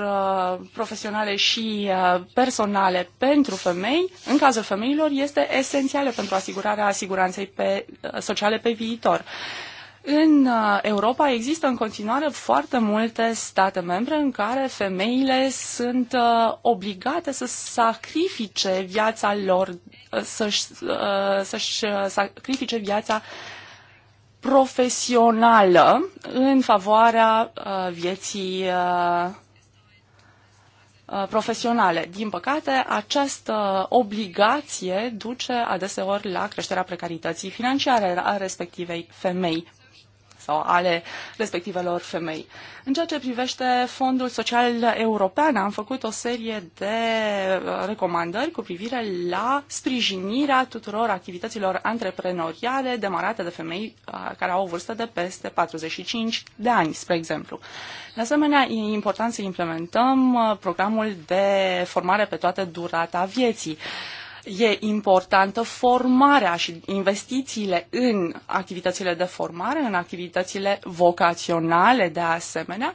profesionale și personale pentru femei, în cazul femeilor, este esențială pentru asigurarea siguranței pe, sociale pe viitor. Uh, în uh, Europa există în continuare foarte multe state membre în care femeile sunt uh, obligate să sacrifice viața lor, uh, să-și, să-și sacrifice viața profesională în favoarea vieții profesionale. Din păcate, această obligație duce adeseori la creșterea precarității financiare a respectivei femei sau ale respectivelor femei. În ceea ce privește Fondul Social European, am făcut o serie de uh, recomandări cu privire la sprijinirea tuturor activităților antreprenoriale demarate de femei uh, care au o vârstă de peste 45 de ani, spre exemplu. De asemenea, e important să implementăm uh, programul de formare pe toată durata vieții e importantă formarea și investițiile în activitățile de formare, în activitățile vocaționale de asemenea,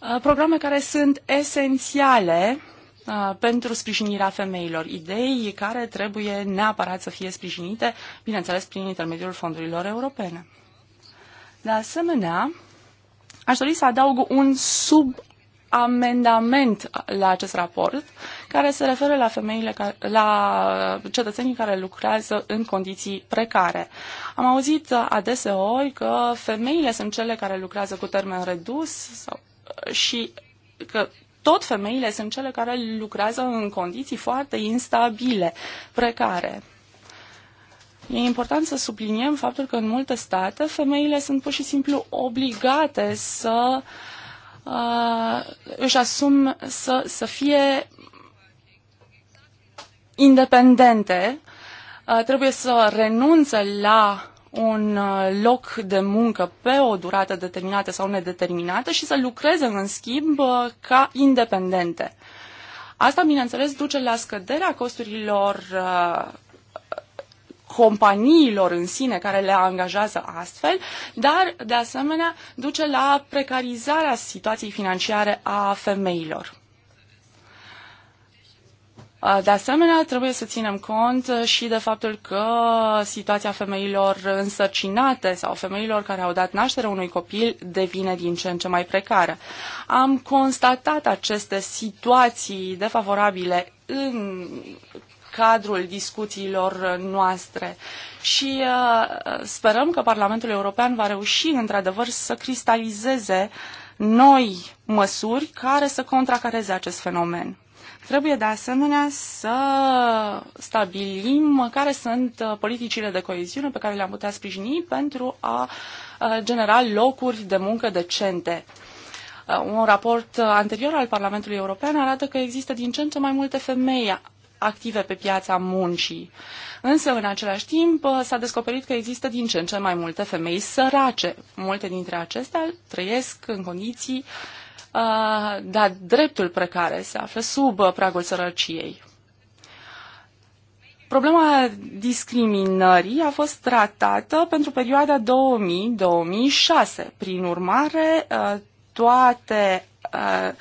uh, programe care sunt esențiale uh, pentru sprijinirea femeilor, idei care trebuie neapărat să fie sprijinite, bineînțeles, prin intermediul fondurilor europene. De asemenea, aș dori să adaug un sub amendament la acest raport care se referă la femeile, la cetățenii care lucrează în condiții precare. Am auzit adeseori că femeile sunt cele care lucrează cu termen redus sau, și că tot femeile sunt cele care lucrează în condiții foarte instabile, precare. E important să subliniem faptul că în multe state femeile sunt pur și simplu obligate să uh, Uh, își asum să, să fie independente, uh, trebuie să renunțe la un uh, loc de muncă pe o durată determinată sau nedeterminată și să lucreze, în schimb, ca independente. Asta, bineînțeles, duce la scăderea costurilor companiilor în sine care le angajează astfel, dar, de asemenea, duce la precarizarea situației financiare a femeilor. De asemenea, trebuie să ținem cont și de faptul că situația femeilor însărcinate sau femeilor care au dat naștere unui copil devine din ce în ce mai precară. Am constatat aceste situații defavorabile în cadrul discuțiilor noastre și uh, sperăm că Parlamentul European va reuși într-adevăr să cristalizeze noi măsuri care să contracareze acest fenomen. Trebuie de asemenea să stabilim care sunt uh, politicile de coeziune pe care le-am putea sprijini pentru a uh, genera locuri de muncă decente. Un raport anterior al Parlamentului European arată că există din ce în ce mai multe femei active pe piața muncii. Însă, în același timp, s-a descoperit că există din ce în ce mai multe femei sărace. Multe dintre acestea trăiesc în condiții uh, dar dreptul precare se află sub uh, pragul sărăciei. Problema discriminării a fost tratată pentru perioada 2000-2006. Prin urmare, uh, toate uh,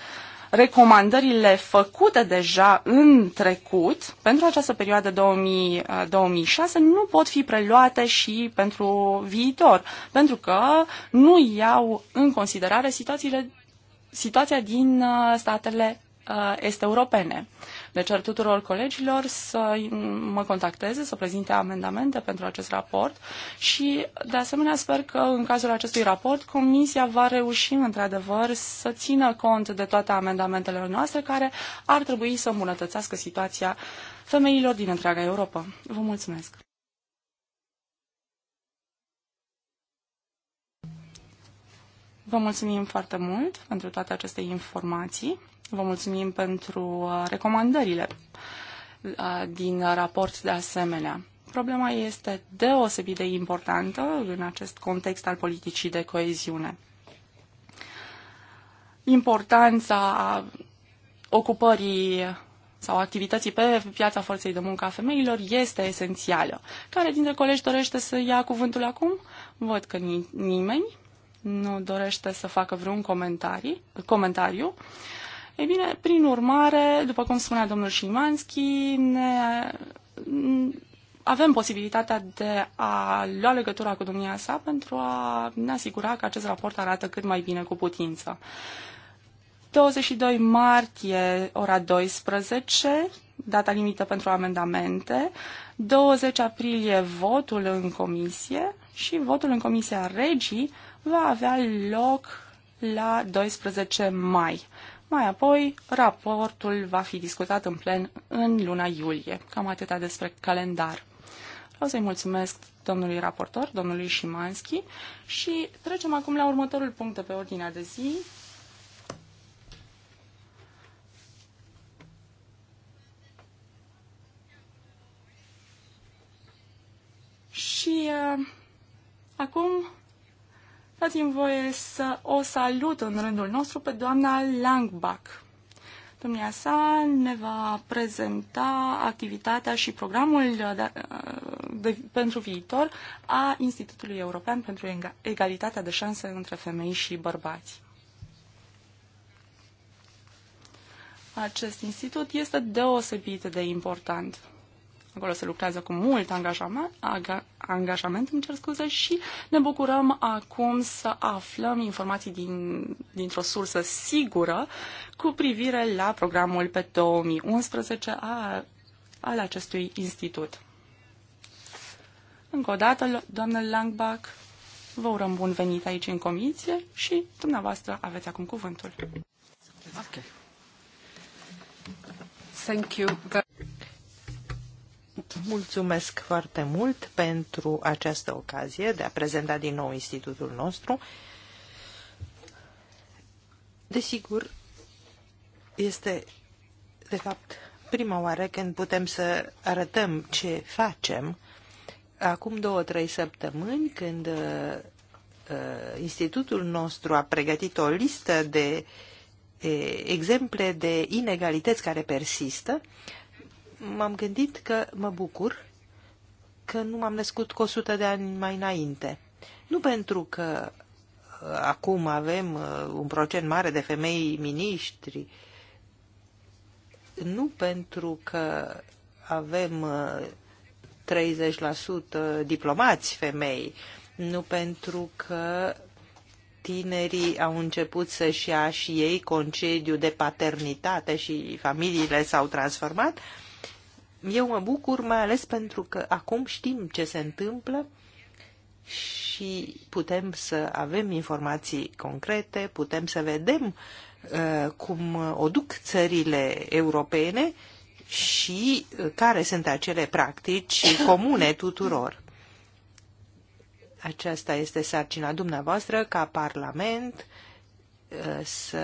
recomandările făcute deja în trecut pentru această perioadă 2006 nu pot fi preluate și pentru viitor, pentru că nu iau în considerare situațiile, situația din uh, statele uh, este europene. Le deci, cer tuturor colegilor să mă contacteze, să prezinte amendamente pentru acest raport și, de asemenea, sper că în cazul acestui raport Comisia va reuși, într-adevăr, să țină cont de toate amendamentele noastre care ar trebui să îmbunătățească situația femeilor din întreaga Europa. Vă mulțumesc! Vă mulțumim foarte mult pentru toate aceste informații. Vă mulțumim pentru uh, recomandările uh, din raport de asemenea. Problema este deosebit de importantă în acest context al politicii de coeziune. Importanța ocupării sau activității pe piața forței de muncă a femeilor este esențială. Care dintre colegi dorește să ia cuvântul acum? Văd că nimeni nu dorește să facă vreun comentariu. Ei bine, prin urmare, după cum spunea domnul Șimanski, ne avem posibilitatea de a lua legătura cu domnia sa pentru a ne asigura că acest raport arată cât mai bine cu putință. 22 martie, ora 12, data limită pentru amendamente, 20 aprilie votul în comisie și votul în comisia regii va avea loc la 12 mai. Mai apoi, raportul va fi discutat în plen în luna iulie. Cam atâta despre calendar. Vreau să-i mulțumesc domnului raportor, domnului Șimanski și trecem acum la următorul punct de pe ordinea de zi. Și uh, acum dați-mi voie să o salut în rândul nostru pe doamna Langbach. Domnia sa ne va prezenta activitatea și programul de, de, pentru viitor a Institutului European pentru Egalitatea de Șanse între Femei și Bărbați. Acest institut este deosebit de important. Acolo se lucrează cu mult angajament, aga, angajament îmi cer scuze, și ne bucurăm acum să aflăm informații din, dintr-o sursă sigură cu privire la programul pe 2011 a, al acestui institut. Încă o dată, doamnă Langbach, vă urăm bun venit aici în comisie și dumneavoastră aveți acum cuvântul. Okay. Thank you. Mulțumesc foarte mult pentru această ocazie de a prezenta din nou institutul nostru. Desigur, este de fapt prima oară când putem să arătăm ce facem. Acum două-trei săptămâni, când uh, institutul nostru a pregătit o listă de uh, exemple de inegalități care persistă, m-am gândit că mă bucur că nu m-am născut cu 100 de ani mai înainte. Nu pentru că uh, acum avem uh, un procent mare de femei miniștri, nu pentru că avem 30% uh, diplomați femei, nu pentru că tinerii au început să-și ia și ei concediu de paternitate și familiile s-au transformat, eu mă bucur mai ales pentru că acum știm ce se întâmplă și putem să avem informații concrete, putem să vedem uh, cum o duc țările europene și uh, care sunt acele practici comune tuturor. Aceasta este sarcina dumneavoastră ca Parlament uh, să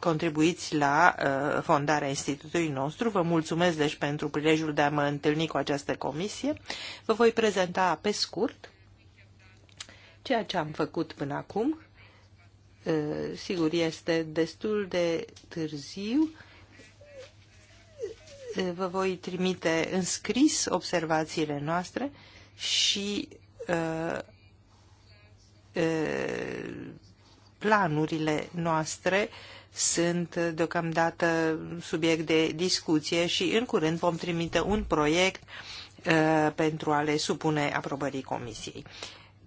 contribuiți la uh, fondarea institutului nostru. Vă mulțumesc deci pentru prilejul de a mă întâlni cu această comisie. Vă voi prezenta pe scurt ceea ce am făcut până acum. Uh, sigur, este destul de târziu. Uh, vă voi trimite în scris observațiile noastre și uh, uh planurile noastre uh, sunt deocamdată subiect de discuție și în curând vom trimite un proiect uh, pentru a le supune aprobării comisiei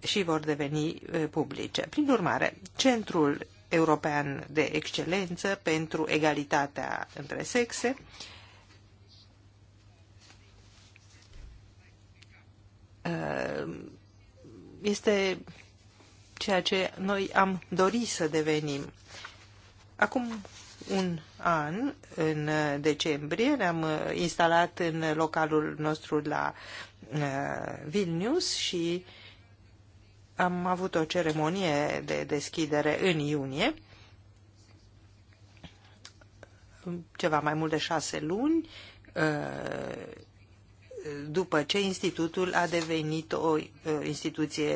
și vor deveni uh, publice. Prin urmare, Centrul European de Excelență pentru Egalitatea între Sexe uh, este ceea ce noi am dorit să devenim Acum un an, în decembrie, ne-am uh, instalat în localul nostru la uh, Vilnius și am avut o ceremonie de deschidere în iunie, ceva mai mult de șase luni, uh, după ce institutul a devenit o instituție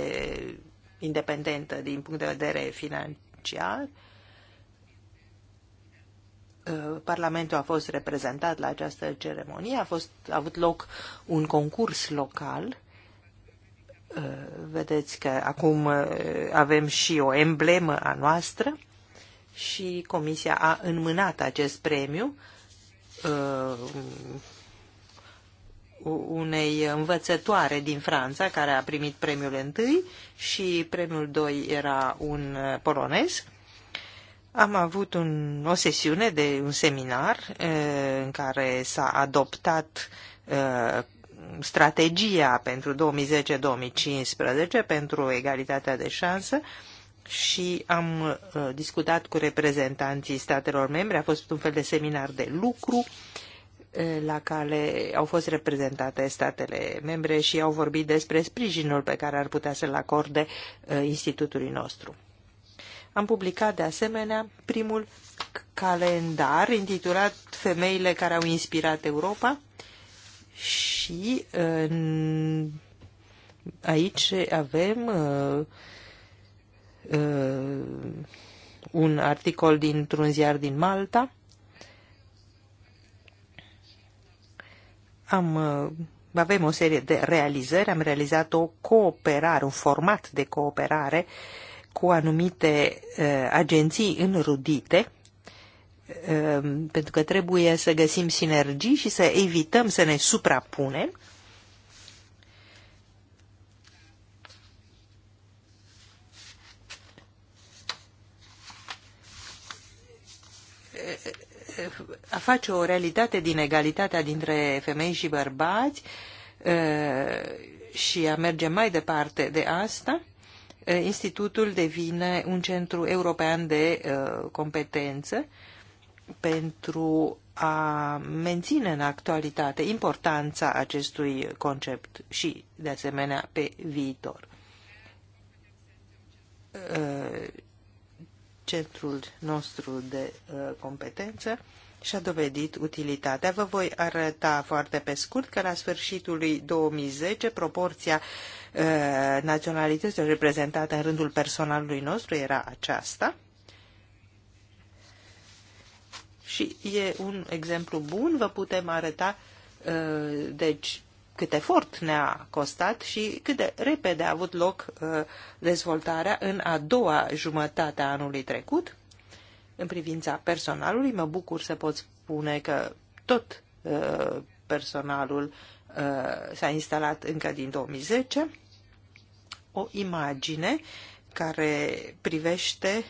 independentă din punct de vedere financiar, Uh, Parlamentul a fost reprezentat la această ceremonie, a, fost, a avut loc un concurs local. Uh, vedeți că acum uh, avem și o emblemă a noastră și Comisia a înmânat acest premiu unei învățătoare din Franța care a primit premiul întâi și premiul doi era un polonez am avut un, o sesiune de un seminar în care s-a adoptat strategia pentru 2010-2015 pentru egalitatea de șansă și am discutat cu reprezentanții statelor membre. A fost un fel de seminar de lucru la care au fost reprezentate statele membre și au vorbit despre sprijinul pe care ar putea să-l acorde institutului nostru. Am publicat de asemenea primul calendar intitulat Femeile care au inspirat Europa și aici avem uh, uh, un articol dintr-un ziar din Malta. Am, uh, avem o serie de realizări, am realizat o cooperare, un format de cooperare uh, cu anumite agenții înrudite, pentru că trebuie să găsim sinergii și să evităm să ne suprapunem. A face o realitate din egalitatea dintre femei și bărbați și a merge mai departe de asta – Eh, institutul devine un centru european de eh, competență pentru a menține în actualitate importanța acestui concept și, de asemenea, pe viitor. Eh, Centrul nostru de competență și-a dovedit utilitatea. Vă voi arăta foarte pe scurt că la sfârșitul lui 2010 proporția naționalității uh, naționalităților în rândul personalului nostru era aceasta. Și e un exemplu bun, vă putem arăta uh, deci cât efort ne-a costat și cât de repede a avut loc uh, dezvoltarea în a doua jumătate a anului trecut. În privința personalului, mă bucur să pot spune că tot uh, personalul uh, s-a instalat încă din 2010. O imagine care privește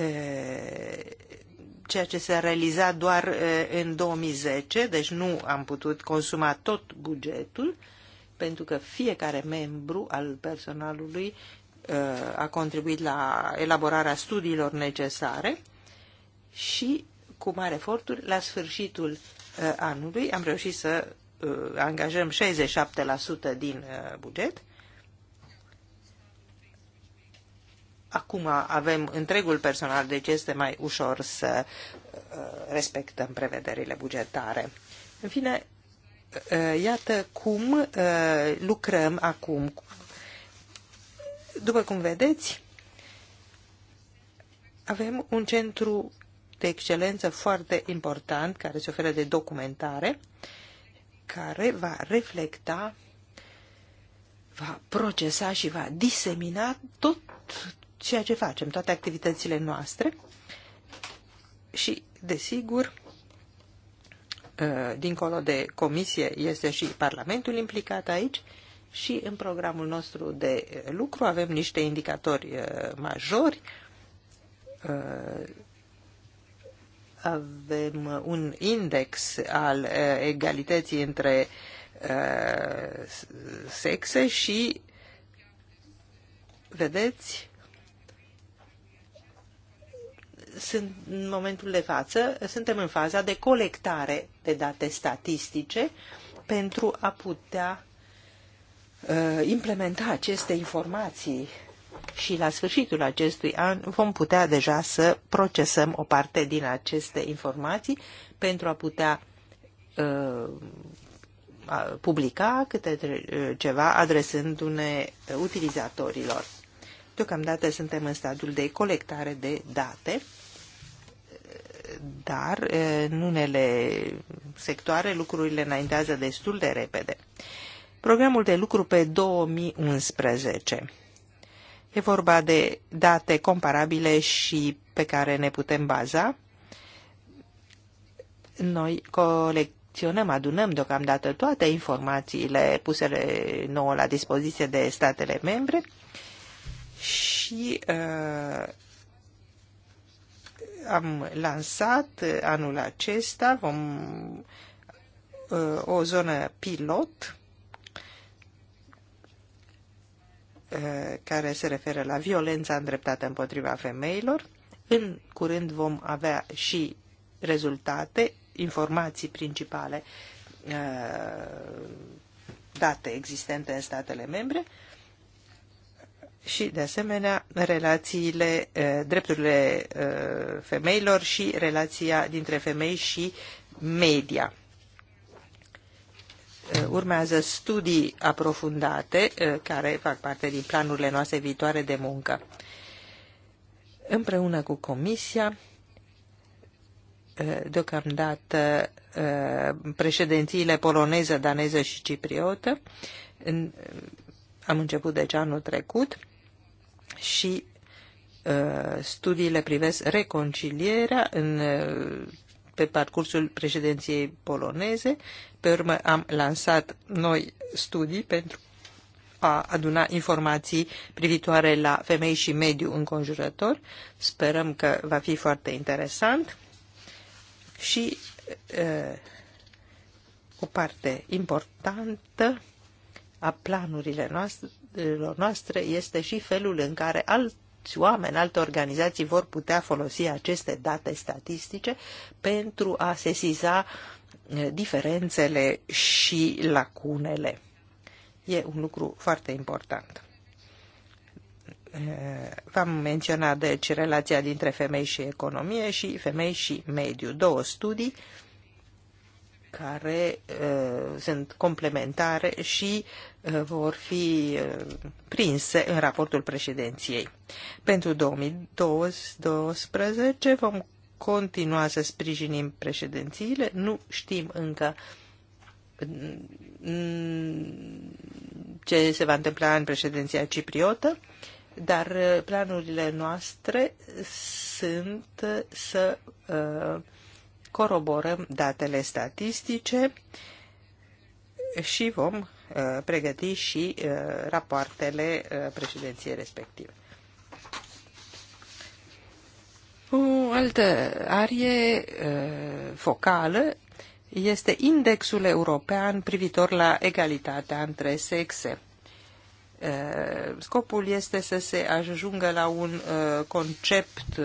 uh, ceea ce s-a realizat doar uh, în 2010, deci nu am putut consuma tot bugetul, pentru că fiecare membru al personalului Uh, a contribuit la elaborarea studiilor necesare și cu mare eforturi, la sfârșitul uh, anului am reușit să uh, angajăm 67% din buget. Acum avem întregul personal, deci este mai ușor să respectăm prevederile bugetare. În fine, iată cum lucrăm acum după cum vedeți, avem un centru de excelență foarte important care se oferă de documentare, care va reflecta, va procesa și va disemina tot ceea ce facem, toate activitățile noastre și, desigur, ă, dincolo de comisie este și Parlamentul implicat aici și în programul nostru de lucru avem niște indicatori uh, majori. Uh, avem un index al uh, egalității între sexe și vedeți sunt în momentul de față, suntem în faza de colectare de date statistice pentru a putea Uh, implementa aceste informații și la sfârșitul acestui an vom putea deja să procesăm o parte din aceste informații pentru a putea uh, publica câte uh, ceva adresându-ne utilizatorilor. Deocamdată suntem în stadiul de colectare de date, dar uh, în unele sectoare lucrurile înaintează destul de repede. Uh, programul de lucru pe 2011. E vorba de date comparabile și pe care ne putem baza. Noi colecționăm, adunăm deocamdată toate informațiile pusele nouă la dispoziție de statele membre și uh, am lansat anul acesta vom, uh, o zonă pilot Eh, care se referă la violența îndreptată împotriva femeilor. În curând vom avea și rezultate, informații principale eh, date existente în statele membre și, de asemenea, relațiile, eh, drepturile femeilor și relația dintre femei și media. Uh, urmează studii aprofundate uh, care fac parte din planurile noastre viitoare de muncă. Împreună cu Comisia, uh, deocamdată președințiile poloneză, daneză și cipriotă, am început deci anul trecut și studiile privesc reconcilierea în pe parcursul președinției poloneze. Pe urmă am lansat noi studii pentru a aduna informații privitoare la femei și mediu înconjurător. Sperăm că va fi foarte interesant. Și uh, o parte importantă a planurilor noastre este și felul în care alt alți oameni, alte organizații vor putea folosi aceste date statistice pentru a sesiza diferențele și lacunele. E un lucru foarte important. V-am menționat, deci, relația dintre femei și economie și femei și mediu. Două studii care uh, sunt complementare și uh, vor fi uh, prinse în raportul președinției. Pentru 2012 vom continua să sprijinim președințiile, nu știm încă mm, ce se va întâmpla în președinția cipriotă, dar uh, planurile noastre sunt uh, să uh, coroborăm datele statistice și vom uh, pregăti și uh, rapoartele uh, președinției respective. O altă arie uh, focală este indexul european privitor la egalitatea între sexe. Uh, scopul este să se ajungă la un uh, concept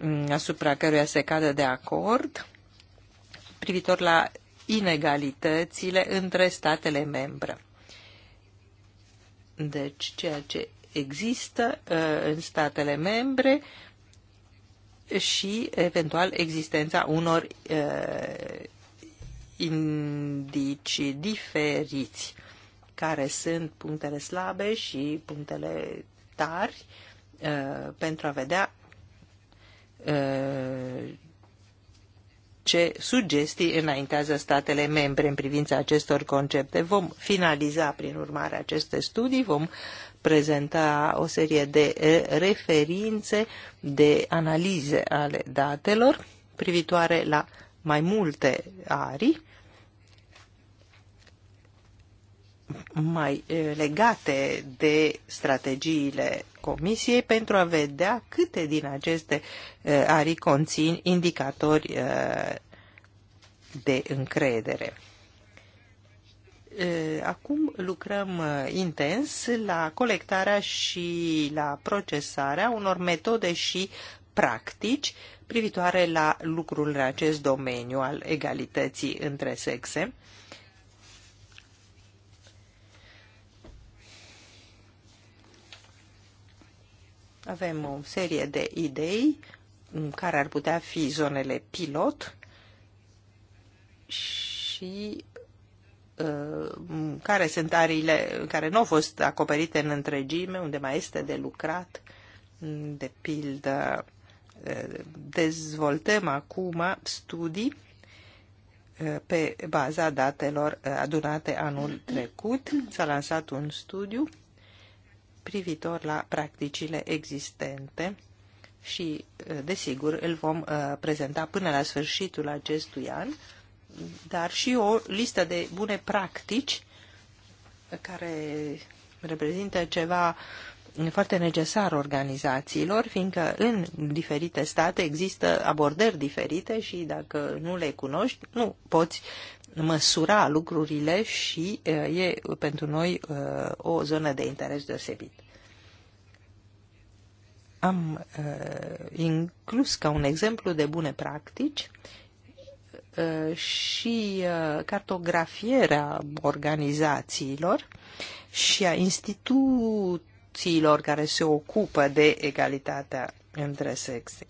Mm, asupra căruia se cadă de acord privitor la inegalitățile între statele membre. Deci, ceea ce există uh, în statele membre și, eventual, existența unor uh, indicii diferiți, care sunt punctele slabe și punctele tari, uh, pentru a vedea Uh, ce sugestii înaintează statele membre în privința acestor concepte. Vom finaliza, prin urmare, aceste studii, vom prezenta o serie de uh, referințe, de analize ale datelor privitoare la mai multe arii mai uh, legate de strategiile Comisiei pentru a vedea câte din aceste uh, arii conțin indicatori uh, de încredere. Acum lucrăm intens la colectarea și la procesarea unor metode și practici privitoare la lucrul în acest domeniu al egalității între sexe Avem o serie de idei care ar putea fi zonele pilot și uh, care sunt ariile care nu au fost acoperite în întregime, unde mai este de lucrat, de pildă uh, dezvoltăm acum studii uh, pe baza datelor adunate anul trecut. S-a lansat un studiu privitor la practicile existente și, uh, desigur, îl vom uh, prezenta până la sfârșitul acestui an, dar și o listă de bune practici care reprezintă ceva foarte necesar organizațiilor, fiindcă în diferite state există abordări diferite și dacă nu le cunoști, nu poți măsura lucrurile și uh, e pentru noi uh, o zonă de interes deosebit. Am uh, inclus ca un exemplu de bune practici și cartografierea organizațiilor și a instituțiilor care se ocupă de egalitatea între sexe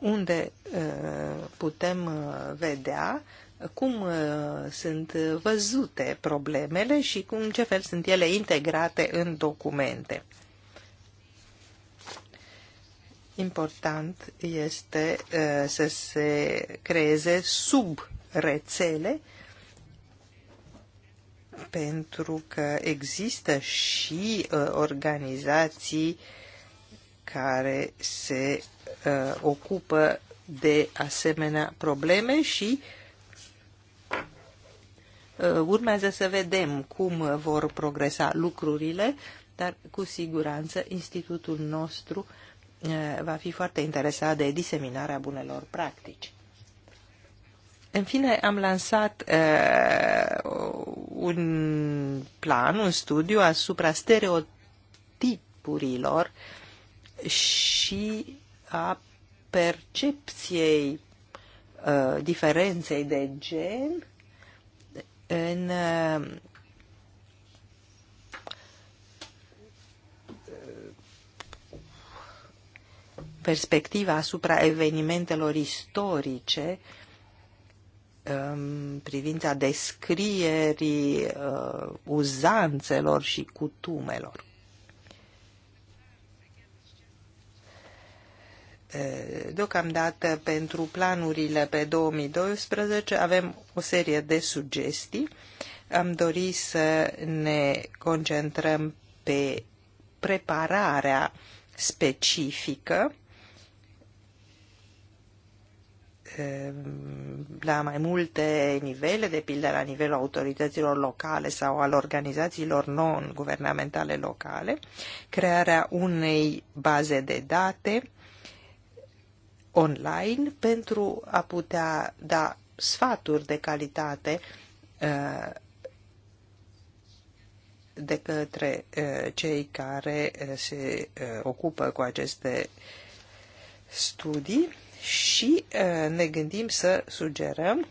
unde uh, putem uh, vedea cum uh, sunt văzute problemele și cum în ce fel sunt ele integrate în documente. Important este să se creeze sub rețele pentru că există și organizații uh, care se uh, ocupă de asemenea probleme și uh, urmează să vedem cum vor progresa lucrurile, dar cu siguranță institutul nostru uh, va fi foarte interesat de diseminarea bunelor practici. În fine, am lansat uh, un plan, un studiu asupra stereotipurilor uh, și a percepției uh, diferenței de gen în uh, perspectiva asupra evenimentelor istorice în um, privința descrierii uh, uzanțelor și cutumelor. Deocamdată pentru planurile pe 2012 avem o serie de sugestii. Am dorit să ne concentrăm pe prepararea specifică la mai multe nivele, de pildă la nivelul autorităților locale sau al organizațiilor non-guvernamentale locale, crearea unei baze de date online pentru a putea da sfaturi de calitate uh, de către uh, cei care uh, se ocupă cu aceste studii și ne gândim să sugerăm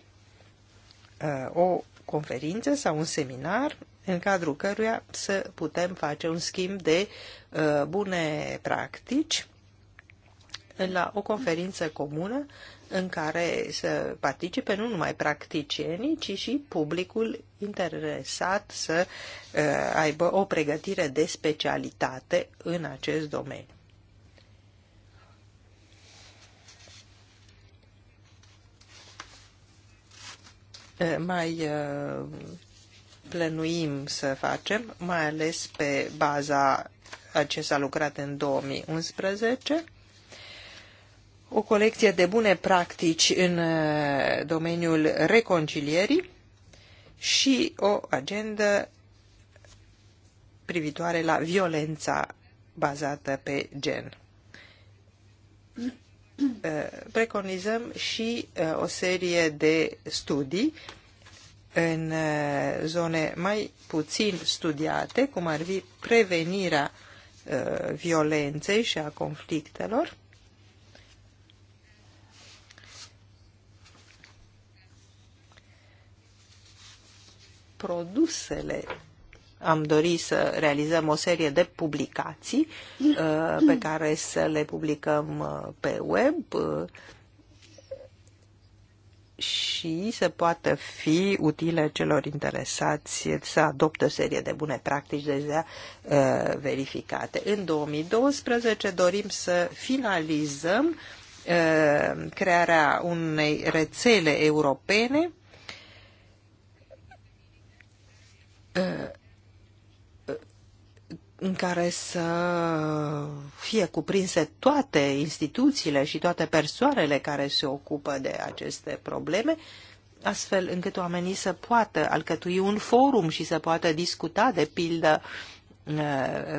o conferință sau un seminar în cadrul căruia să putem face un schimb de bune practici la o conferință comună în care să participe nu numai practicienii, ci și publicul interesat să uh, aibă o pregătire de specialitate în acest domeniu. Uh, mai uh, plănuim să facem, mai ales pe baza a ce s-a lucrat în 2011, o colecție de bune practici în uh, domeniul reconcilierii și o agendă privitoare la violența bazată pe gen. Uh, preconizăm și uh, o serie de studii în zone mai puțin studiate, cum ar fi prevenirea violenței și a conflictelor, produsele. Am dorit să realizăm o serie de publicații mm. uh, pe care să le publicăm uh, pe web uh, și să poată fi utile celor interesați să adopte o serie de bune practici deja verificate. În 2012 dorim să finalizăm crearea unei rețele europene în care să fie cuprinse toate instituțiile și toate persoanele care se ocupă de aceste probleme, astfel încât oamenii să poată alcătui un forum și să poată discuta, de pildă,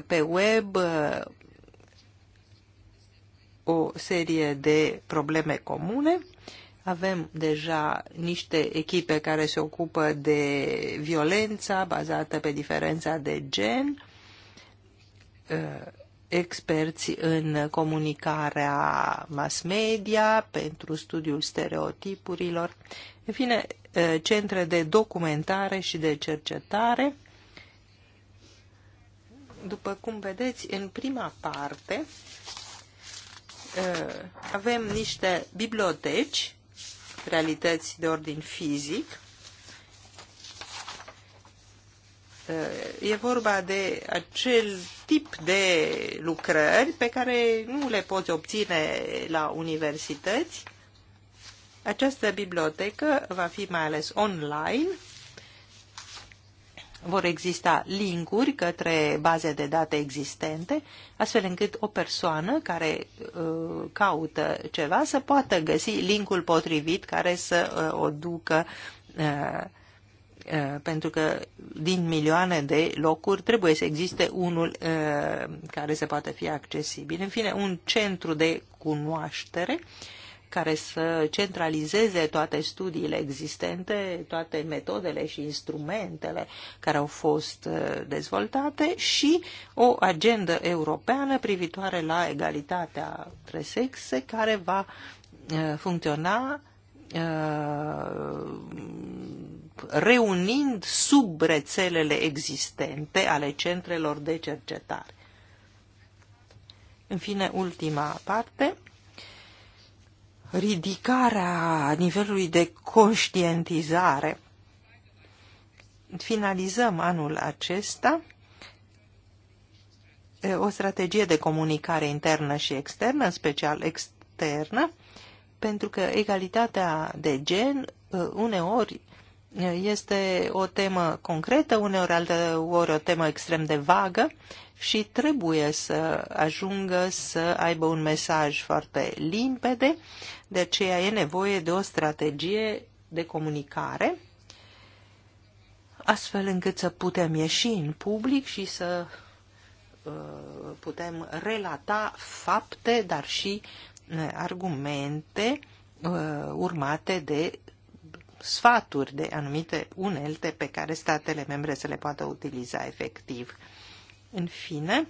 pe web o serie de probleme comune avem deja niște echipe care se ocupă de violența bazată pe diferența de gen, uh, experți în comunicarea mass media pentru studiul stereotipurilor, în fine, uh, centre de documentare și de cercetare. După cum vedeți, în prima parte uh, avem niște biblioteci realități de ordin fizic. E vorba de acel tip de lucrări pe care nu le poți obține la universități. Această bibliotecă va fi mai ales online vor exista linkuri către baze de date existente, astfel încât o persoană care uh, caută ceva să poată găsi linkul potrivit care să uh, o ducă uh, uh pentru că din milioane de locuri trebuie să existe unul uh, care să poată fi accesibil. În fine, un centru de cunoaștere uh, care să centralizeze toate studiile existente, toate metodele și instrumentele care au fost uh, dezvoltate și o agendă europeană privitoare la egalitatea între sexe care va uh, funcționa uh, reunind sub rețelele existente ale centrelor de cercetare. În fine, ultima parte, ridicarea nivelului de conștientizare. Finalizăm anul acesta o strategie de comunicare internă și externă, în special externă, pentru că egalitatea de gen uneori este o temă concretă, uneori alteori o temă extrem de vagă și trebuie să ajungă să aibă un mesaj foarte limpede, de aceea e nevoie de o strategie de comunicare, astfel încât să putem ieși în public și să uh, putem relata fapte, dar și uh, argumente uh, urmate de sfaturi de anumite unelte pe care statele membre să le poată utiliza efectiv. În fine,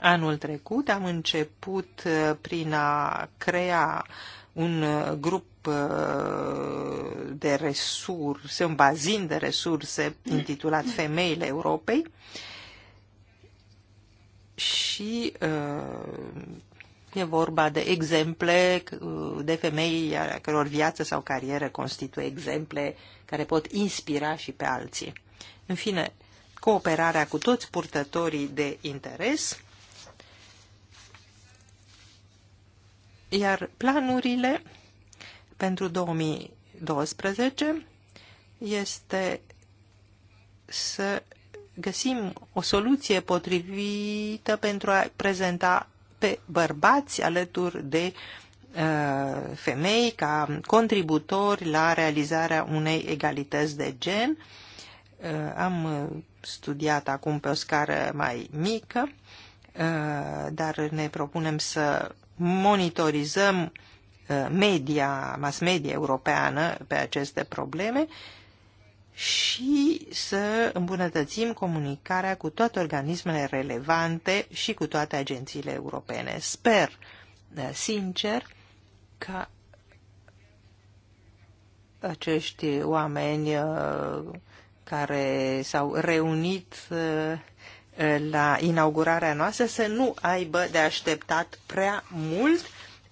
anul trecut am început uh, prin a crea un uh, grup uh, de resurse, un bazin de resurse intitulat Femeile Europei și E vorba de exemple uh, de femei a căror viață sau carieră constituie exemple care pot inspira și pe alții. În fine, cooperarea cu toți purtătorii de interes, iar planurile pentru 2012 este să găsim o soluție potrivită pentru a prezenta pe bărbați alături de uh, femei ca contributori la realizarea unei egalități de gen. Uh, am uh, studiat acum pe o scară mai mică, dar ne propunem să monitorizăm media, mass media europeană pe aceste probleme și să îmbunătățim comunicarea cu toate organismele relevante și cu toate agențiile europene. Sper, da, sincer, că acești oameni uh, care s-au reunit uh, la inaugurarea noastră să nu aibă de așteptat prea mult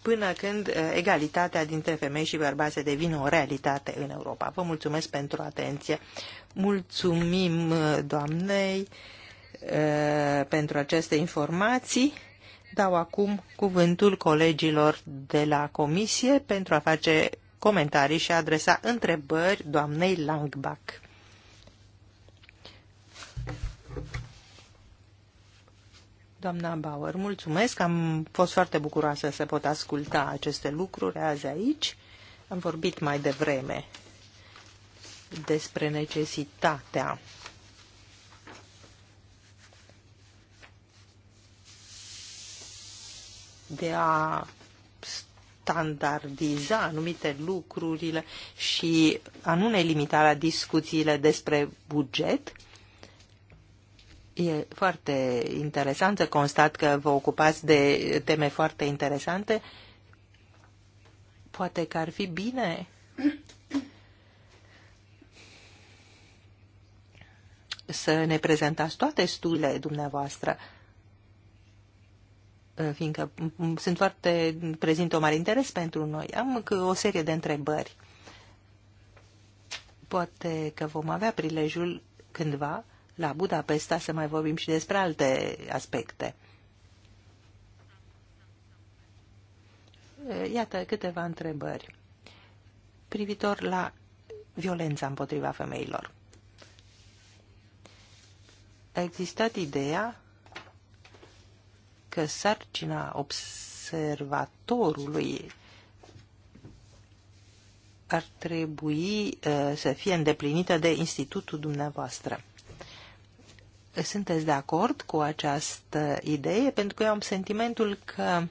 până când uh, egalitatea dintre femei și bărbați se o realitate în Europa. Vă mulțumesc pentru atenție. Mulțumim uh, doamnei uh, pentru aceste informații. Dau acum cuvântul colegilor de la comisie pentru a face comentarii și a adresa întrebări doamnei Langbach. Doamna Bauer, mulțumesc. Am fost foarte bucuroasă să pot asculta aceste lucruri azi aici. Am vorbit mai devreme despre necesitatea de a standardiza anumite lucrurile și a nu ne limita la discuțiile despre buget, E foarte interesant să constat că vă ocupați de teme foarte interesante. Poate că ar fi bine să ne prezentați toate studiile dumneavoastră, fiindcă sunt foarte, prezint o mare interes pentru noi. Am o serie de întrebări. Poate că vom avea prilejul cândva la Budapesta să mai vorbim și despre alte aspecte. Iată câteva întrebări privitor la violența împotriva femeilor. A existat ideea că sarcina observatorului ar trebui uh, să fie îndeplinită de institutul dumneavoastră sunteți de acord cu această idee? Pentru că eu am sentimentul că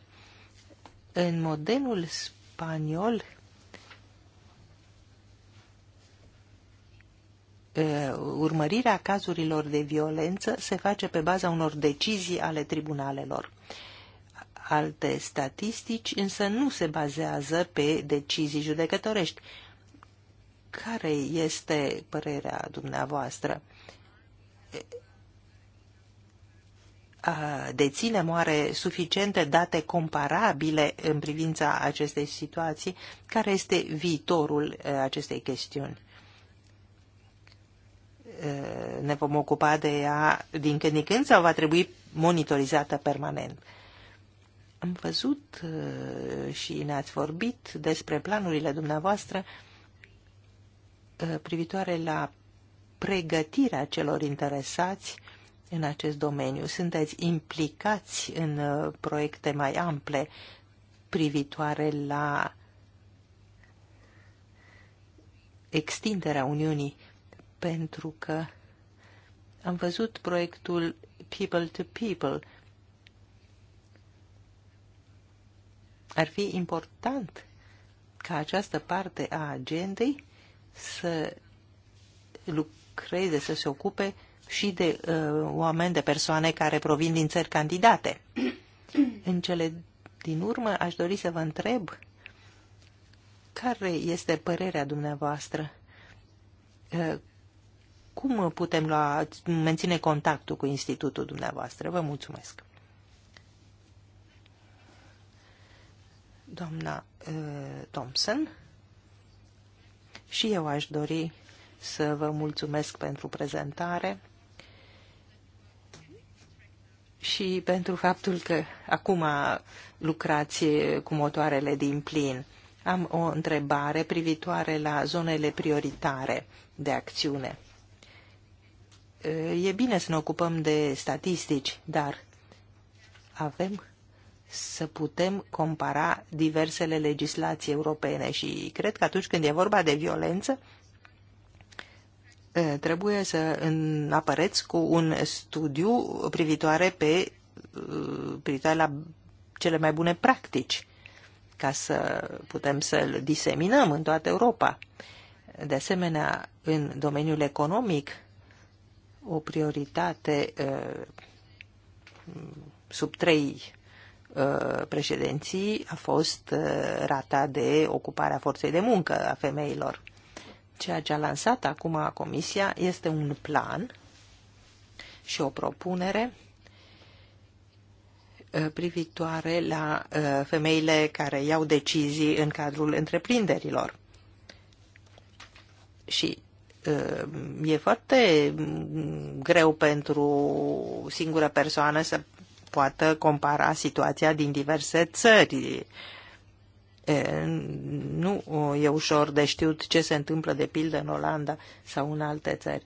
în modelul spaniol urmărirea cazurilor de violență se face pe baza unor decizii ale tribunalelor. Alte statistici însă nu se bazează pe decizii judecătorești. Care este părerea dumneavoastră? deținem oare suficiente date comparabile în privința acestei situații? Care este viitorul acestei chestiuni? Ne vom ocupa de ea din când în când sau va trebui monitorizată permanent? Am văzut și ne-ați vorbit despre planurile dumneavoastră privitoare la pregătirea celor interesați în acest domeniu? Sunteți implicați în uh, proiecte mai ample privitoare la extinderea Uniunii, pentru că am văzut proiectul People to People. Ar fi important ca această parte a agendei să lucreze, să se ocupe și de uh, oameni, de persoane care provin din țări candidate. În cele din urmă, aș dori să vă întreb care este părerea dumneavoastră? Uh, cum putem lua, menține contactul cu institutul dumneavoastră? Vă mulțumesc. Doamna uh, Thompson, și eu aș dori să vă mulțumesc pentru prezentare. și pentru faptul că acum lucrați cu motoarele din plin. Am o întrebare privitoare la zonele prioritare de acțiune. E bine să ne ocupăm de statistici, dar avem să putem compara diversele legislații europene și cred că atunci când e vorba de violență, trebuie să apăreți cu un studiu privitoare pe privitoare la cele mai bune practici ca să putem să-l diseminăm în toată Europa. De asemenea, în domeniul economic, o prioritate sub trei președinții a fost rata de ocupare a forței de muncă a femeilor. Ceea ce a lansat acum Comisia este un plan și o propunere uh, privitoare la uh, femeile care iau decizii în cadrul întreprinderilor. Și uh, e foarte mm, greu pentru singură persoană să poată compara situația din diverse țări nu e ușor de știut ce se întâmplă de pildă în Olanda sau în alte țări.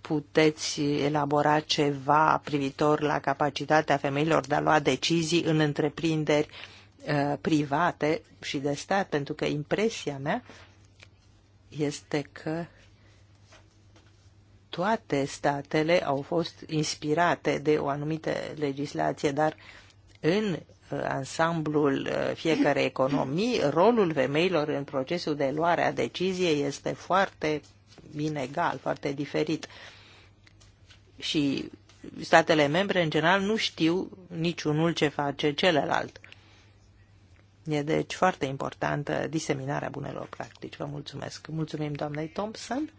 Puteți elabora ceva privitor la capacitatea femeilor de a lua decizii în întreprinderi private și de stat, pentru că impresia mea este că toate statele au fost inspirate de o anumită legislație, dar în ansamblul uh, fiecarei economii, rolul femeilor în procesul de luare a deciziei este foarte inegal, foarte diferit. Și statele membre, în general, nu știu niciunul ce face celălalt. E deci foarte importantă diseminarea bunelor practici. Vă mulțumesc. Mulțumim doamnei Thompson.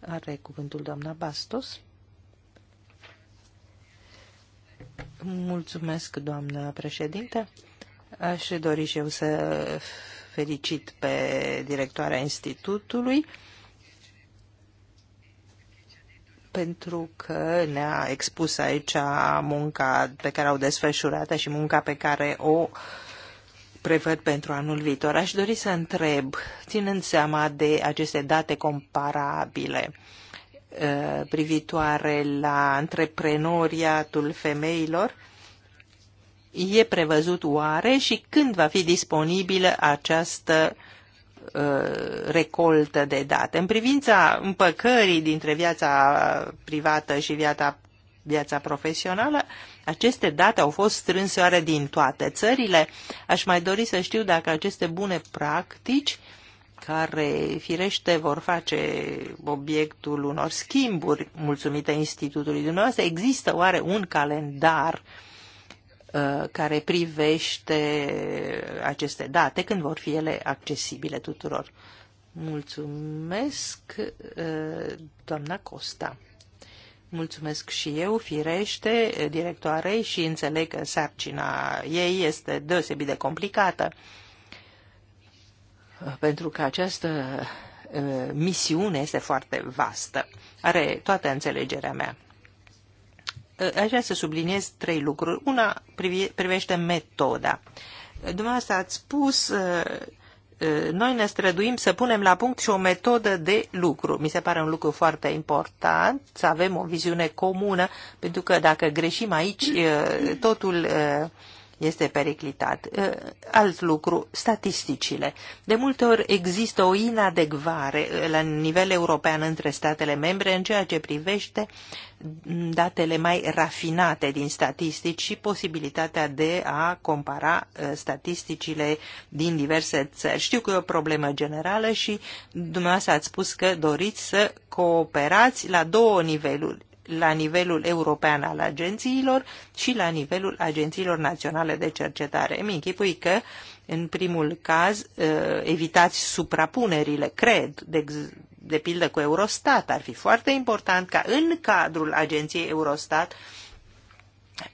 Are cuvântul doamna Bastos. Mulțumesc, doamnă președinte. Aș dori și eu să felicit pe directoarea institutului pentru că ne-a expus aici munca pe care au desfășurat și munca pe care o prevăd pentru anul viitor. Aș dori să întreb, ținând seama de aceste date comparabile, uh, Uh, privitoare la antreprenoriatul femeilor? E prevăzut oare și când va fi disponibilă această uh, recoltă de date. În privința împăcării dintre viața privată și viața, viața profesională, aceste date au fost strânse oare din toate țările. Aș mai dori să știu dacă aceste bune practici uh, care firește vor face obiectul unor schimburi mulțumite Institutului dumneavoastră. Există oare un calendar uh, care privește aceste date, când vor fi ele accesibile tuturor. Mulțumesc, uh, doamna Costa. Mulțumesc și eu, firește, directoarei și înțeleg că sarcina ei este deosebit de complicată pentru că această misiune este foarte vastă. Are toată înțelegerea mea. Aș vrea să subliniez trei lucruri. Una privește metoda. Dumneavoastră ați spus, noi ne străduim să punem la punct și o metodă de lucru. Mi se pare un lucru foarte important, să avem o viziune comună, pentru că dacă greșim aici, totul este periclitat. Uh, alt lucru, statisticile. De multe ori există o inadecvare uh, la nivel european între statele membre în ceea ce privește datele mai rafinate din statistici și posibilitatea de a compara uh, statisticile din diverse țări. Știu că e o problemă generală și dumneavoastră ați spus că doriți să cooperați la două niveluri la nivelul european al agențiilor și la nivelul agențiilor naționale de cercetare. Îmi închipui că în primul caz ă, evitați suprapunerile, cred, de, de pildă cu Eurostat. Ar fi foarte important ca în cadrul agenției Eurostat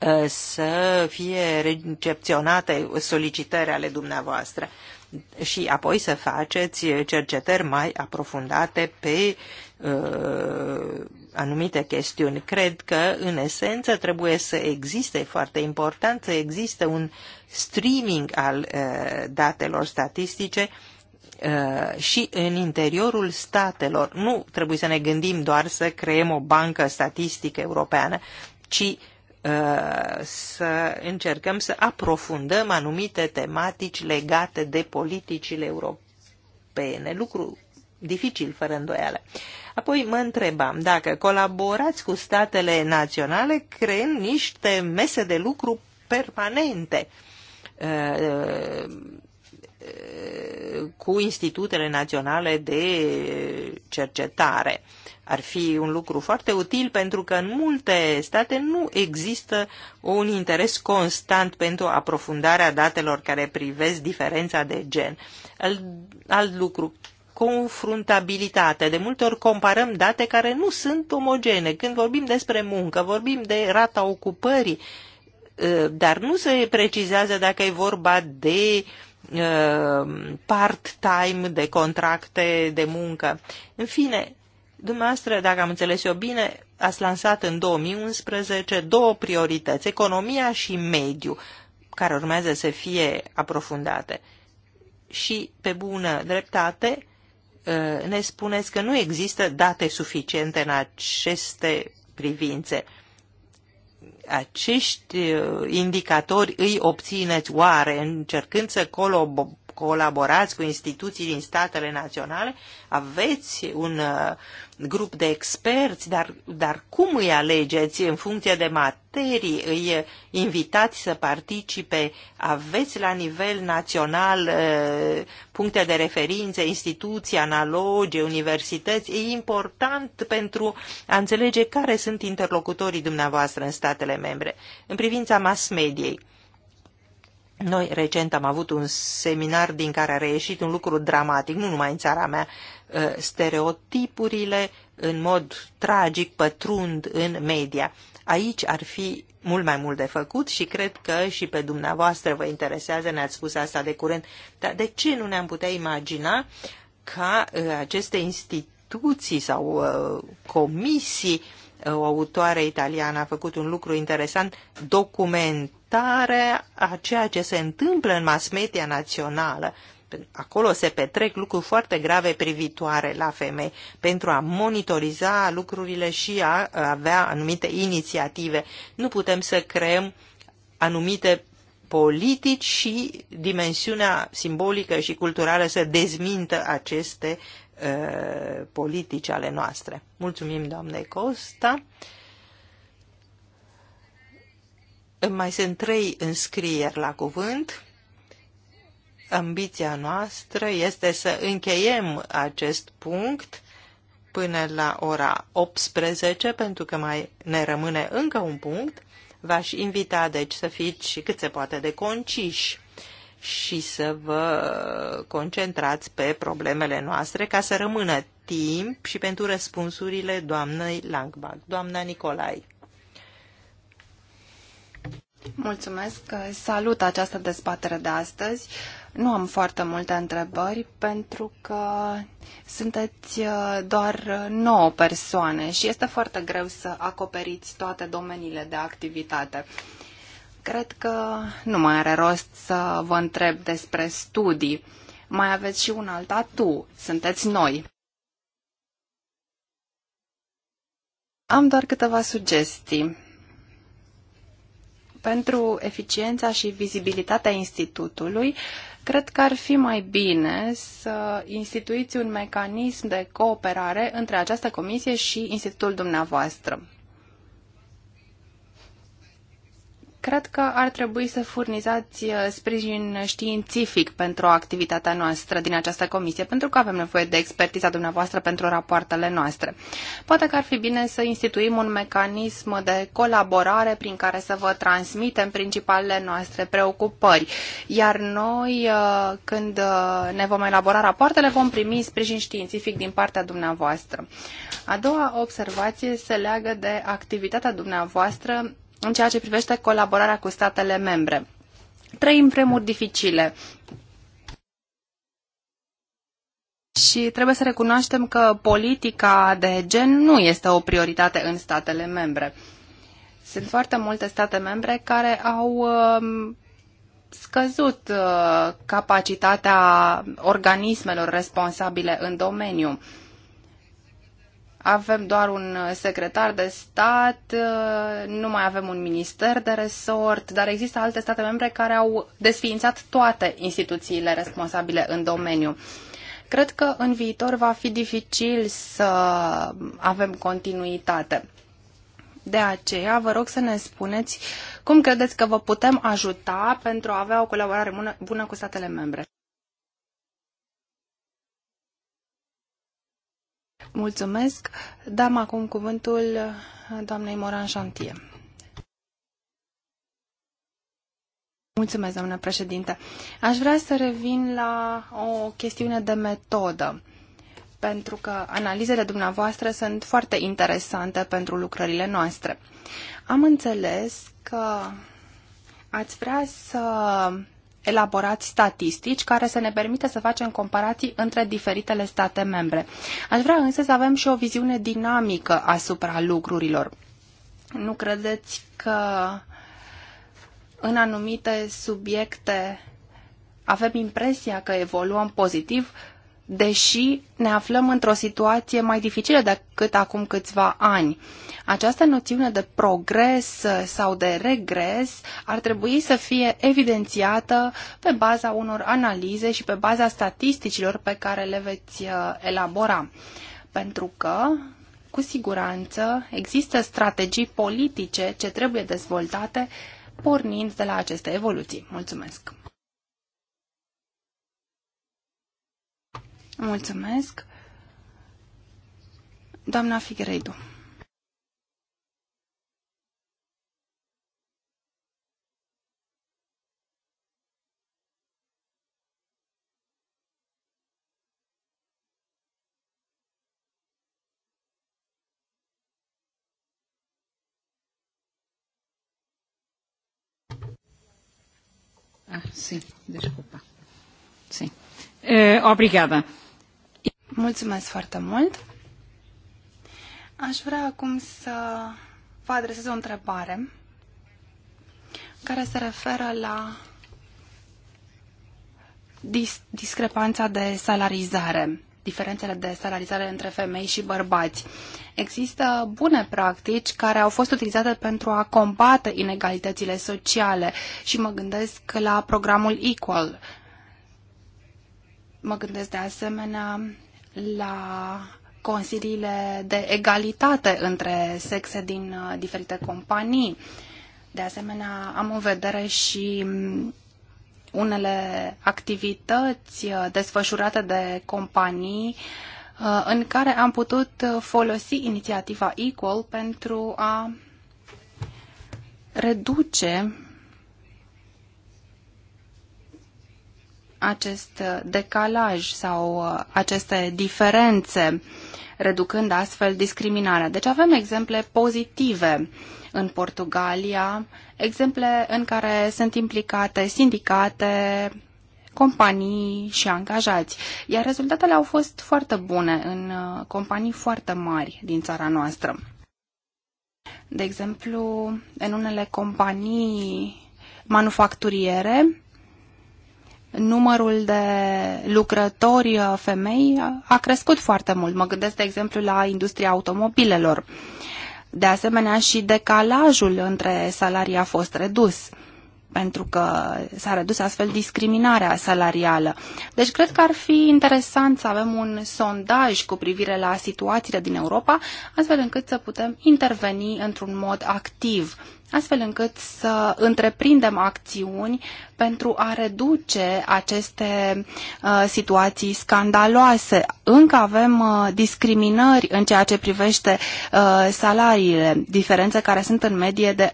ă, să fie recepționate solicitări ale dumneavoastră și apoi să faceți cercetări mai aprofundate pe Uh, anumite chestiuni. Cred că, în esență, trebuie să existe, foarte important, să existe un streaming al uh, datelor statistice uh, și în interiorul statelor. Nu trebuie să ne gândim doar să creăm o bancă statistică europeană, ci uh, să încercăm să aprofundăm anumite tematici legate de politicile europene. Lucru dificil, fără îndoială. Uh, Apoi mă întrebam dacă colaborați cu statele naționale creând niște mese de lucru permanente uh, uh, cu institutele naționale de cercetare. Ar fi un lucru foarte util pentru că în multe state nu există un interes constant pentru aprofundarea datelor care privesc diferența de gen. Alt, lucru confruntabilitate. De multe ori comparăm date care nu sunt omogene. Când vorbim despre muncă, vorbim de rata ocupării, ă, dar nu se precizează dacă e vorba de ă, part-time, de contracte de muncă. În fine, dumneavoastră, dacă am înțeles eu bine, ați lansat în 2011 două priorități, economia și mediu, care urmează să fie aprofundate. Și, pe bună dreptate, Uh, ne spuneți că nu există date suficiente în aceste privințe. Acești uh, indicatori îi obțineți oare încercând să colobo colaborați cu instituții din statele naționale, aveți un uh, grup de experți, dar, dar cum îi alegeți în funcție de materii, îi invitați să participe, aveți la nivel național uh, puncte de referință, instituții analoge, universități, e important pentru a înțelege care sunt interlocutorii dumneavoastră în statele membre. În privința mass mediei, noi recent am avut un seminar din care a reieșit un lucru dramatic, nu numai în țara mea, ă, stereotipurile în mod tragic pătrund în media. Aici ar fi mult mai mult de făcut și cred că și pe dumneavoastră vă interesează, ne-ați spus asta de curând, dar de ce nu ne-am putea imagina ca ă, aceste instituții sau ă, comisii o autoare italiană a făcut un lucru interesant, document reflectare a ceea ce se întâmplă în mass media națională. Acolo se petrec lucruri foarte grave privitoare la femei pentru a monitoriza lucrurile și a avea anumite inițiative. Nu putem să creăm anumite politici și dimensiunea simbolică și culturală să dezmintă aceste uh, politici ale noastre. Mulțumim, doamne Costa. Mai sunt trei înscrieri la cuvânt. Ambiția noastră este să încheiem acest punct până la ora 18, pentru că mai ne rămâne încă un punct. V-aș invita, deci, să fiți și cât se poate de conciși și să vă concentrați pe problemele noastre ca să rămână timp și pentru răspunsurile doamnei Langbach. Doamna Nicolai. Mulțumesc. Salut această dezbatere de astăzi. Nu am foarte multe întrebări pentru că sunteți uh, doar 9 persoane și este foarte greu să acoperiți toate domeniile de activitate. Cred că nu mai are rost să vă întreb despre studii. Mai aveți și un alt tu. Sunteți noi. Am doar câteva sugestii pentru eficiența și vizibilitatea institutului, cred că ar fi mai bine să instituiți un mecanism de cooperare între această comisie și institutul dumneavoastră. Cred că ar trebui să furnizați uh, sprijin științific pentru activitatea noastră din această comisie, pentru că avem nevoie de expertiza dumneavoastră pentru rapoartele noastre. Poate că ar fi bine să instituim un mecanism de colaborare prin care să vă transmitem principalele noastre preocupări, iar noi, uh, când uh, ne vom elabora rapoartele, vom primi sprijin științific din partea dumneavoastră. A doua observație se leagă de activitatea dumneavoastră în ceea ce privește colaborarea cu statele membre. Trăim vremuri dificile. Și trebuie să recunoaștem că politica de gen nu este o prioritate în statele membre. Sunt foarte multe state membre care au um, scăzut uh, capacitatea organismelor responsabile în domeniu avem doar un secretar de stat, nu mai avem un minister de resort, dar există alte state membre care au desființat toate instituțiile responsabile în domeniu. Cred că în viitor va fi dificil să avem continuitate. De aceea, vă rog să ne spuneți cum credeți că vă putem ajuta pentru a avea o colaborare bună cu statele membre. Mulțumesc. Dăm acum cuvântul uh, doamnei Moran Șantie. Mulțumesc, doamnă președinte. Aș vrea să revin la o chestiune de metodă, pentru că analizele dumneavoastră sunt foarte interesante pentru lucrările noastre. Am înțeles că ați vrea să elaborați statistici care să ne permită să facem comparații între diferitele state membre. Aș vrea însă să avem și o viziune dinamică asupra lucrurilor. Nu credeți că în anumite subiecte avem impresia că evoluăm pozitiv deși ne aflăm într-o situație mai dificilă decât acum câțiva ani. Această noțiune de progres sau de regres ar trebui să fie evidențiată pe baza unor analize și pe baza statisticilor pe care le veți uh, elabora. Pentru că, cu siguranță, există strategii politice ce trebuie dezvoltate pornind de la aceste evoluții. Mulțumesc! Mulțumesc. Doamna Figueiredu. Ah, sim, desculpa. Sim. Uh, obrigada. Mulțumesc foarte mult. Aș vrea acum să vă adresez o întrebare care se referă la dis- discrepanța de salarizare, diferențele de salarizare între femei și bărbați. Există bune practici care au fost utilizate pentru a combate inegalitățile sociale și mă gândesc la programul Equal. Mă gândesc de asemenea la consiliile de egalitate între sexe din uh, diferite companii. De asemenea, am în vedere și mm, unele activități uh, desfășurate de companii uh, în care am putut folosi inițiativa Equal pentru a reduce acest decalaj sau uh, aceste diferențe, reducând astfel discriminarea. Deci avem exemple pozitive în Portugalia, exemple în care sunt implicate sindicate, companii și angajați, iar rezultatele au fost foarte bune în uh, companii foarte mari din țara noastră. De exemplu, în unele companii manufacturiere, numărul de lucrători uh, femei uh, a crescut foarte mult. Mă gândesc, de exemplu, la industria automobilelor. De asemenea, și decalajul între salarii a fost redus pentru că s-a redus astfel discriminarea salarială. Deci cred că ar fi interesant să avem un sondaj cu privire la situațiile din Europa, astfel încât să putem interveni într-un mod activ astfel încât să întreprindem acțiuni pentru a reduce aceste uh, situații scandaloase. Încă avem uh, discriminări în ceea ce privește uh, salariile, diferențe care sunt în medie de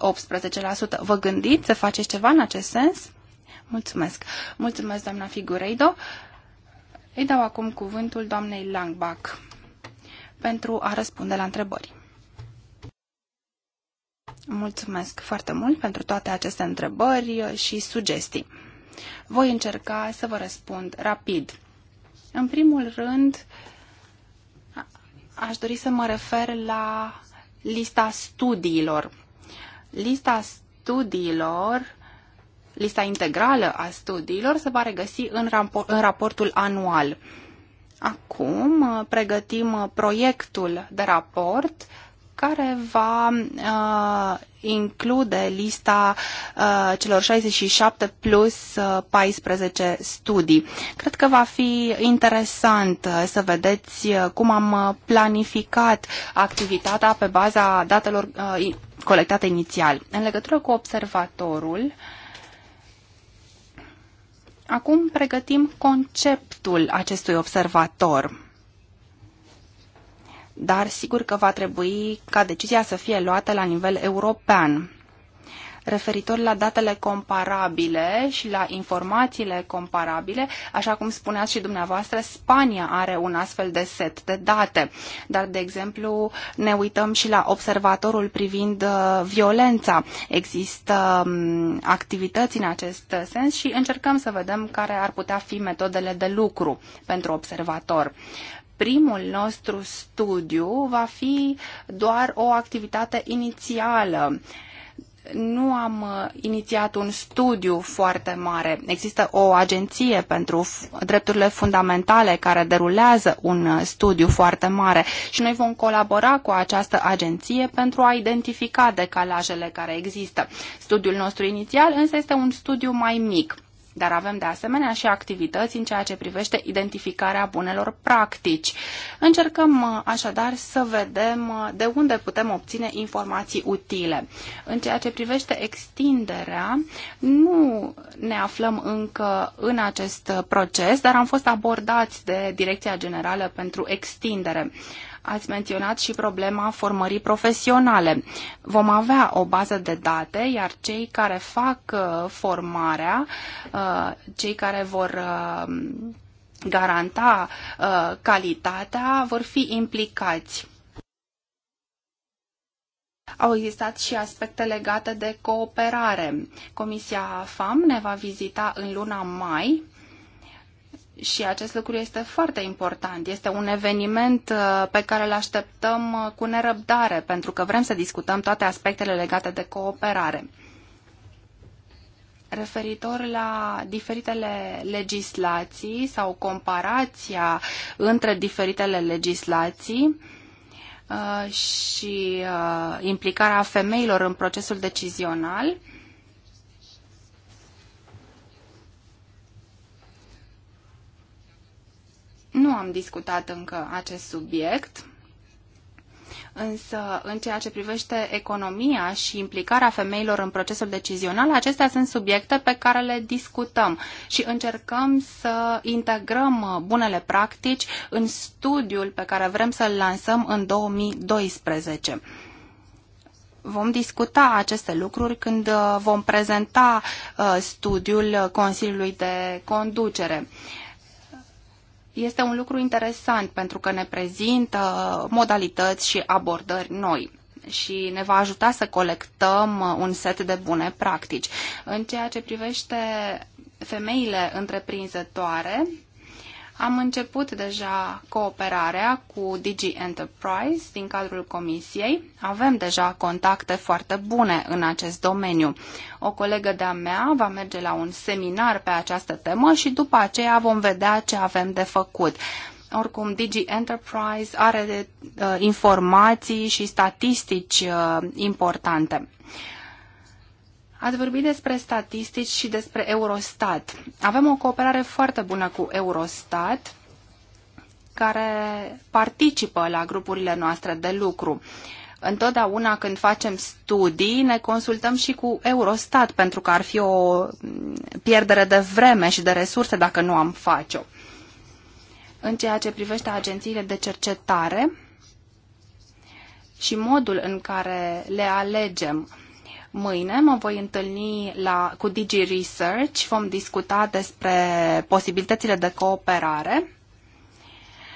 18%. Vă gândiți să faceți ceva în acest sens? Mulțumesc. Mulțumesc, doamna Figureido. Îi dau acum cuvântul doamnei Langbach pentru a răspunde la întrebări. Mulțumesc foarte mult pentru toate aceste întrebări și sugestii. Voi încerca să vă răspund rapid. În primul rând, aș dori să mă refer la lista studiilor. Lista studiilor, lista integrală a studiilor se va regăsi în, rapor, în raportul anual. Acum pregătim proiectul de raport care va uh, include lista uh, celor 67 plus uh, 14 studii. Cred că va fi interesant uh, să vedeți uh, cum am uh, planificat activitatea pe baza datelor uh, colectate inițial. În legătură cu observatorul, acum pregătim conceptul acestui observator dar sigur că va trebui ca decizia să fie luată la nivel european. Referitor la datele comparabile și la informațiile comparabile, așa cum spuneați și dumneavoastră, Spania are un astfel de set de date. Dar, de exemplu, ne uităm și la observatorul privind uh, violența. Există um, activități în acest sens și încercăm să vedem care ar putea fi metodele de lucru pentru observator primul nostru studiu va fi doar o activitate inițială nu am uh, inițiat un studiu foarte mare. Există o agenție pentru drepturile fundamentale care derulează un uh, studiu foarte mare și noi vom colabora cu această agenție pentru a identifica decalajele care există. Studiul nostru inițial însă este un studiu mai mic. Dar avem de asemenea și activități în ceea ce privește identificarea bunelor practici. Încercăm uh, așadar să vedem uh, de unde putem obține informații utile. În ceea ce privește extinderea, nu ne aflăm încă în acest uh, proces, dar am fost abordați de Direcția Generală pentru Extindere. Ați menționat și problema formării profesionale. Vom avea o bază de date, iar cei care fac uh, formarea, uh, cei care vor uh, garanta calitatea, vor fi implicați. Au existat și aspecte legate de cooperare. Comisia FAM ne va vizita în luna mai și acest lucru este foarte important. Este un eveniment uh, pe care îl așteptăm uh, cu nerăbdare, pentru că vrem să discutăm toate aspectele legate de cooperare. Referitor la diferitele legislații sau comparația între diferitele legislații, uh, și implicarea femeilor în procesul decizional. Nu am discutat încă acest subiect, însă în ceea ce privește economia și implicarea femeilor în procesul decizional, acestea sunt subiecte pe care le discutăm și încercăm să integrăm bunele practici în studiul pe care vrem să-l lansăm în 2012 vom discuta aceste lucruri când uh, vom prezenta uh, studiul Consiliului de Conducere este un lucru interesant pentru că ne prezintă modalități și abordări noi și ne va ajuta să colectăm un set de bune practici. În ceea ce privește femeile întreprinzătoare, am început deja cooperarea cu Digi Enterprise din cadrul comisiei. Avem deja contacte foarte bune în acest domeniu. O colegă de-a mea va merge la un seminar pe această temă și după aceea vom vedea ce avem de făcut. Oricum, Digi Enterprise are uh, informații și statistici uh, importante. Uh, Ați vorbit despre statistici și despre Eurostat. Avem o cooperare foarte bună cu Eurostat, care participă la grupurile noastre de lucru. Întotdeauna când facem studii, ne consultăm și cu Eurostat, pentru că ar fi o pierdere de vreme și de resurse dacă nu am face-o. În ceea ce privește agențiile de cercetare și modul în care le alegem, Mâine mă voi întâlni la, cu Digi Research, vom discuta despre posibilitățile de cooperare.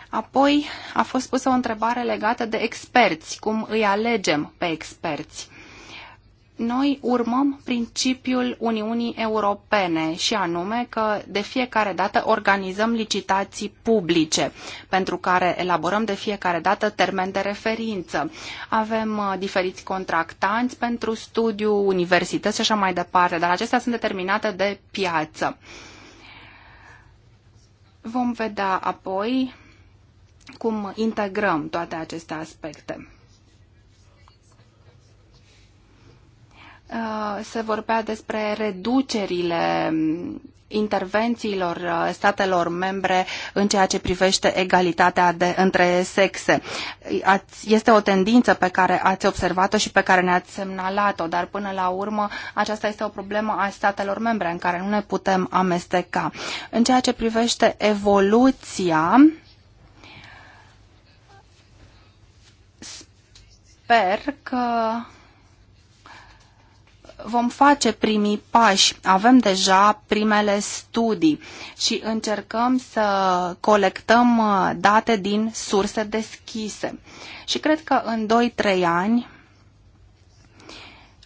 Apoi a fost pusă o întrebare legată de experți, cum îi alegem pe experți noi urmăm principiul Uniunii Europene și anume că de fiecare dată organizăm licitații publice, pentru care elaborăm de fiecare dată termen de referință. Avem uh, diferiți contractanți pentru studiu, universități și așa mai departe, dar acestea sunt determinate de piață. Vom vedea apoi cum integrăm toate aceste aspecte. Uh, se vorbea despre reducerile intervențiilor uh, statelor membre în ceea ce privește egalitatea de, între sexe. Ați, este o tendință pe care ați observat-o și pe care ne-ați semnalat-o, dar până la urmă aceasta este o problemă a statelor membre în care nu ne putem amesteca. În ceea ce privește evoluția, sper că vom face primii pași. Avem deja primele studii și încercăm să colectăm uh, date din surse deschise. Și cred că în 2-3 ani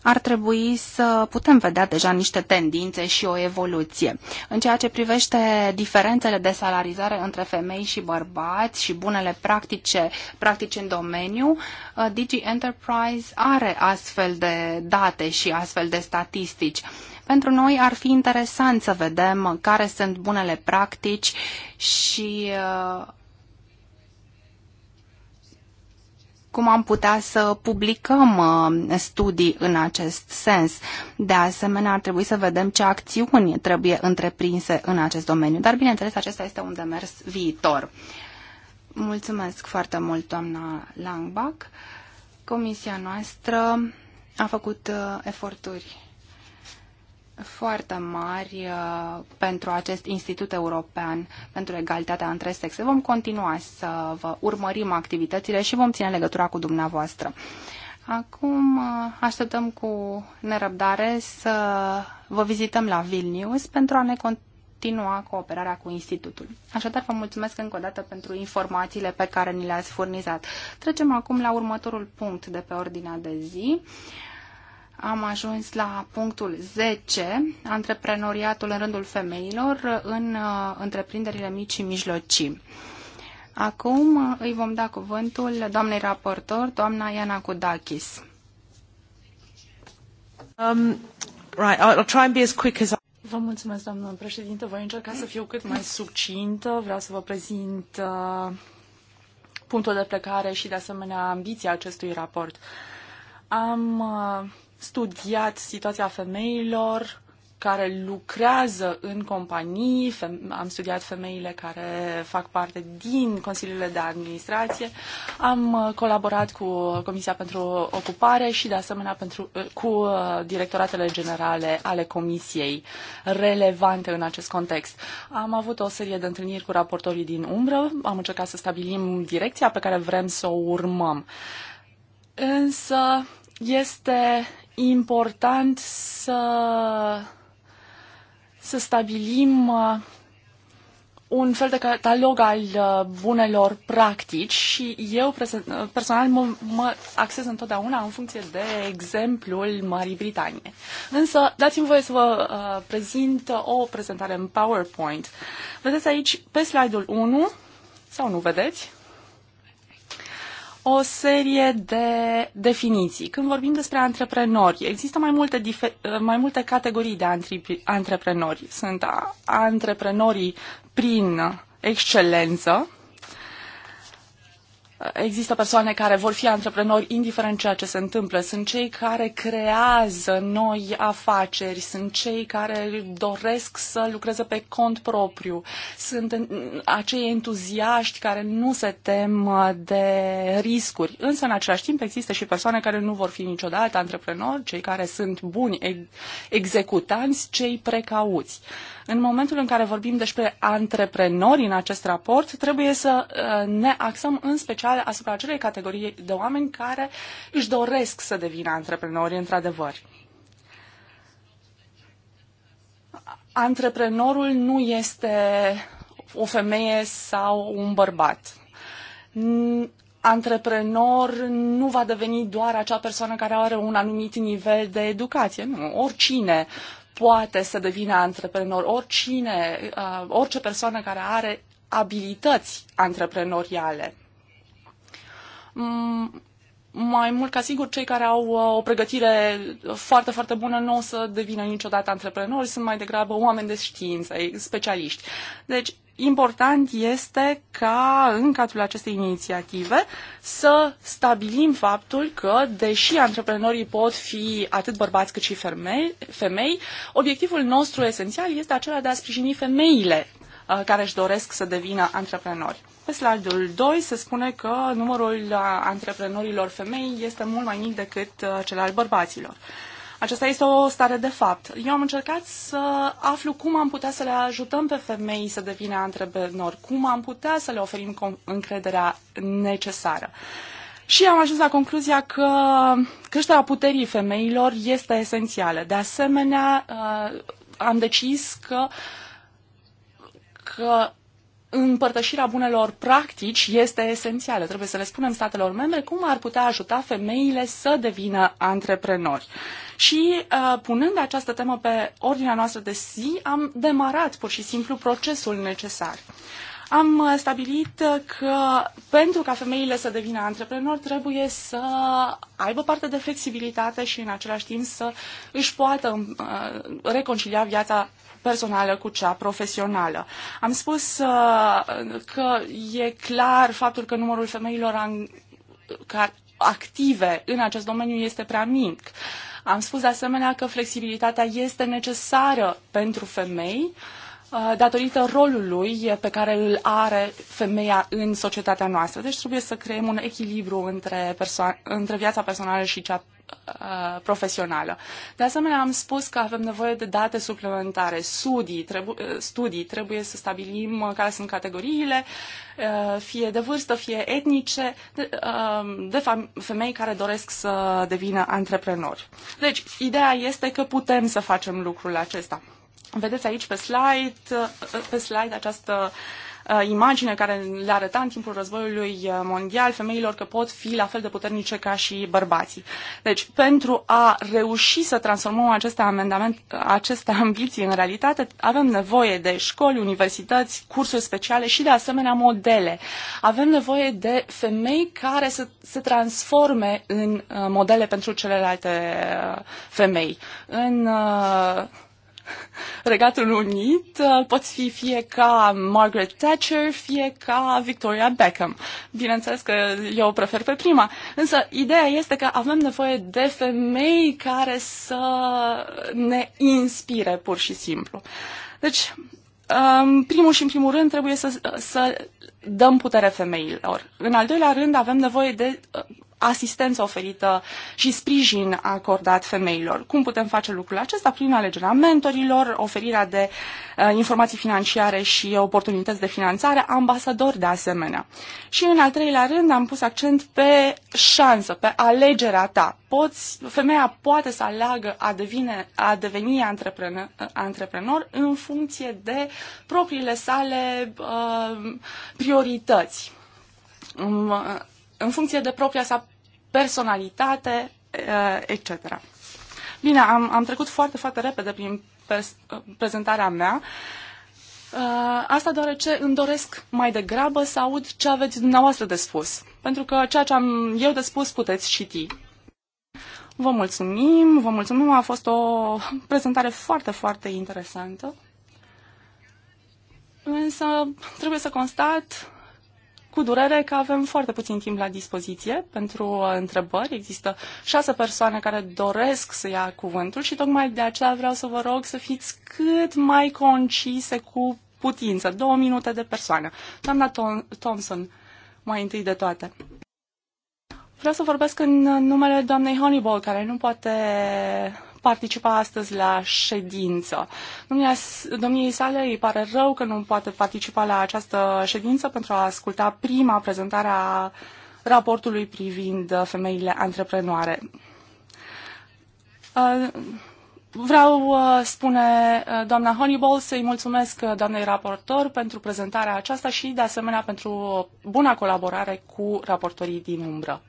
ar trebui să putem vedea deja niște tendințe și o evoluție. În ceea ce privește diferențele de salarizare între femei și bărbați și bunele practice, practici în domeniu, uh, Digi Enterprise are astfel de date și astfel de statistici. Pentru noi ar fi interesant să vedem care sunt bunele practici și uh, cum am putea să publicăm uh, studii în acest sens. De asemenea, ar trebui să vedem ce acțiuni trebuie întreprinse în acest domeniu. Dar, bineînțeles, acesta este un demers viitor. Mulțumesc foarte mult, doamna Langbach. Comisia noastră a făcut uh, eforturi foarte mari uh, pentru acest Institut European pentru Egalitatea între Sexe. Vom continua să vă urmărim activitățile și vom ține legătura cu dumneavoastră. Acum uh, așteptăm cu nerăbdare să vă vizităm la Vilnius pentru a ne continua cooperarea cu Institutul. Așadar, vă mulțumesc încă o dată pentru informațiile pe care ni le-ați furnizat. Trecem acum la următorul punct de pe ordinea de zi. Uh, am ajuns la punctul 10, antreprenoriatul în rândul femeilor în uh, întreprinderile mici și mijlocii. Acum uh, îi vom da cuvântul doamnei raportor, doamna Iana Kudakis. Um, right, I'll try and be as quick as I... Vă mulțumesc, doamnă președinte. Voi încerca să fiu cât mai succintă. Vreau să vă prezint uh, punctul de plecare și, de asemenea, ambiția acestui raport. Am uh, studiat situația femeilor care lucrează în companii, am studiat femeile care fac parte din consiliile de administrație, am uh, colaborat cu Comisia pentru Ocupare și de asemenea pentru, uh, cu uh, directoratele generale ale comisiei relevante în acest context. Am avut o serie de întâlniri cu raportorii din umbră, am încercat să stabilim direcția pe care vrem să o urmăm. Însă este important să, să stabilim uh, un fel de catalog al uh, bunelor practici și eu uh, personal mă, mă axez întotdeauna în funcție de exemplul Marii Britanie. Însă, dați-mi voie să vă uh, prezint o prezentare în PowerPoint. Vedeți aici pe slide-ul 1, sau nu vedeți, o serie de definiții. Când vorbim despre antreprenori, există mai multe, mai multe categorii de antreprenori. Sunt antreprenorii prin excelență, Există persoane care vor fi antreprenori indiferent ceea ce se întâmplă. Sunt cei care creează noi afaceri, sunt cei care doresc să lucreze pe cont propriu, sunt acei entuziaști care nu se tem de riscuri. Însă, în același timp, există și persoane care nu vor fi niciodată antreprenori, cei care sunt buni executanți, cei precauți. Uh, în momentul în care vorbim despre antreprenori în acest raport, trebuie să uh, ne axăm în special asupra acelei categorii de oameni care își doresc să devină antreprenori, într-adevăr. Antreprenorul nu este o femeie sau un bărbat antreprenor nu va deveni doar acea persoană care are un anumit nivel de educație, nu, oricine poate să devină antreprenor. Oricine, uh, orice persoană care are abilități antreprenoriale. Mm, mai mult ca sigur, cei care au uh, o pregătire foarte, foarte bună nu o să devină niciodată antreprenori, sunt mai degrabă oameni de știință, specialiști. Deci, important este ca în cadrul acestei inițiative să stabilim faptul că, deși antreprenorii pot fi atât bărbați cât și femei, femei obiectivul nostru esențial este acela de a sprijini femeile uh, care își doresc să devină antreprenori. Pe slide-ul 2 se spune că numărul uh, antreprenorilor femei este mult mai mic decât uh, cel al bărbaților. Aceasta este o stare de fapt. Eu am încercat să aflu cum am putea să le ajutăm pe femei să devină antreprenori, cum am putea să le oferim încrederea necesară. Și am ajuns la concluzia că creșterea puterii femeilor este esențială. De asemenea, uh, am decis că, că împărtășirea bunelor practici este esențială. Trebuie să le spunem statelor membre cum ar putea ajuta femeile să devină antreprenori. Și uh, punând această temă pe ordinea noastră de zi, am demarat pur și simplu procesul necesar. Am uh, stabilit că pentru ca femeile să devină antreprenori trebuie să aibă parte de flexibilitate și în același timp să își poată uh, reconcilia viața personală cu cea profesională. Am spus uh, că e clar faptul că numărul femeilor active în acest domeniu este prea mic. Am spus de asemenea că flexibilitatea este necesară pentru femei uh, datorită rolului pe care îl are femeia în societatea noastră. Deci trebuie să creăm un echilibru între, între viața personală și cea Uh, profesională. De asemenea, am spus că avem nevoie de date suplimentare, studii, trebu- uh, studii trebuie să stabilim uh, care sunt categoriile, fie de vârstă, fie etnice, de, de femei care doresc să devină antreprenori. Deci, ideea este că putem să facem lucrul acesta. Vedeți aici pe slide, pe slide această uh, Uh, imagine care le arăta în timpul războiului uh, mondial femeilor că pot fi la fel de puternice ca și bărbații. Deci, pentru a reuși să transformăm aceste, amendament, aceste ambiții în realitate, avem nevoie de școli, universități, cursuri speciale și, de asemenea, modele. Avem nevoie de femei care să se transforme în uh, modele pentru celelalte femei. În Regatul Unit, uh, poți fi fie ca Margaret Thatcher, fie ca Victoria Beckham. Bineînțeles că eu prefer pe prima, însă ideea este că avem nevoie de femei care să ne inspire pur și simplu. Deci, în um, primul și în primul rând trebuie să, să dăm putere femeilor. În al doilea rând avem nevoie de uh, asistență oferită și sprijin acordat femeilor. Cum putem face lucrul acesta? Prin alegerea mentorilor, oferirea de uh, informații financiare și oportunități de finanțare, ambasadori de asemenea. Și în al treilea rând am pus accent pe șansă, pe alegerea ta. Poți, femeia poate să aleagă a, devine, a deveni antreprenor, uh, antreprenor în funcție de propriile sale uh, priorități um, uh, în funcție de propria sa personalitate, eh, etc. Bine, am, am trecut foarte, foarte repede prin prezentarea mea. Eh, asta deoarece îmi doresc mai degrabă să aud ce aveți dumneavoastră de spus, pentru că ceea ce am eu de spus puteți citi. Vă mulțumim, vă mulțumim, a fost o prezentare foarte, foarte interesantă. Însă trebuie să constat cu durere că avem foarte puțin timp la dispoziție pentru uh, întrebări. Există șase persoane care doresc să ia cuvântul și tocmai de aceea vreau să vă rog să fiți cât mai concise cu putință. Două minute de persoană. Doamna Thompson, mai întâi de toate. Vreau să vorbesc în numele doamnei Honeyball, care nu poate participa astăzi la ședință. Domnia, domniei sale îi pare rău că nu poate participa la această ședință pentru a asculta prima prezentare a raportului privind femeile antreprenoare. Vreau, spune doamna Honeyball, să-i mulțumesc doamnei raportor pentru prezentarea aceasta și, de asemenea, pentru buna colaborare cu raportorii din umbră.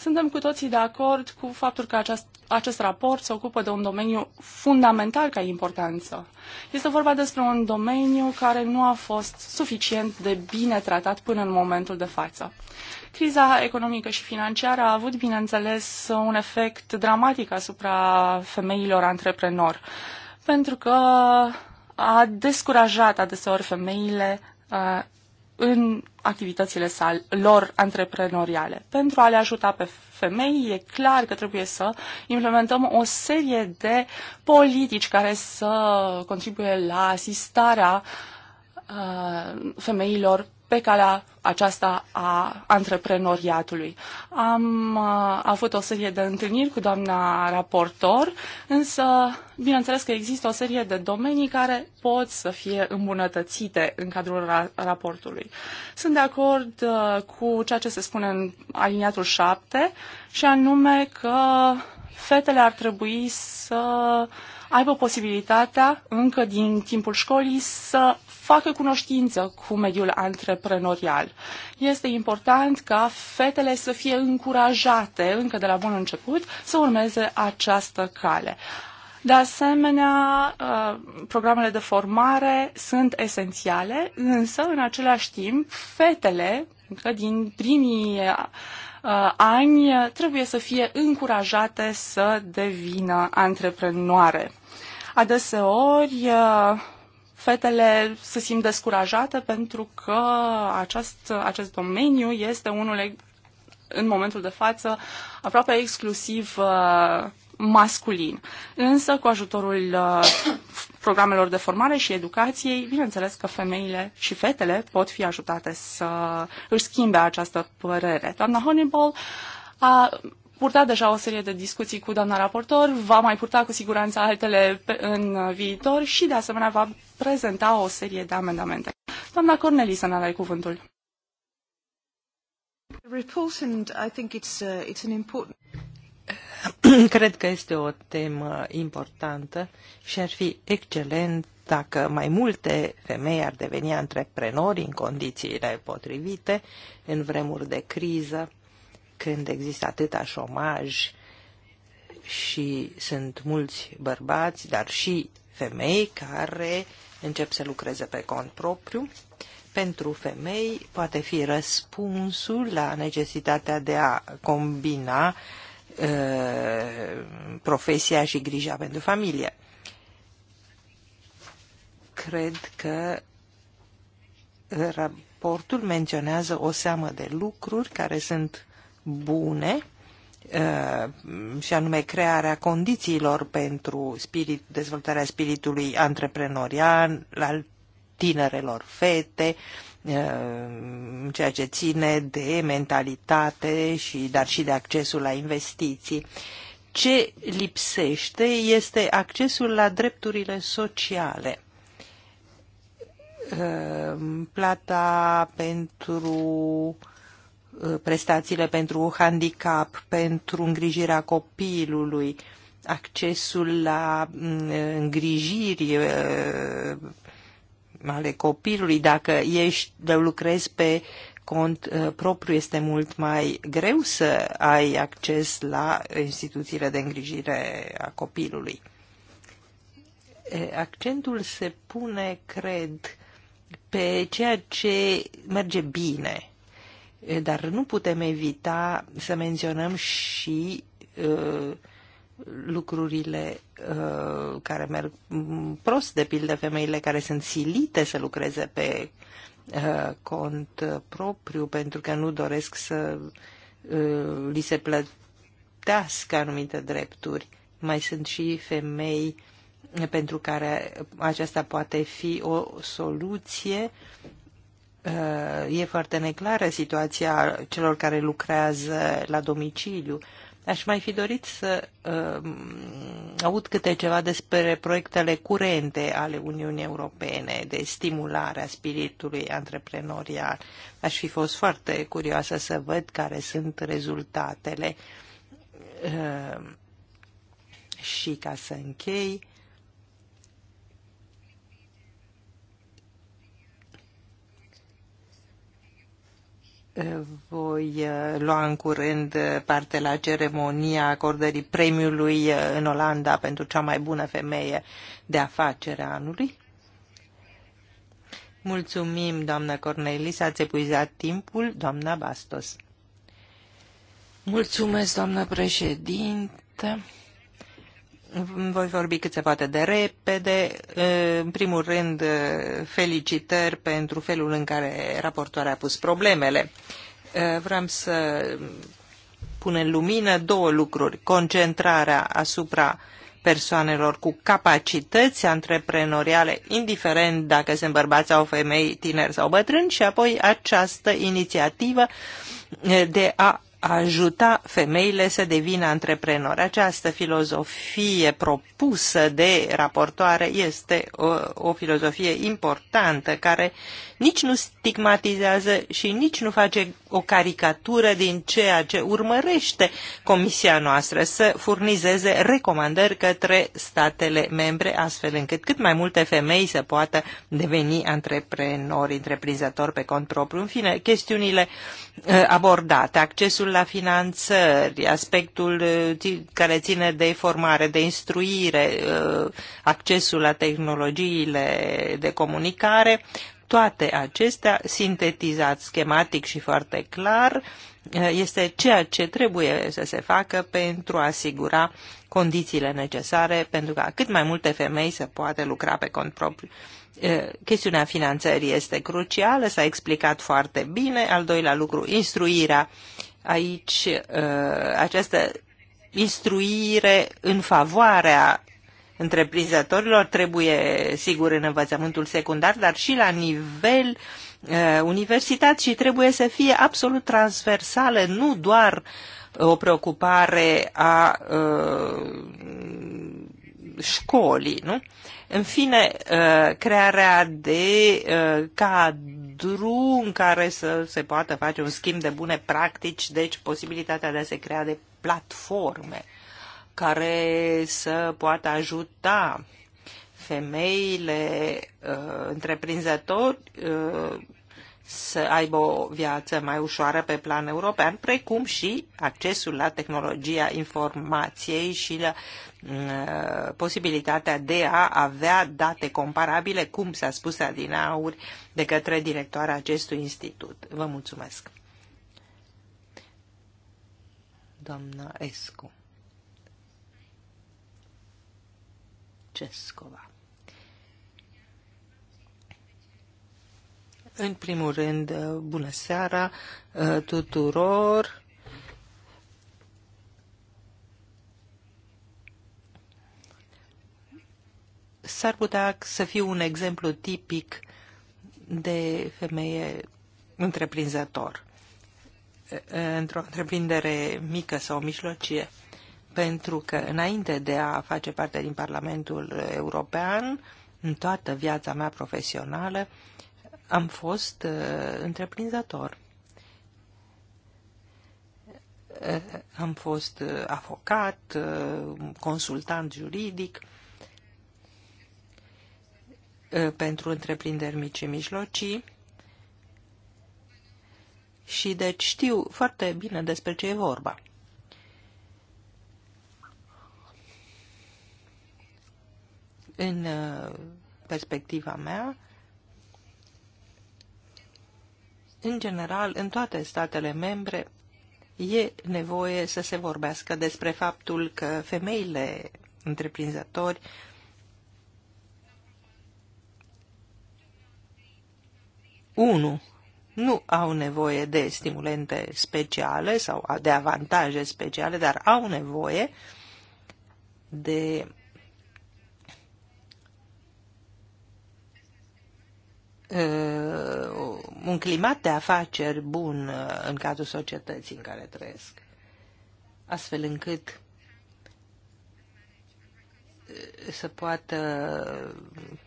Suntem cu toții de acord cu faptul că acest, acest raport se ocupă de un domeniu fundamental ca importanță. Este vorba despre un domeniu care nu a fost suficient de bine tratat până în momentul de față. Criza economică și financiară a avut, bineînțeles, un efect dramatic asupra femeilor antreprenori, pentru că a descurajat adeseori femeile uh, în activitățile lor antreprenoriale. Pentru a le ajuta pe femei, e clar că trebuie să implementăm o serie de politici care să contribuie la asistarea uh, femeilor pe calea aceasta a antreprenoriatului. Am uh, a, avut o serie de întâlniri cu doamna raportor, însă bineînțeles că există o serie de domenii care pot să fie îmbunătățite în cadrul ra- raportului. Sunt de acord uh, cu ceea ce se spune în aliniatul 7 și anume că fetele ar trebui să aibă posibilitatea încă din timpul școlii să facă cunoștință cu mediul antreprenorial. Este important ca fetele să fie încurajate încă de la bun început să urmeze această cale. De asemenea, uh, programele de formare sunt esențiale, însă, în același timp, fetele, încă din primii uh, ani, trebuie să fie încurajate să devină antreprenoare. Adeseori, uh, Fetele se simt descurajate pentru că acest, acest domeniu este unul în momentul de față aproape exclusiv uh, masculin. Însă, cu ajutorul uh, programelor de formare și educației, bineînțeles că femeile și fetele pot fi ajutate să își schimbe această părere. Doamna Honeyball a purtat deja o serie de discuții cu doamna raportor, va mai purta cu siguranță altele în viitor și de asemenea va prezenta o serie de amendamente. Doamna ne are cuvântul. Uh, Cred că este o temă importantă și ar fi excelent dacă mai multe femei ar deveni antreprenori în condițiile potrivite, în vremuri de criză când există atâta șomaj și sunt mulți bărbați, dar și femei care încep să lucreze pe cont propriu. Pentru femei poate fi răspunsul la necesitatea de a combina uh, profesia și grija pentru familie. Cred că raportul menționează o seamă de lucruri care sunt bune uh, și anume crearea condițiilor pentru spirit, dezvoltarea spiritului antreprenorial al tinerelor fete, uh, ceea ce ține de mentalitate și dar și de accesul la investiții. Ce lipsește este accesul la drepturile sociale uh, plata pentru Uh, prestațiile pentru handicap, pentru îngrijirea copilului, accesul la mm, îngrijiri uh, ale copilului, dacă ești, de lucrezi pe cont uh, propriu, este mult mai greu să ai acces la instituțiile de îngrijire a copilului. Accentul se pune, cred, pe ceea ce merge bine dar nu putem evita să menționăm și uh, lucrurile uh, care merg prost, de pildă femeile care sunt silite să lucreze pe uh, cont propriu pentru că nu doresc să li se plătească anumite drepturi. Mai sunt și femei pentru care aceasta poate fi o soluție Uh, e foarte neclară situația celor care lucrează la domiciliu. Aș mai fi dorit să uh, aud câte ceva despre proiectele curente ale Uniunii Europene de stimulare a spiritului antreprenorial. Aș fi fost foarte curioasă să văd care sunt rezultatele. Uh, și ca să închei, Voi uh, lua în curând uh, parte la ceremonia acordării premiului uh, în Olanda pentru cea mai bună femeie de afacere a anului. Mulțumim, doamna Cornelis, ați epuizat timpul, doamna Bastos. Mulțumesc, doamna președintă. Voi vorbi cât se poate de repede. În primul rând, felicitări pentru felul în care raportoarea a pus problemele. Vreau să pun în lumină două lucruri. Concentrarea asupra persoanelor cu capacități antreprenoriale, indiferent dacă sunt bărbați sau femei, tineri sau bătrâni, și apoi această inițiativă de a a ajuta femeile să devină antreprenori. Această filozofie propusă de raportoare este o, uh, o filozofie importantă care nici nu stigmatizează și nici nu face o caricatură din ceea ce urmărește Comisia noastră să furnizeze recomandări către statele membre, astfel încât cât mai multe femei să poată deveni antreprenori, întreprinzători pe cont propriu. În fine, chestiunile uh, abordate, accesul la finanțări, aspectul uh, care ține de formare, de instruire, uh, accesul la tehnologiile de comunicare, toate acestea, sintetizat schematic și foarte clar, este ceea ce trebuie să se facă pentru a asigura condițiile necesare pentru ca cât mai multe femei să poată lucra pe cont propriu. Chestiunea finanțării este crucială, s-a explicat foarte bine. Al doilea lucru, instruirea. Aici această instruire în favoarea întreprinzătorilor, trebuie sigur în învățământul secundar, dar și la nivel uh, eh, universitar și trebuie să fie absolut transversală, nu doar eh, o preocupare a uh, școlii, nu? În fine, uh, crearea de uh, cadru în care să se poată face un schimb de bune practici, deci posibilitatea de a se crea de platforme care să poată ajuta femeile uh, întreprinzători uh, să aibă o viață mai ușoară pe plan european, precum și accesul la tehnologia informației și la uh, posibilitatea de a avea date comparabile, cum s-a spus adinauri, de către directoarea acestui institut. Vă mulțumesc. Doamna Escu. Českova. În primul rând, uh, bună seara uh, tuturor! S-ar putea să fiu un exemplu tipic de femeie întreprinzător uh, într-o întreprindere mică sau mijlocie pentru că înainte de a face parte din Parlamentul European, în toată viața mea profesională, am fost uh, întreprinzător. Uh, am fost uh, avocat, uh, consultant juridic uh, pentru întreprinderi mici și mijlocii și deci știu foarte bine despre ce e vorba. În uh, perspectiva mea, în general, în toate statele membre, e nevoie să se vorbească despre faptul că femeile întreprinzători unu, nu au nevoie de stimulente speciale sau de avantaje speciale, dar au nevoie de Uh, un climat de afaceri bun uh, în cadrul societății în care trăiesc, astfel încât uh, să poată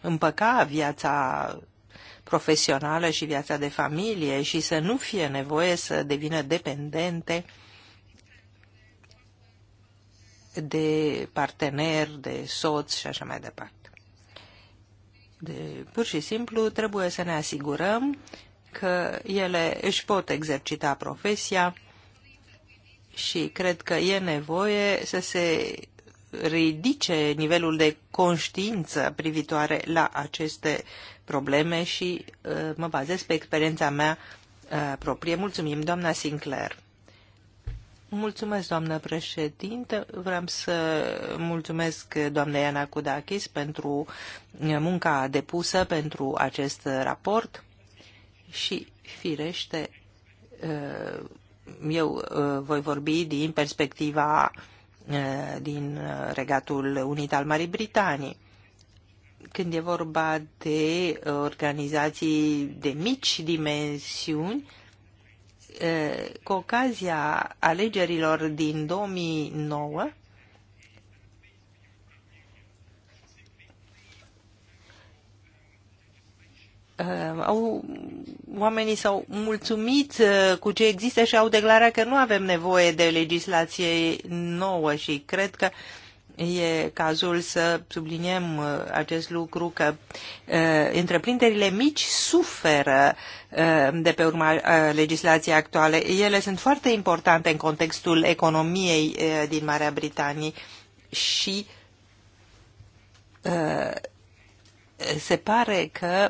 împăca viața profesională și viața de familie și să nu fie nevoie să devină dependente de partener, de soț și așa mai departe. De, pur și simplu trebuie să ne asigurăm că ele își pot exercita profesia și cred că e nevoie să se ridice nivelul de conștiință privitoare la aceste probleme și uh, mă bazez pe experiența mea uh, proprie. Mulțumim, doamna Sinclair. Mulțumesc, doamnă președinte. Vreau să mulțumesc doamnei Ana Kudakis pentru munca depusă pentru acest raport și, firește, uh, eu uh, voi vorbi din perspectiva uh, din Regatul Unit al Marii Britanii când e vorba de organizații de mici dimensiuni, cu ocazia alegerilor din 2009, au, oamenii s-au mulțumit cu ce există și au declarat că nu avem nevoie de legislație nouă și cred că uh, e cazul să subliniem uh, acest lucru că uh, întreprinderile mici suferă uh, de pe urma legislației actuale. Ele sunt foarte importante în contextul economiei din Marea Britanie și se pare că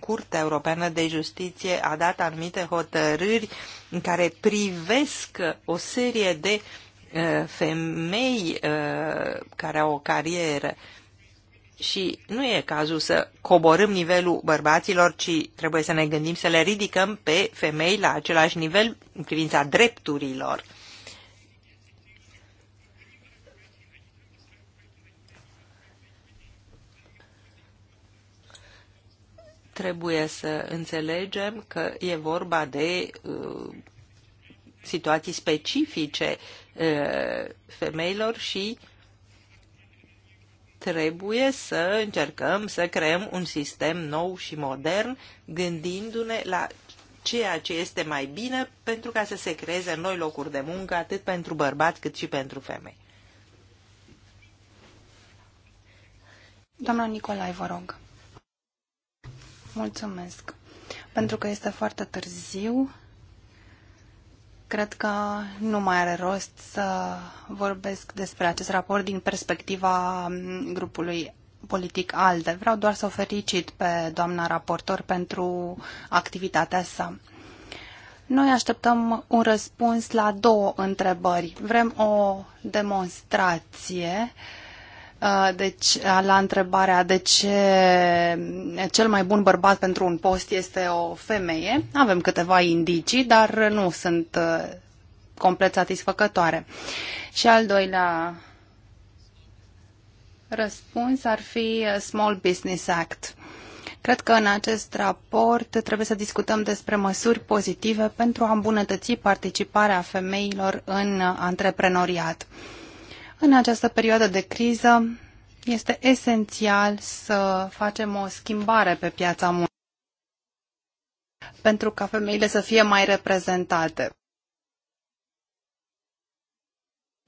Curtea Europeană de Justiție a dat anumite hotărâri în care privesc o serie de uh, Uh, femei uh, care au o carieră. Și nu e cazul să coborâm nivelul bărbaților, ci trebuie să ne gândim să le ridicăm pe femei la același nivel în privința drepturilor. Trebuie să înțelegem că e vorba de uh, situații specifice Uh, femeilor și trebuie să încercăm să creăm un sistem nou și modern, gândindu-ne la ceea ce este mai bine pentru ca să se creeze noi locuri de muncă, atât pentru bărbați cât și pentru femei. Doamna Nicolai, vă rog. Mulțumesc. Pentru că este foarte târziu, Cred că nu mai are rost să vorbesc despre acest raport din perspectiva mm, grupului politic ALDE. Vreau doar să o felicit pe doamna raportor pentru activitatea sa. Noi așteptăm un răspuns la două întrebări. Vrem o demonstrație uh, Uh, deci, uh, la întrebarea de ce cel mai bun bărbat pentru un post este o femeie, avem câteva indicii, dar nu sunt uh, complet satisfăcătoare. Și al doilea răspuns ar fi Small Business Act. Cred că în acest raport trebuie să discutăm despre măsuri pozitive pentru a îmbunătăți participarea femeilor în antreprenoriat. În această perioadă de criză este esențial să facem o schimbare pe piața muncii pentru ca femeile să fie mai reprezentate.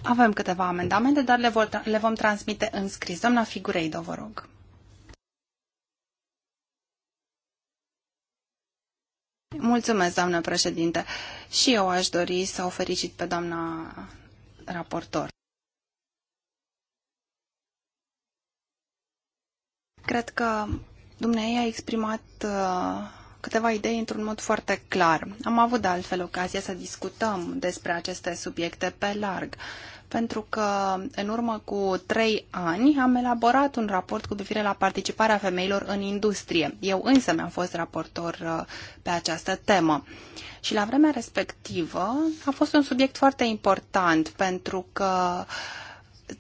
Avem câteva amendamente, dar le, vor, le vom transmite în scris. Doamna Figureido, vă rog. Mulțumesc, doamnă președinte. Și eu aș dori să o felicit pe doamna raportor. Cred că dumneavoastră a exprimat uh, câteva idei într-un mod foarte clar. Am avut de altfel ocazia să discutăm despre aceste subiecte pe larg, pentru că în urmă cu trei ani am elaborat un raport cu privire la participarea femeilor în industrie. Eu însă mi-am fost raportor uh, pe această temă. Și la vremea respectivă a fost un subiect foarte important pentru că uh,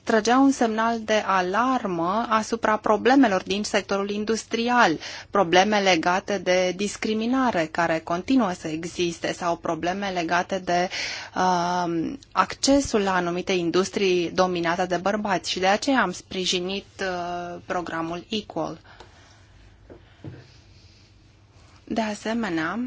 trăgea un semnal de alarmă asupra problemelor din sectorul industrial, probleme legate de discriminare care continuă să existe sau probleme legate de uh, accesul la anumite industrii dominate de bărbați și de aceea am sprijinit uh, programul Equal. De asemenea,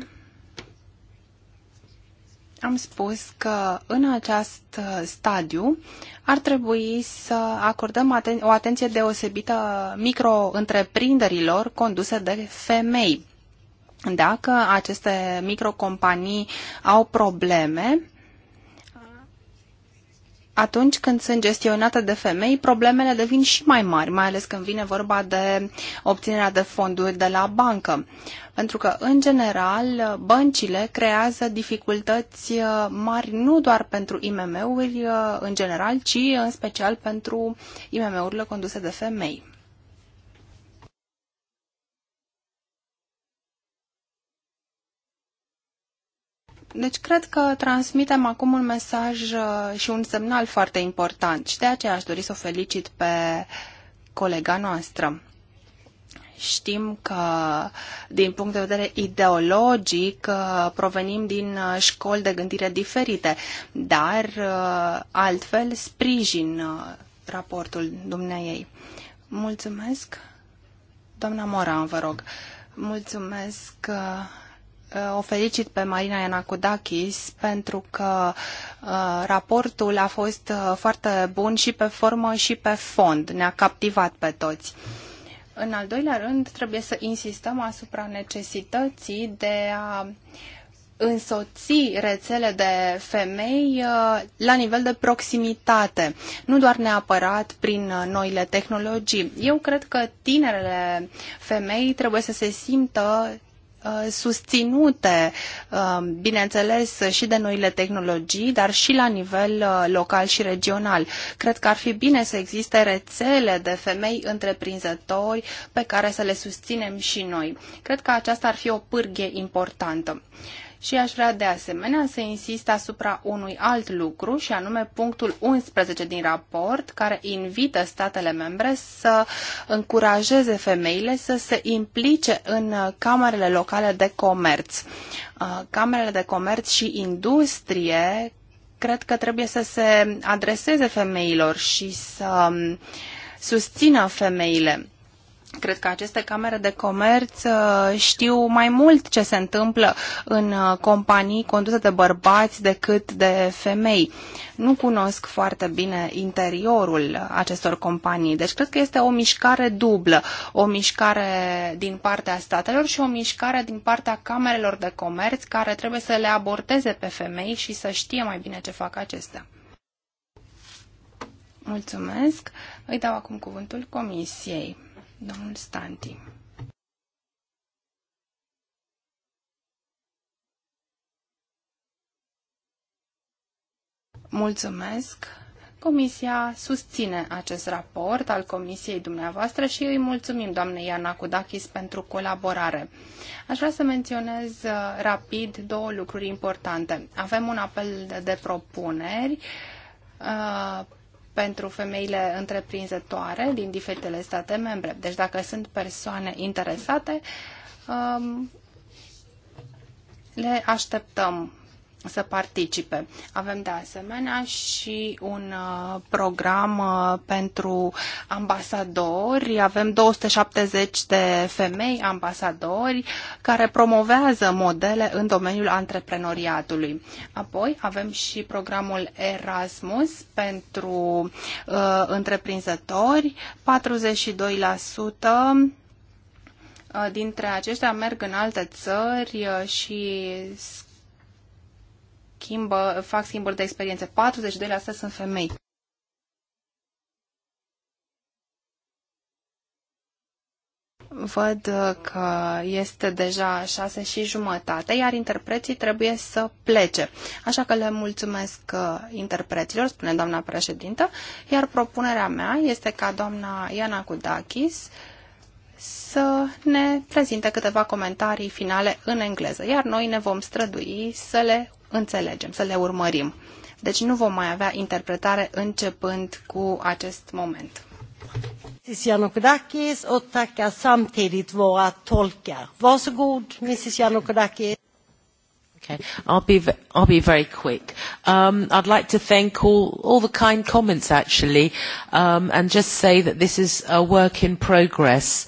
am spus că în acest stadiu ar trebui să acordăm aten- o atenție deosebită micro-întreprinderilor conduse de femei. Dacă aceste microcompanii au probleme, atunci când sunt gestionate de femei, problemele devin și mai mari, mai ales când vine vorba de obținerea de fonduri de la bancă. Pentru că, în general, băncile creează dificultăți uh, mari nu doar pentru IMM-uri uh, în general, ci în special pentru IMM-urile conduse de femei. Deci cred că transmitem acum un mesaj uh, și un semnal foarte important și de aceea aș dori să o felicit pe colega noastră. Știm că, din punct de vedere ideologic, uh, provenim din uh, școli de gândire diferite, dar altfel sprijin raportul dumneiei. Mulțumesc. Doamna Moran, vă rog. Mulțumesc o felicit pe Marina Ianacudakis pentru că uh, raportul a fost uh, foarte bun și pe formă și pe fond. Ne-a captivat pe toți. În al doilea rând, trebuie să insistăm asupra necesității de a însoți rețele de femei uh, la nivel de proximitate, nu doar neapărat prin noile tehnologii. Eu cred că tinerele femei trebuie să se simtă Uh, susținute, uh, bineînțeles, și de noile tehnologii, dar și la nivel uh, local și regional. Cred că ar fi bine să existe rețele de femei întreprinzători pe care să le susținem și noi. Cred că aceasta ar fi o pârghie importantă. Și aș vrea de asemenea să insist asupra unui alt lucru, și anume punctul 11 din raport, care invită statele membre să încurajeze femeile să se implice în camerele locale de comerț. Uh, camerele de comerț și industrie cred că trebuie să se adreseze femeilor și să um, susțină femeile Cred că aceste camere de comerț uh, știu mai mult ce se întâmplă în uh, companii conduse de bărbați decât de femei. Nu cunosc foarte bine interiorul acestor companii, deci cred că este o mișcare dublă, o mișcare din partea statelor și o mișcare din partea camerelor de comerț care trebuie să le abordeze pe femei și să știe mai bine ce fac acestea. Mulțumesc. Îi dau acum cuvântul Comisiei domnul Stanti. Mulțumesc! Comisia susține acest raport al Comisiei dumneavoastră și îi mulțumim doamnei Iana Kudakis pentru colaborare. Aș vrea să menționez uh, rapid două lucruri importante. Avem un apel de propuneri uh, pentru femeile întreprinzătoare din diferitele state membre. Deci dacă sunt persoane interesate, um, le așteptăm să participe. Avem de asemenea și un uh, program uh, pentru ambasadori. Avem 270 de femei ambasadori care promovează modele în domeniul antreprenoriatului. Apoi avem și programul Erasmus pentru uh, întreprinzători. 42% uh, dintre aceștia merg în alte țări și schimbă, fac schimburi de experiențe. 42% sunt femei. Văd uh, că este deja șase și jumătate, iar interpreții trebuie să plece. Așa că le mulțumesc uh, interpreților, spune doamna președintă, iar propunerea mea este ca doamna Iana Kudakis să ne prezinte câteva comentarii finale în engleză, iar noi ne vom strădui să le înțelegem, să le urmărim. Deci nu vom mai avea interpretare începând cu acest moment. Mrs Yanokudakis och tackar samtidigt våra tolkar. Varsågod Mrs Yanokudakis. Okay, I'll be I'll be very quick. Um, I'd like to thank all all the kind comments actually, um, and just say that this is a work in progress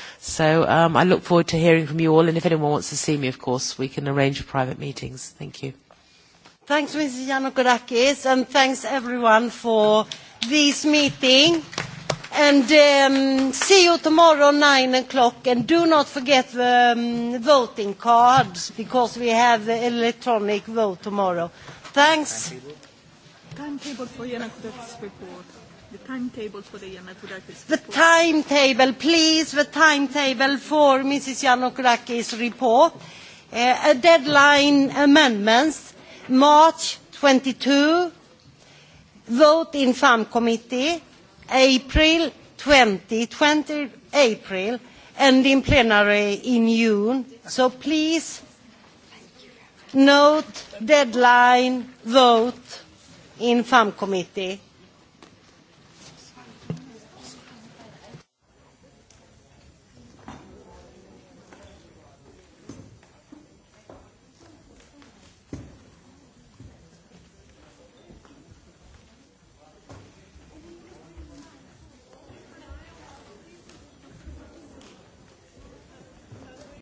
So um, I look forward to hearing from you all, and if anyone wants to see me, of course, we can arrange private meetings. Thank you. Thanks, Mrs. Yannakourakis, and thanks everyone for this meeting. And um, see you tomorrow, 9 o'clock. And do not forget the um, voting cards, because we have the electronic vote tomorrow. Thanks. Timetable for Yannakourakis report the timetable for the Yannakourakis The timetable, please, the timetable for Mrs. Yannakourakis' report. Uh, a deadline amendments, March 22, vote in farm committee, April 20, 20 April, and in plenary in June. So please note, deadline, vote in farm committee.